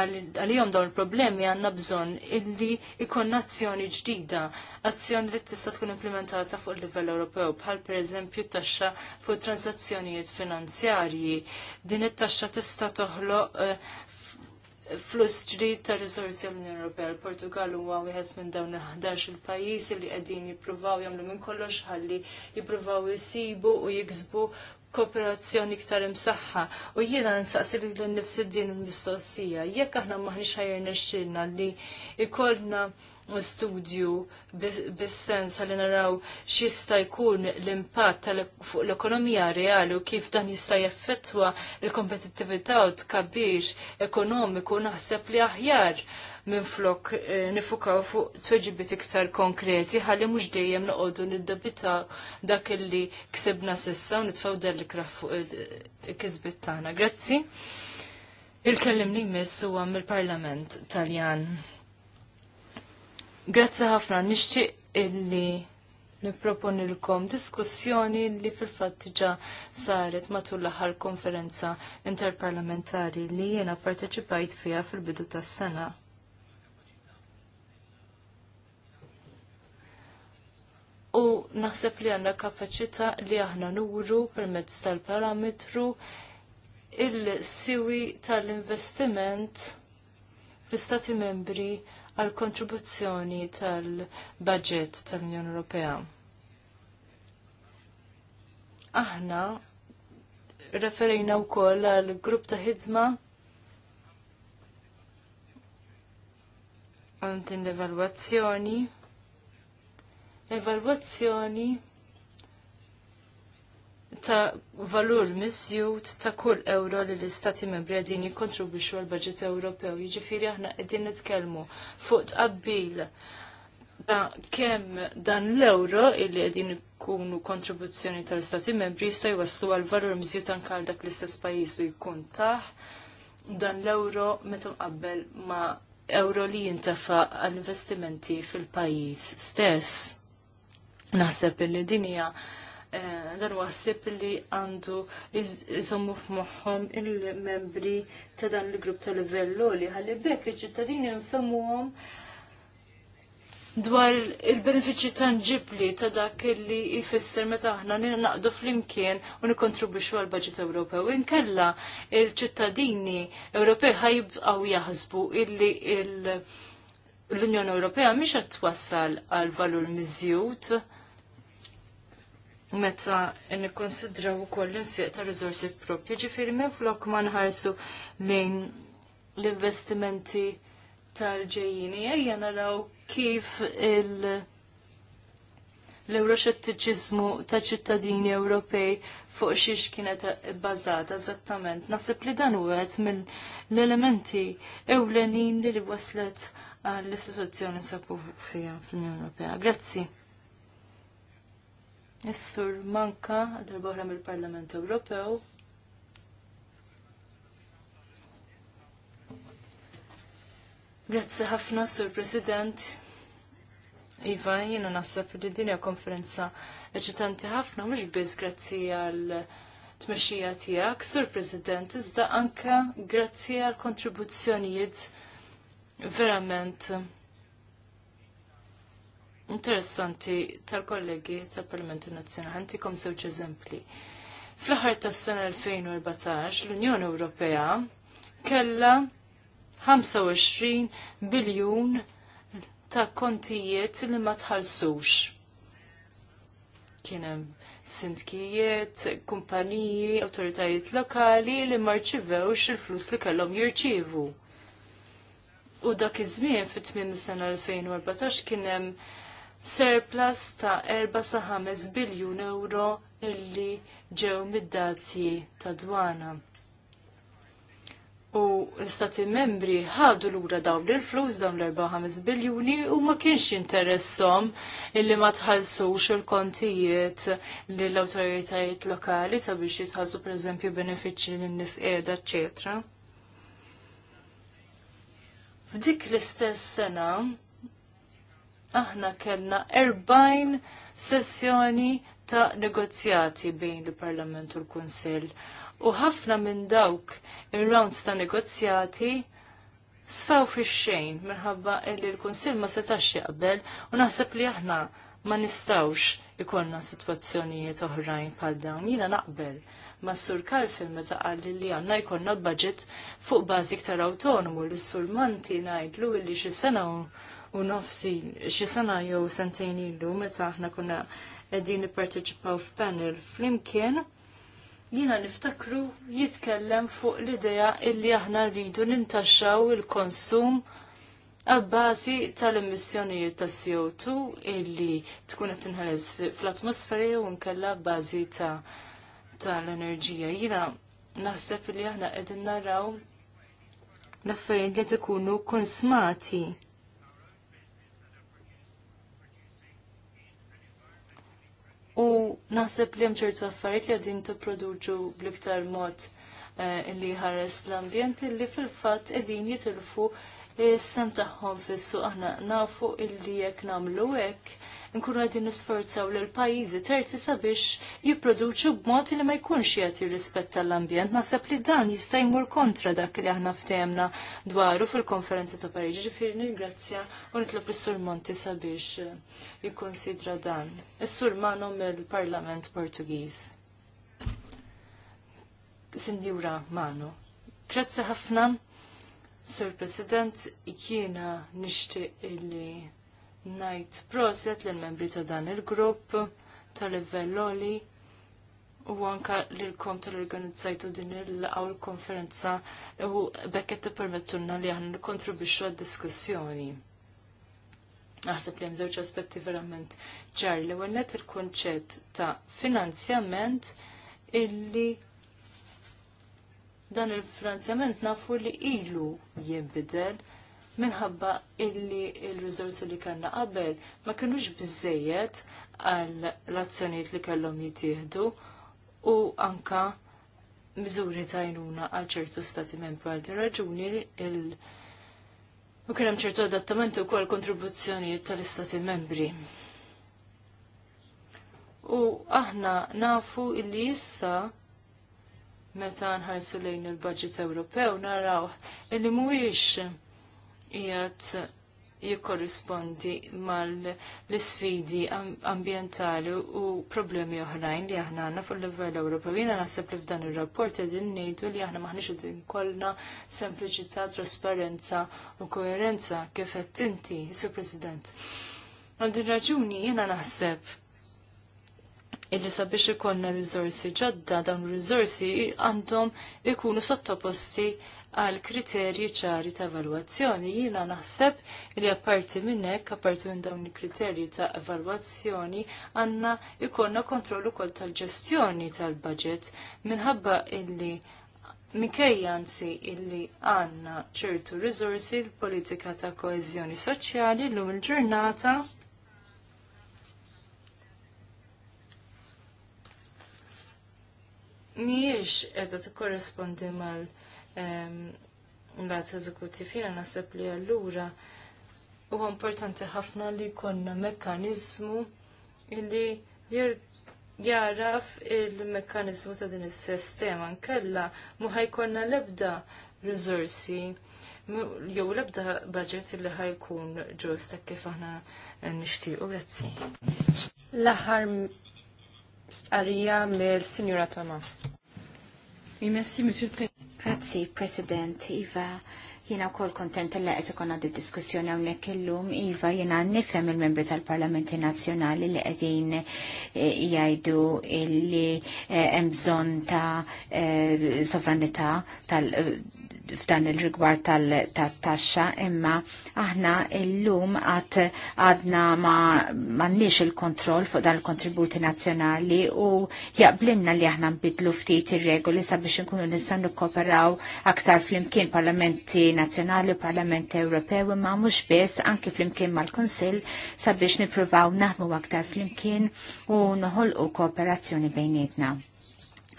għal-jom dawn il-problemi għanna bżon illi ikon azzjoni ġdida, azzjoni li tista' tkun implementata fuq il-livell Ewropew, bħal per eżempju taxxa fuq transazzjonijiet finanzjarji. Din it-taxxa tista' toħloq eh, flus ġdid ta' risorsi mill unjoni Ewropea. Il-Portugal huwa wieħed minn dawn il-11 il-pajjiżi li qegħdin jippruvaw jagħmlu minn kollox ħalli jippruvaw isibu u jiksbu kooperazzjoni iktar imsaħħa. U jiena nsaqsi li l-nifsi din mistoqsija. Jekk aħna maħniex ħajrna xilna li ikollna studju bis-sens li naraw x'jista' jkun l-impatt fuq l-ekonomija reali u kif dan jista' jaffettwa l-kompetittività u tkabbir ekonomiku naħseb li aħjar minn flok eh, nifukaw fuq tweġibiet iktar konkreti ħalli mhux dejjem noqogħdu niddebita dak illi ksibna sissa u nitfgħu dellikraħ fuq il-kisbit tagħna. Grazzi. il kellimni li huwa mill-Parlament Taljan. Grazzi ħafna nixtieq illi nipproponilkom diskussjoni li fil-fatt diġà saret matul l-aħħar konferenza interparlamentari li jiena parteċipajt fiha fil-bidu tas-sena. U naħseb li għandna kapaċità li aħna nuru permezz tal-parametru il-siwi tal-investiment l-istati membri għal kontribuzzjoni tal-budget tal-Unjoni Ewropea. Aħna referejna wkoll għal grupp ta' ħidma għandin l-evalwazzjoni. Evalwazzjoni ta' valur misjut ta' kull euro li l-istati membri għadin jikontribuxu għal budget Ewropew. Jiġifieri aħna qegħdin nitkellmu fuq tqabbil ta' kemm dan l-euro illi għedin ikunu kontribuzzjoni tal-istati membri jista' jwaslu għal valur misjut anke dak l-istess pajjiż li jkun taħ dan l-euro meta mqabbel ma' euro li jintefa għal investimenti fil-pajjiż stess. Naħseb illi dinija hija Eh, dan wasib li għandu iżommu f'moħħom il-membri ta' dan il-grupp ta' livell li ħalli bekk iċ-ċittadini nfemmuhom dwar il-benefiċi tangibli ta' dak li jfisser meta aħna naqdu fl-imkien u nikontribwixxu għal budget Ewropew. Inkella il-ċittadini Ewropej ħajbqgħu jaħsbu illi l-Unjoni Ewropea mhix qed twassal għal valur miżjud meta nikkonsidraw ukoll l-infiq ta' riżorsi propri. Ġifieri minn flok ma nħarsu lejn l-investimenti tal-ġejjini ejja naraw kif il- l-euroxettiċizmu ta' ċittadini Ewropej fuq xiex kienet bbażata eżattament. Nasib li dan minn mill-elementi ewlenin li li waslet għall-istituzzjoni sa' fija fl-Unjoni Ewropea. Grazzi. Is-sur manka darba mill-Parlament Ewropew. Grazzi ħafna, sur President. Iva, jiena naħseb li din konferenza eċitanti ħafna, mhux biss grazzi għal tmexxija tiegħek, sur President, iżda anke grazzi għal kontribuzzjonijiet verament interessanti tal-kollegi tal-Parlamenti Nazzjonali. kom żewġ eżempli. Fl-aħħar tas-sena 2014 l-Unjoni Ewropea kellha 25 biljun ta' kontijiet li ma tħallsux. Kien hemm sindkijiet, kumpaniji, awtoritajiet lokali li marċivewx il-flus li kellhom jirċievu. U dak iż-żmien fit-tmiem is-sena 2014 kien hemm surplus ta' 4 sa 5 biljun euro illi ġew mid-dazji ta' dwana. U l-stati membri ħadu lura dawn l-flus dawn l-4-5 biljuni u ma kienx interessom illi ma tħallsux il-kontijiet li l-autoritajiet lokali sabiex jitħalsu per eżempju benefiċċji lin-nies qiegħda, eċċetera. F'dik l-istess sena aħna kellna 40 sessjoni ta' negozjati bejn il-Parlament u l-Kunsill. U ħafna minn dawk ir-rounds ta' negozjati sfaw fix-xejn minħabba li l-Kunsill ma setax jaqbel u naħseb li aħna ma nistawx ikollna sitwazzjonijiet oħrajn bħal dawn. Jiena naqbel ma' Sur Kalfin meta għalli li għandna jkollna budget fuq bażi iktar autonomu li Sur Manti ngħidlu li xi sena u nofsi xi sena jew sentejn ilu meta aħna kuna qegħdin nipparteċipaw f'panel flimkien jina niftakru jitkellem fuq l-idea illi aħna rridu nintaxxaw il-konsum għabbażi tal-emissjonijiet ta' CO2 illi tkun qed tinħares fl atmosferi u nkella bbażi ta' tal-enerġija. Jiena naħseb li aħna qegħdin naraw l-affarijiet li tkunu konsmati U naħseb li hemm ċertu affarijiet li qegħdin tipproduċu bl-iktar mod eh, li ħares l-ambjent illi fil-fatt qegħdin jitilfu is-sem tagħhom fis-suq aħna nafu illi jekk nagħmlu hekk nkunu qegħdin nisforzaw l pajjiżi terzi sabiex jipproduċu b'mod li ma jkunx qed jirrispet l-ambjent. Naseb li dan jista' jmur kontra dak li aħna ftehemna dwaru fil-konferenza ta' Pariġi. Ġifieri ningrazzja u nitlob is-Sur Monti sabiex eh, jikkonsidra dan. Is-Sur Manom mill parlament Portugiż. Sinjura Mano. Grazzi ħafna Sur President, jiena nixtieq illi ngħid proset lill membri ta' dan il-grupp tal livelloli u anka l-kom tal-organizzajtu din il għawl konferenza u bekket t-permettunna li għan kontribuċu għad-diskussjoni. Naħseb li żewġ aspetti verament ġar li għannet il konċet ta' finanzjament illi dan il-finanzjament nafu li ilu jinbidel minħabba illi il-rizorsi li kanna qabel ma kienux bizzejiet għal l li kellhom jittieħdu u anka miżuri tajnuna għal ċertu stati membru għal din raġuni il- U kien hemm ċertu adattament ukoll kontribuzzjonijiet tal-istati membri. U aħna nafu illi issa meta nħarsu lejn il-budget Ewropew naraw li mhuwiex qiegħed jikkorrispondi mal-sfidi ambientali u problemi oħrajn li aħna għandna fuq livell Ewropew. Jiena naħseb li f'dan ir-rapport qegħdin ngħidu li aħna maħniex qegħdin kollna sempliċità, trasparenza u koerenza kif qed inti, Sur President. Għal din raġuni jiena naħseb illi sabiex ikonna rizorsi ġodda dawn rizorsi għandhom ikunu sottoposti għal kriterji ċari ta' evalwazzjoni. Jina naħseb li apparti minnek, apparti minn dawn il-kriterji ta' evalwazzjoni, għanna ikonna kontrollu kol tal-ġestjoni tal-budget minħabba illi Minkejja anzi illi għanna ċertu rizorsi l-politika ta' koezjoni soċjali l-lum il-ġurnata edha qiegħda korrespondi mal l-għadz Jiena naħseb li allura huwa importanti ħafna li jkollna mekkaniżmu illi jaraf il mekkanizmu ta' din is-sistema nkella mu jkollna l-ebda riżorsi jew l-ebda budget li ħajkun ġust kif aħna nixtiequ grazzi. L-aħħar stqarrija mill Signora Tama. Merci, Monsieur President. Grazie, President. Iva, jena u koll kontent li għet ikon di diskussjoni għonek il-lum. Iva, jena nifem il-membri tal-Parlamenti Nazjonali li għedin eh, jajdu li eh, mbżon ta' eh, sovranità tal- f'dan il-rigward tal-taxxa imma aħna illum għad għadna ma m'għandniex il-kontroll fuq dan il-kontributi nazzjonali u jaqblinna li aħna nbidlu ftit ir-regoli sabiex inkunu nistgħu nikkoperaw aktar flimkien parlamenti nazzjonali u Parlament Ewropew imma mhux biss anki flimkien mal-Kunsill sabiex nippruvaw naħmu aktar flimkien u noħolqu kooperazzjoni bejnietna.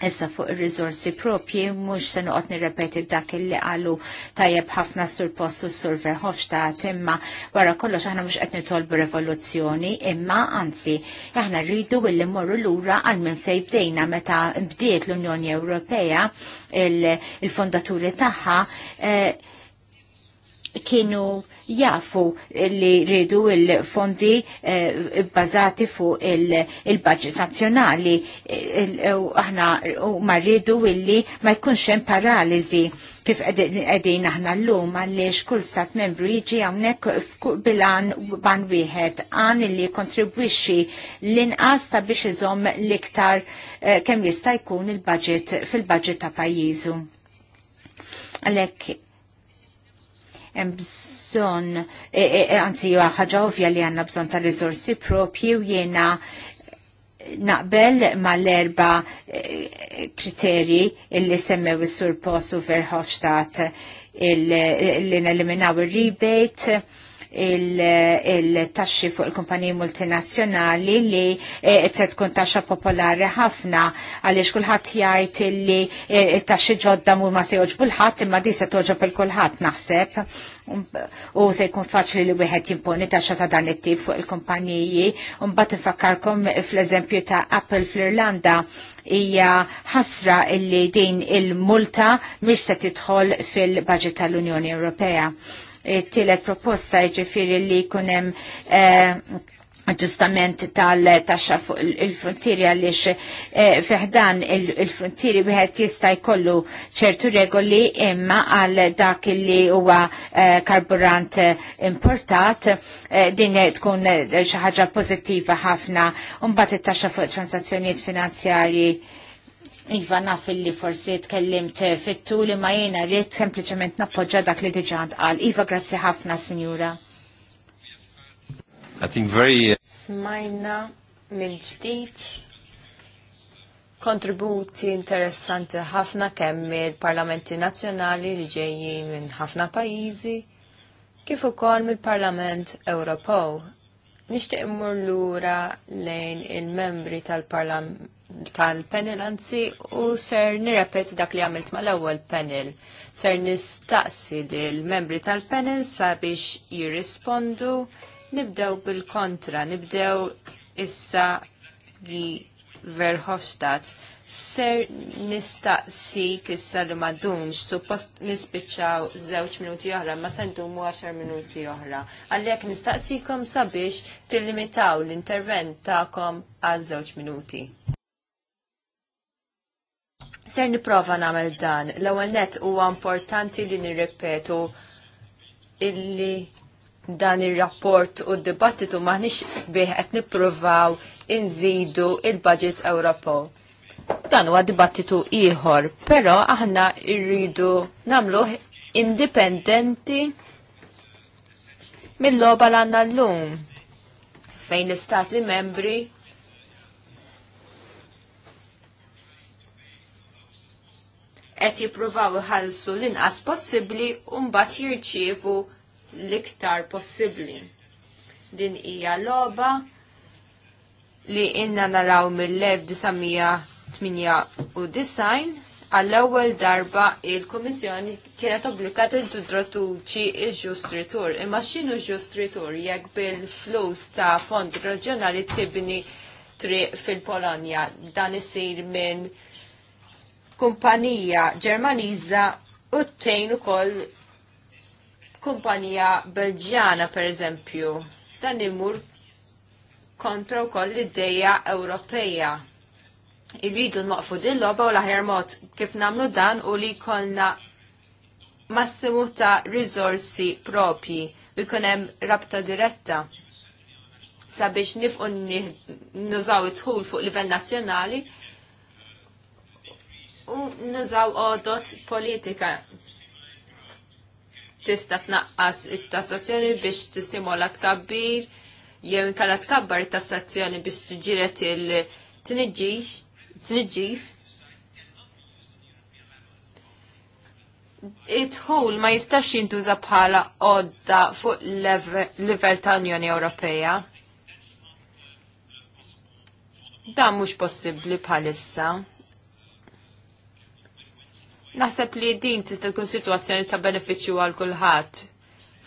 Issa fuq il-rizorsi propji, mux se nuqot nirrepeti dak li għallu tajjeb ħafna sur postu sur Verhofstadt, imma wara kollox aħna mux qed nitolbu revoluzzjoni, imma anzi, aħna rridu il-li morru lura għal minn fej bdejna meta bdiet l-Unjoni Ewropea il-fondaturi taħħa. tagħha. Eh, kienu jafu li ridu il-fondi eh, bazati fuq il-budget nazjonali u aħna u marridu rridu illi ma jkunx hemm paralizi kif qegħdin aħna llum għaliex kull stat membru jiġi hawnhekk bilan ban wieħed għan li kontribwixxi l-inqas ta' biex iżomm l-iktar eh, kemm jista' jkun il-budget fil-budget ta' pajjiżu. Għalhekk hemm bżonn anzi huwa ħaġa ovvja li għandna bżonn ta' riżorsi propji u jiena naqbel mal-erba kriteri illi semmew is-sur Posu Verhofstadt il-li neliminaw il-rebate il-taxxi il fuq il-kumpaniji multinazzjonali li eh, se tkun taxxa popolari ħafna għaliex kulħadd jgħid li eh, taxxi ġodda mhur ma se joġbu l-ħadd imma di se toġob il-kulħadd naħseb u se jkun faċli li wieħed jimponi taxxa ta' dan it-tip fuq il-kumpaniji. Mbagħad infakkarkom fl-eżempju ta' Apple fl-Irlanda hija ħasra li din il-multa mhix se tidħol fil-baġit tal-Unjoni Ewropea tielet proposta ġifiri li kunem eh, ġustament tal-taxxa fuq il-frontieri għaliex eh, fiħdan il-frontieri wieħed jista' jkollu ċertu regoli imma għal dak li huwa eh, karburant importat din tkun xi ħaġa pożittiva ħafna u mbagħad it-taxxa fuq transazzjonijiet finanzjarji Iva naf li forsi tkellimt eh, fittu li ma jena rrit sempliciment nappoġġa dak li diġant għal. Iva grazzi ħafna, Signora. I think very... Uh, Smajna mill-ġdid kontributi interessanti ħafna kemm il-parlamenti nazzjonali li ġejjin minn ħafna pajjiżi kif ukoll mill-Parlament Ewropow. Nixtieq immur lura lejn il-membri tal-Parlament tal-panel anzi u ser nirrepet dak li għamilt mal-ewwel panel. Ser nistaqsi l membri tal-panel sabiex jirrispondu nibdew bil-kontra, nibdew issa li Verhofstadt. Ser nistaqsi kissa li madunx, suppost nispiċċaw zewċ minuti oħra, ma mu għaxar minuti oħra. Għallek nistaqsikom sabiex tillimitaw l-intervent ta'kom għal zewċ minuti. Ser niprofa namel dan. L-ewwel net huwa importanti li nirrepetu illi dan ir-rapport u d-dibattitu maħniex bih qed nippruvaw inżidu il-budget Ewropew. Dan huwa dibattitu ieħor, però aħna rridu nagħmluh indipendenti mill-logħba l-għandna llum fejn l-istati membri qed jippruvaw iħallsu l-inqas possibbli u mbagħad jirċievu l-iktar possibbli. Din hija logħba li inna naraw mill-1998 għall-ewwel darba il-Kummissjoni kienet obbligata li l il-ġust ritur. Imma x'inhu ġust ritur jekk bil-flus ta' fond reġjonali tibni triq fil-Polonja dan isir minn kumpanija Ġermaniża u t-tejn ukoll kumpanija Belġjana pereżempju. Dan imur kontra wkoll l ideja Ewropeja. Irridu nwaqfu din logħba u l-aħjar mod kif nagħmlu dan u li jkollna massimu ta' risorsi propji u jkun hemm rabta diretta sabiex nifqu nużaw it-tħul fuq livell nazzjonali u nużaw odot politika tista tnaqqas it-tassazzjoni biex tistimola tkabbir jew inkala tkabbar it-tassazzjoni biex t-ġiret il-tniġġis it-ħul ma jistax jintuża bħala odda fuq level ta' Unjoni Ewropea. Dan mhux possibbli bħalissa. Naħseb li din tista' tkun sitwazzjoni ta' benefiċċju għal kulħadd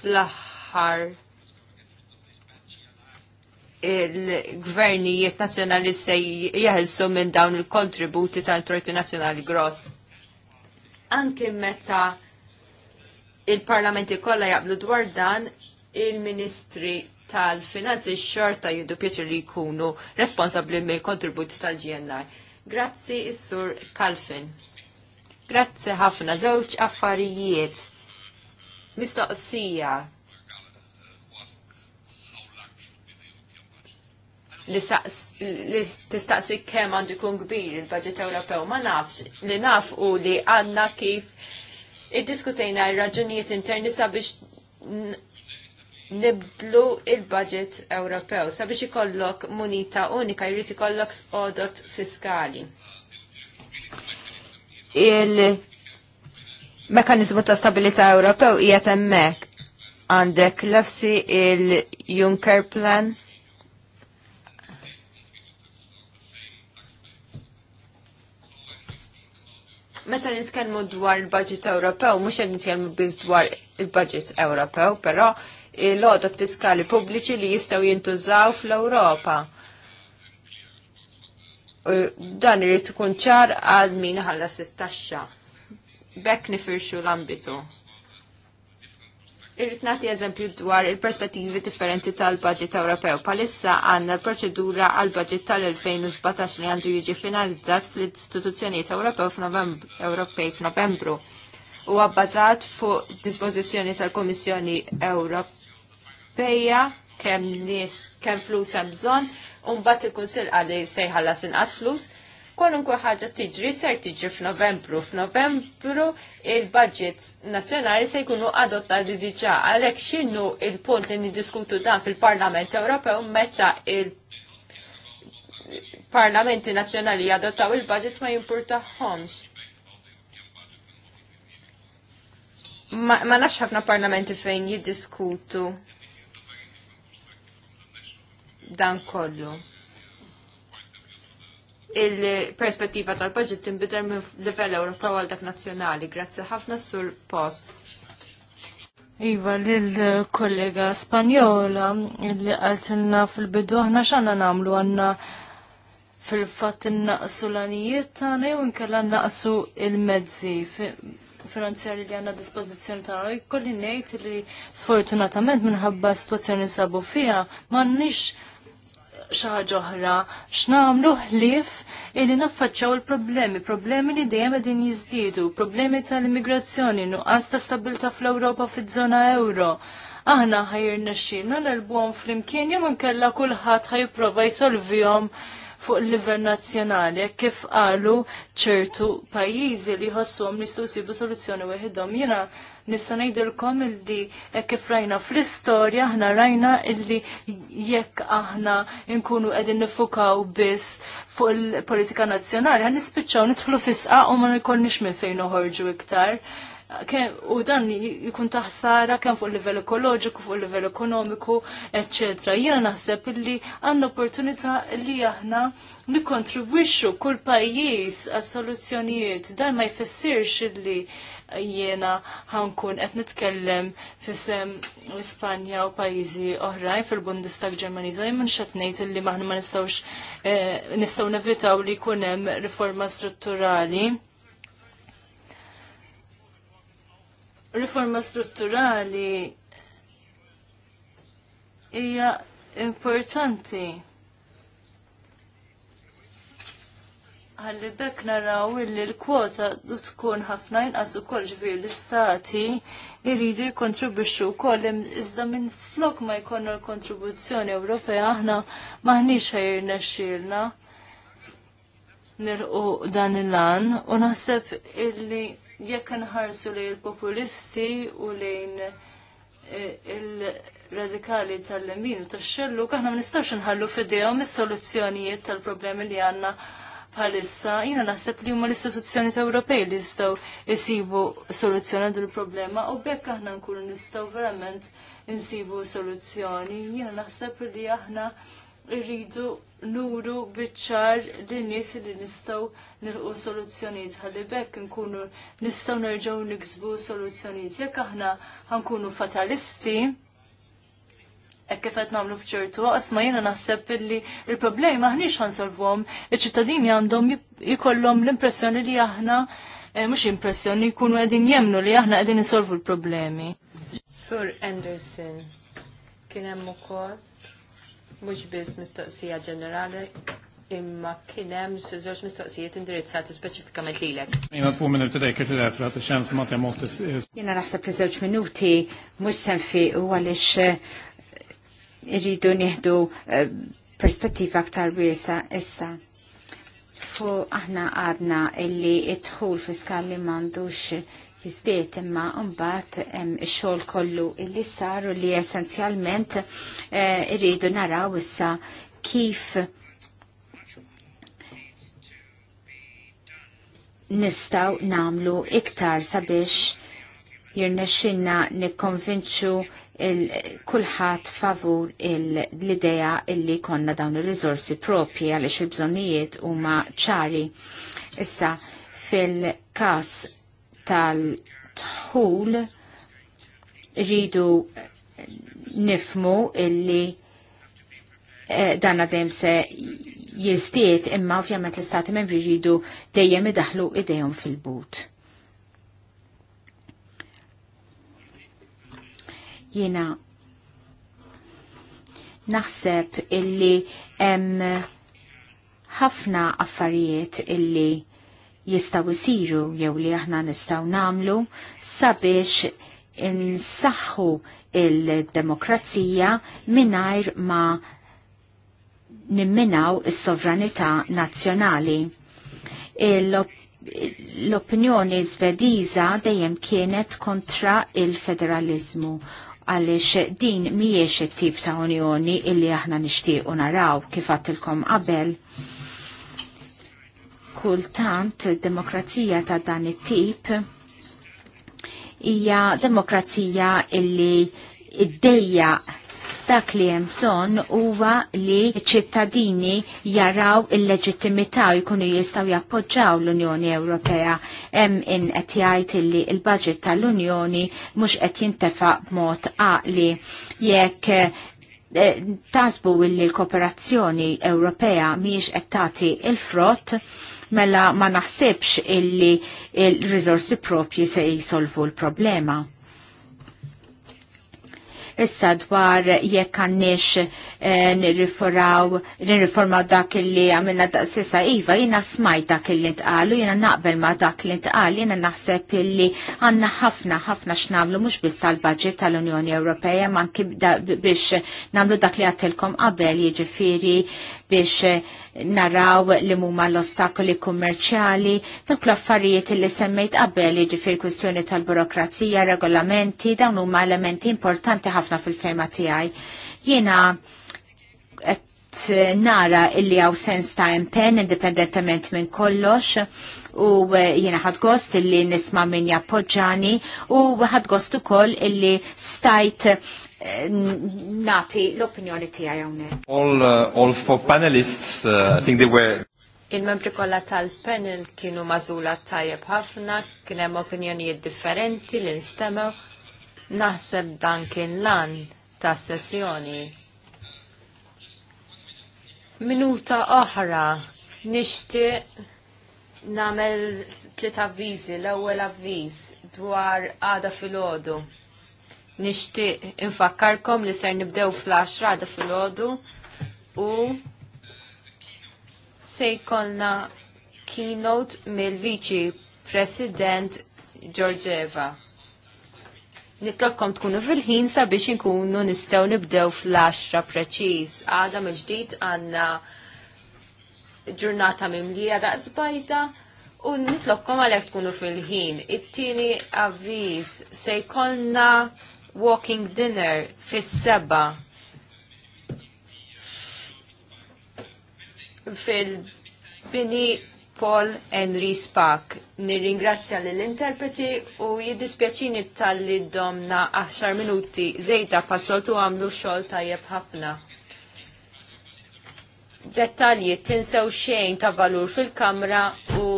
fl-aħħar il-gvernijiet nazjonali se jeħilsu minn dawn il-kontributi tal-Trojti Nazjonali gross. Anke meta il-parlamenti kollha jaqblu dwar dan, il-ministri tal-finanzi xorta jiddu pjaċir li jkunu responsabli mill kontributi tal-GNI. Grazzi, is-sur Kalfin. Grazzi ħafna, żewġ affarijiet. Mistoqsija. Li, tistaqsi kemm għandu jkun kbir il-budget Ewropew ma nafx li naf u li għandna kif iddiskutejna r-raġunijiet interni sabiex nibdlu il-budget Ewropew sabiex ikollok munita unika jrid ikollok sqodot fiskali il-mekanizmu ta' stabilita' Ewropew qiegħed hemmhekk. Għandek l il-Juncker plan. Meta nitkellmu dwar il-budget Ewropew, mhux qed nitkellmu biss dwar il-budget Ewropew, però l-għodot fiskali pubbliċi li jistgħu jintużaw fl-Ewropa dan irrit ikun ċar għal min ħallas it-taxxa. Bekk nifirxu l-ambitu. Irrid nagħti eżempju dwar il-perspettivi differenti tal-Baġit Ewropew. Palissa għandna l-proċedura għal baġit tal-2017 li għandu jiġi finalizzat fl-istituzzjonijiet Ewropew Ewropej f'Novembru u għabbażat fuq dispożizzjoni tal-Komissjoni Ewropeja kemm nies flus hemm bżonn bat il-Kunsil għalli sejħallas inqas flus, kwalunkwe ħaġa tiġri ser tiġri f'Novembru. F'Novembru il-budget nazzjonali se jkunu adottati diġà għalhekk x'inhu il-punt li niddiskutu dan fil-Parlament Ewropew meta il- parlamenti nazzjonali jadottaw il-budget ma jimpurtaħħomx. Ma, ma nafx ħafna parlamenti fejn jiddiskutu dan kollu. Il-perspettiva tal-budget tinbidel minn livell Ewropew għal dak nazzjonali, grazzi ħafna sur post. Iva, l-kollega Spanjola, li għaltilna fil-bidu aħna xanna namlu għanna fil-fat naqsu l-anijiet tagħna jew inkella naqsu il-mezzi finanzjari li għanna dispozizjoni tagħna. Jkolli ngħid li sfortunatament minħabba situazzjoni sabu fija m'għandniex xaħġa oħra x'namlu ħlief illi naffaċċaw il-problemi, problemi li dejjem qegħdin jiżdiedu, problemi tal-immigrazzjoni, nuqqas ta' stabilta fl-Ewropa fiż-żona euro. Aħna ħajr nexxilna nelbuhom flimkien jew nkella kulħadd ħajprova jsolvihom fuq il-livell nazzjonali kif qalu ċertu pajjiżi li jħossuhom li jistgħu soluzzjoni weħidhom. Jiena Nista' ngħidilkom illi kif rajna fl-istorja aħna rajna illi jekk aħna nkunu qegħdin nifukaw biss fuq il-politika nazzjonali ħan nispiċċaw nidħlu fisqa u ma nkollniex minn fejn noħorġu iktar. U dan jikun taħsara kemm fuq livell ekoloġiku, fuq livell ekonomiku, eċċetra. Jiena naħseb illi għandna opportunità li aħna nikontribwixxu kull pajjiż għas soluzzjonijiet dan ma jfissirx illi jiena ħankun qed nitkellem fisem Ispanja u pajjiżi oħrajn fil-Bundestag Ġermaniża jien x'għed ngħid illi maħna ma nistgħux eh, nistgħu nevitaw li jkun hemm riforma strutturali. Riforma strutturali hija importanti. għalli bekk naraw illi l-kwota tkun ħafna inqas ukoll ġifir l-istati jridu jikkontribwixxu wkoll iżda minn flok ma jkollna l-kontribuzzjoni Ewropea aħna maħniex ħajr nexxielna nirqu dan il-lan u naħseb illi jekk nħarsu lejn il-populisti u lejn e, il- radikali tal-lemin u tax-xellu, aħna ma nistax nħallu fidejhom is-soluzzjonijiet tal-problemi li għandna bħalissa, jina naħseb li huma l-istituzzjoni Ewropej li jistgħu jsibu soluzzjoni l problema u bekk aħna nkunu nistgħu verament insibu soluzzjoni. Jina naħseb li aħna rridu nuru biċċar li nies li nistgħu nilqu soluzzjonijiet ħalli bekk nkunu nistgħu nerġgħu niksbu soluzzjonijiet. Jekk aħna ħankunu fatalisti, kif qed nagħmlu f'ċertu, ma jiena naħseb li il-problemi maħniex ħansolvuhom, iċ-ċittadini għandhom jikollom l-impressjoni li aħna eh, mhux impressjoni jkunu qegħdin jemnu li aħna qegħdin nisolvu l-problemi. Sur Anderson, kien hemm ukoll mhux biss mistoqsija ġenerali imma kien hemm żewġ mistoqsijiet indirizzati speċifikament lilek. Jiena fuq minn irtidejk irtidejk għat ix-xans ma temm Jiena naħseb li żewġ minuti mhux senfi u għaliex eh, irridu nieħdu eh, perspettiva aktar wiesa issa fu aħna għadna illi id-dħul fiskali mandux jizdiet imma mbagħad hemm xogħol kollu illi saru li essenzjalment eh, irridu naraw issa kif nistaw namlu iktar sabiex jirnexxinna nikkonvinċu kulħadd favur l-idea illi konna dawn ir rizorsi propi għaliex il-bżonnijiet huma ċari. Issa fil-każ tal-tħul rridu nifmu illi eh, danna dan se jizdiet imma ovvjament l-istati membri rridu dejjem idaħlu idejhom fil-but. Jena naħseb illi hemm ħafna affarijiet illi jistaw isiru jew li aħna nistaw namlu sabiex insaħħu il-demokrazija mingħajr ma nimminaw is-sovranità nazzjonali. L-opinjoni svediża dejjem kienet kontra il-federalizmu għaliex din mhijiex it-tip ta' unjoni illi aħna nixtiequ naraw kif għattilkom qabel. Kultant demokrazija ta' dan it-tip hija demokrazija illi id Dak li hemm bżonn huwa li ċittadini jaraw il-leġittimità u jkunu jistgħu jappoġġaw l-Unjoni Ewropea hemm in qed jgħid li l-budget tal-Unjoni mhux qed jintefa b'mod għaqli jekk eh, tasbu li l-kooperazzjoni Ewropea miex qed tagħti il-frott mela ma naħsibx illi il-rizorsi propji se jisolvu l-problema. Issa dwar jekk għannix eh, nirriformaw dak li għamilna da sissa Iva, jina smaj dak li ntqalu, jina naqbel ma dak li ntqal, jina naħseb li għanna ħafna ħafna x'namlu mhux biss għall-budget tal-Unjoni Ewropea ma kib biex namlu dak li għattilkom qabel jiġifieri biex naraw li mumma l-ostakoli kummerċjali, dak l-affarijiet li semmejt qabel jiġifier kwistjoni tal-burokrazija, regolamenti, dawn huma elementi importanti ħafna fil-fema tiegħi. Jiena nara illi għaw sens ta' impen indipendentement minn kollox u jiena ħadgost illi nisma minn jappoġġani u ħad u ukoll illi stajt nati l-opinjoni tiegħi hawnhekk. All, uh, all four panelists, uh, I think they were Il-membri kollha tal-panel kienu mażula tajjeb ħafna, kien hemm opinjonijiet differenti li nstemmew, Naħseb dan kien lan ta' sessjoni. Minuta oħra nixtieq nagħmel tliet avviżi, l-ewwel avviż dwar għada filgħodu. Nixtieq infakkarkom li ser nibdew fl-10 għada fil-ħodu u se jkollna keynote mill-Viċi President Georgieva. Nitlokkom tkunu fil-ħin sabiex inkunu nistgħu nibdew fl-10 preċiż. Għada mill-ġdid għandna ġurnata mimlija da bajda. U nitlokkom għalek tkunu fil-ħin. It-tieni avviż se jkollna walking dinner fis-seba fil-bini Paul Henry Spak. Nirringrazzja l-interpreti u jiddispjaċini tal-li domna 10 minuti zejta passoltu għamlu xol tajjeb ħafna. Dettalji tinsew xejn ta' valur fil-kamra u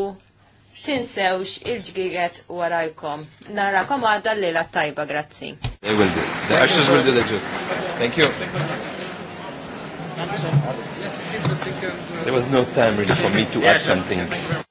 tinsewx il-ġgiget warajkom. Narakom għadda li la tajba, grazzi. They will do. The ashes will do the job. Thank you. Uh, There was no time really for me to add something.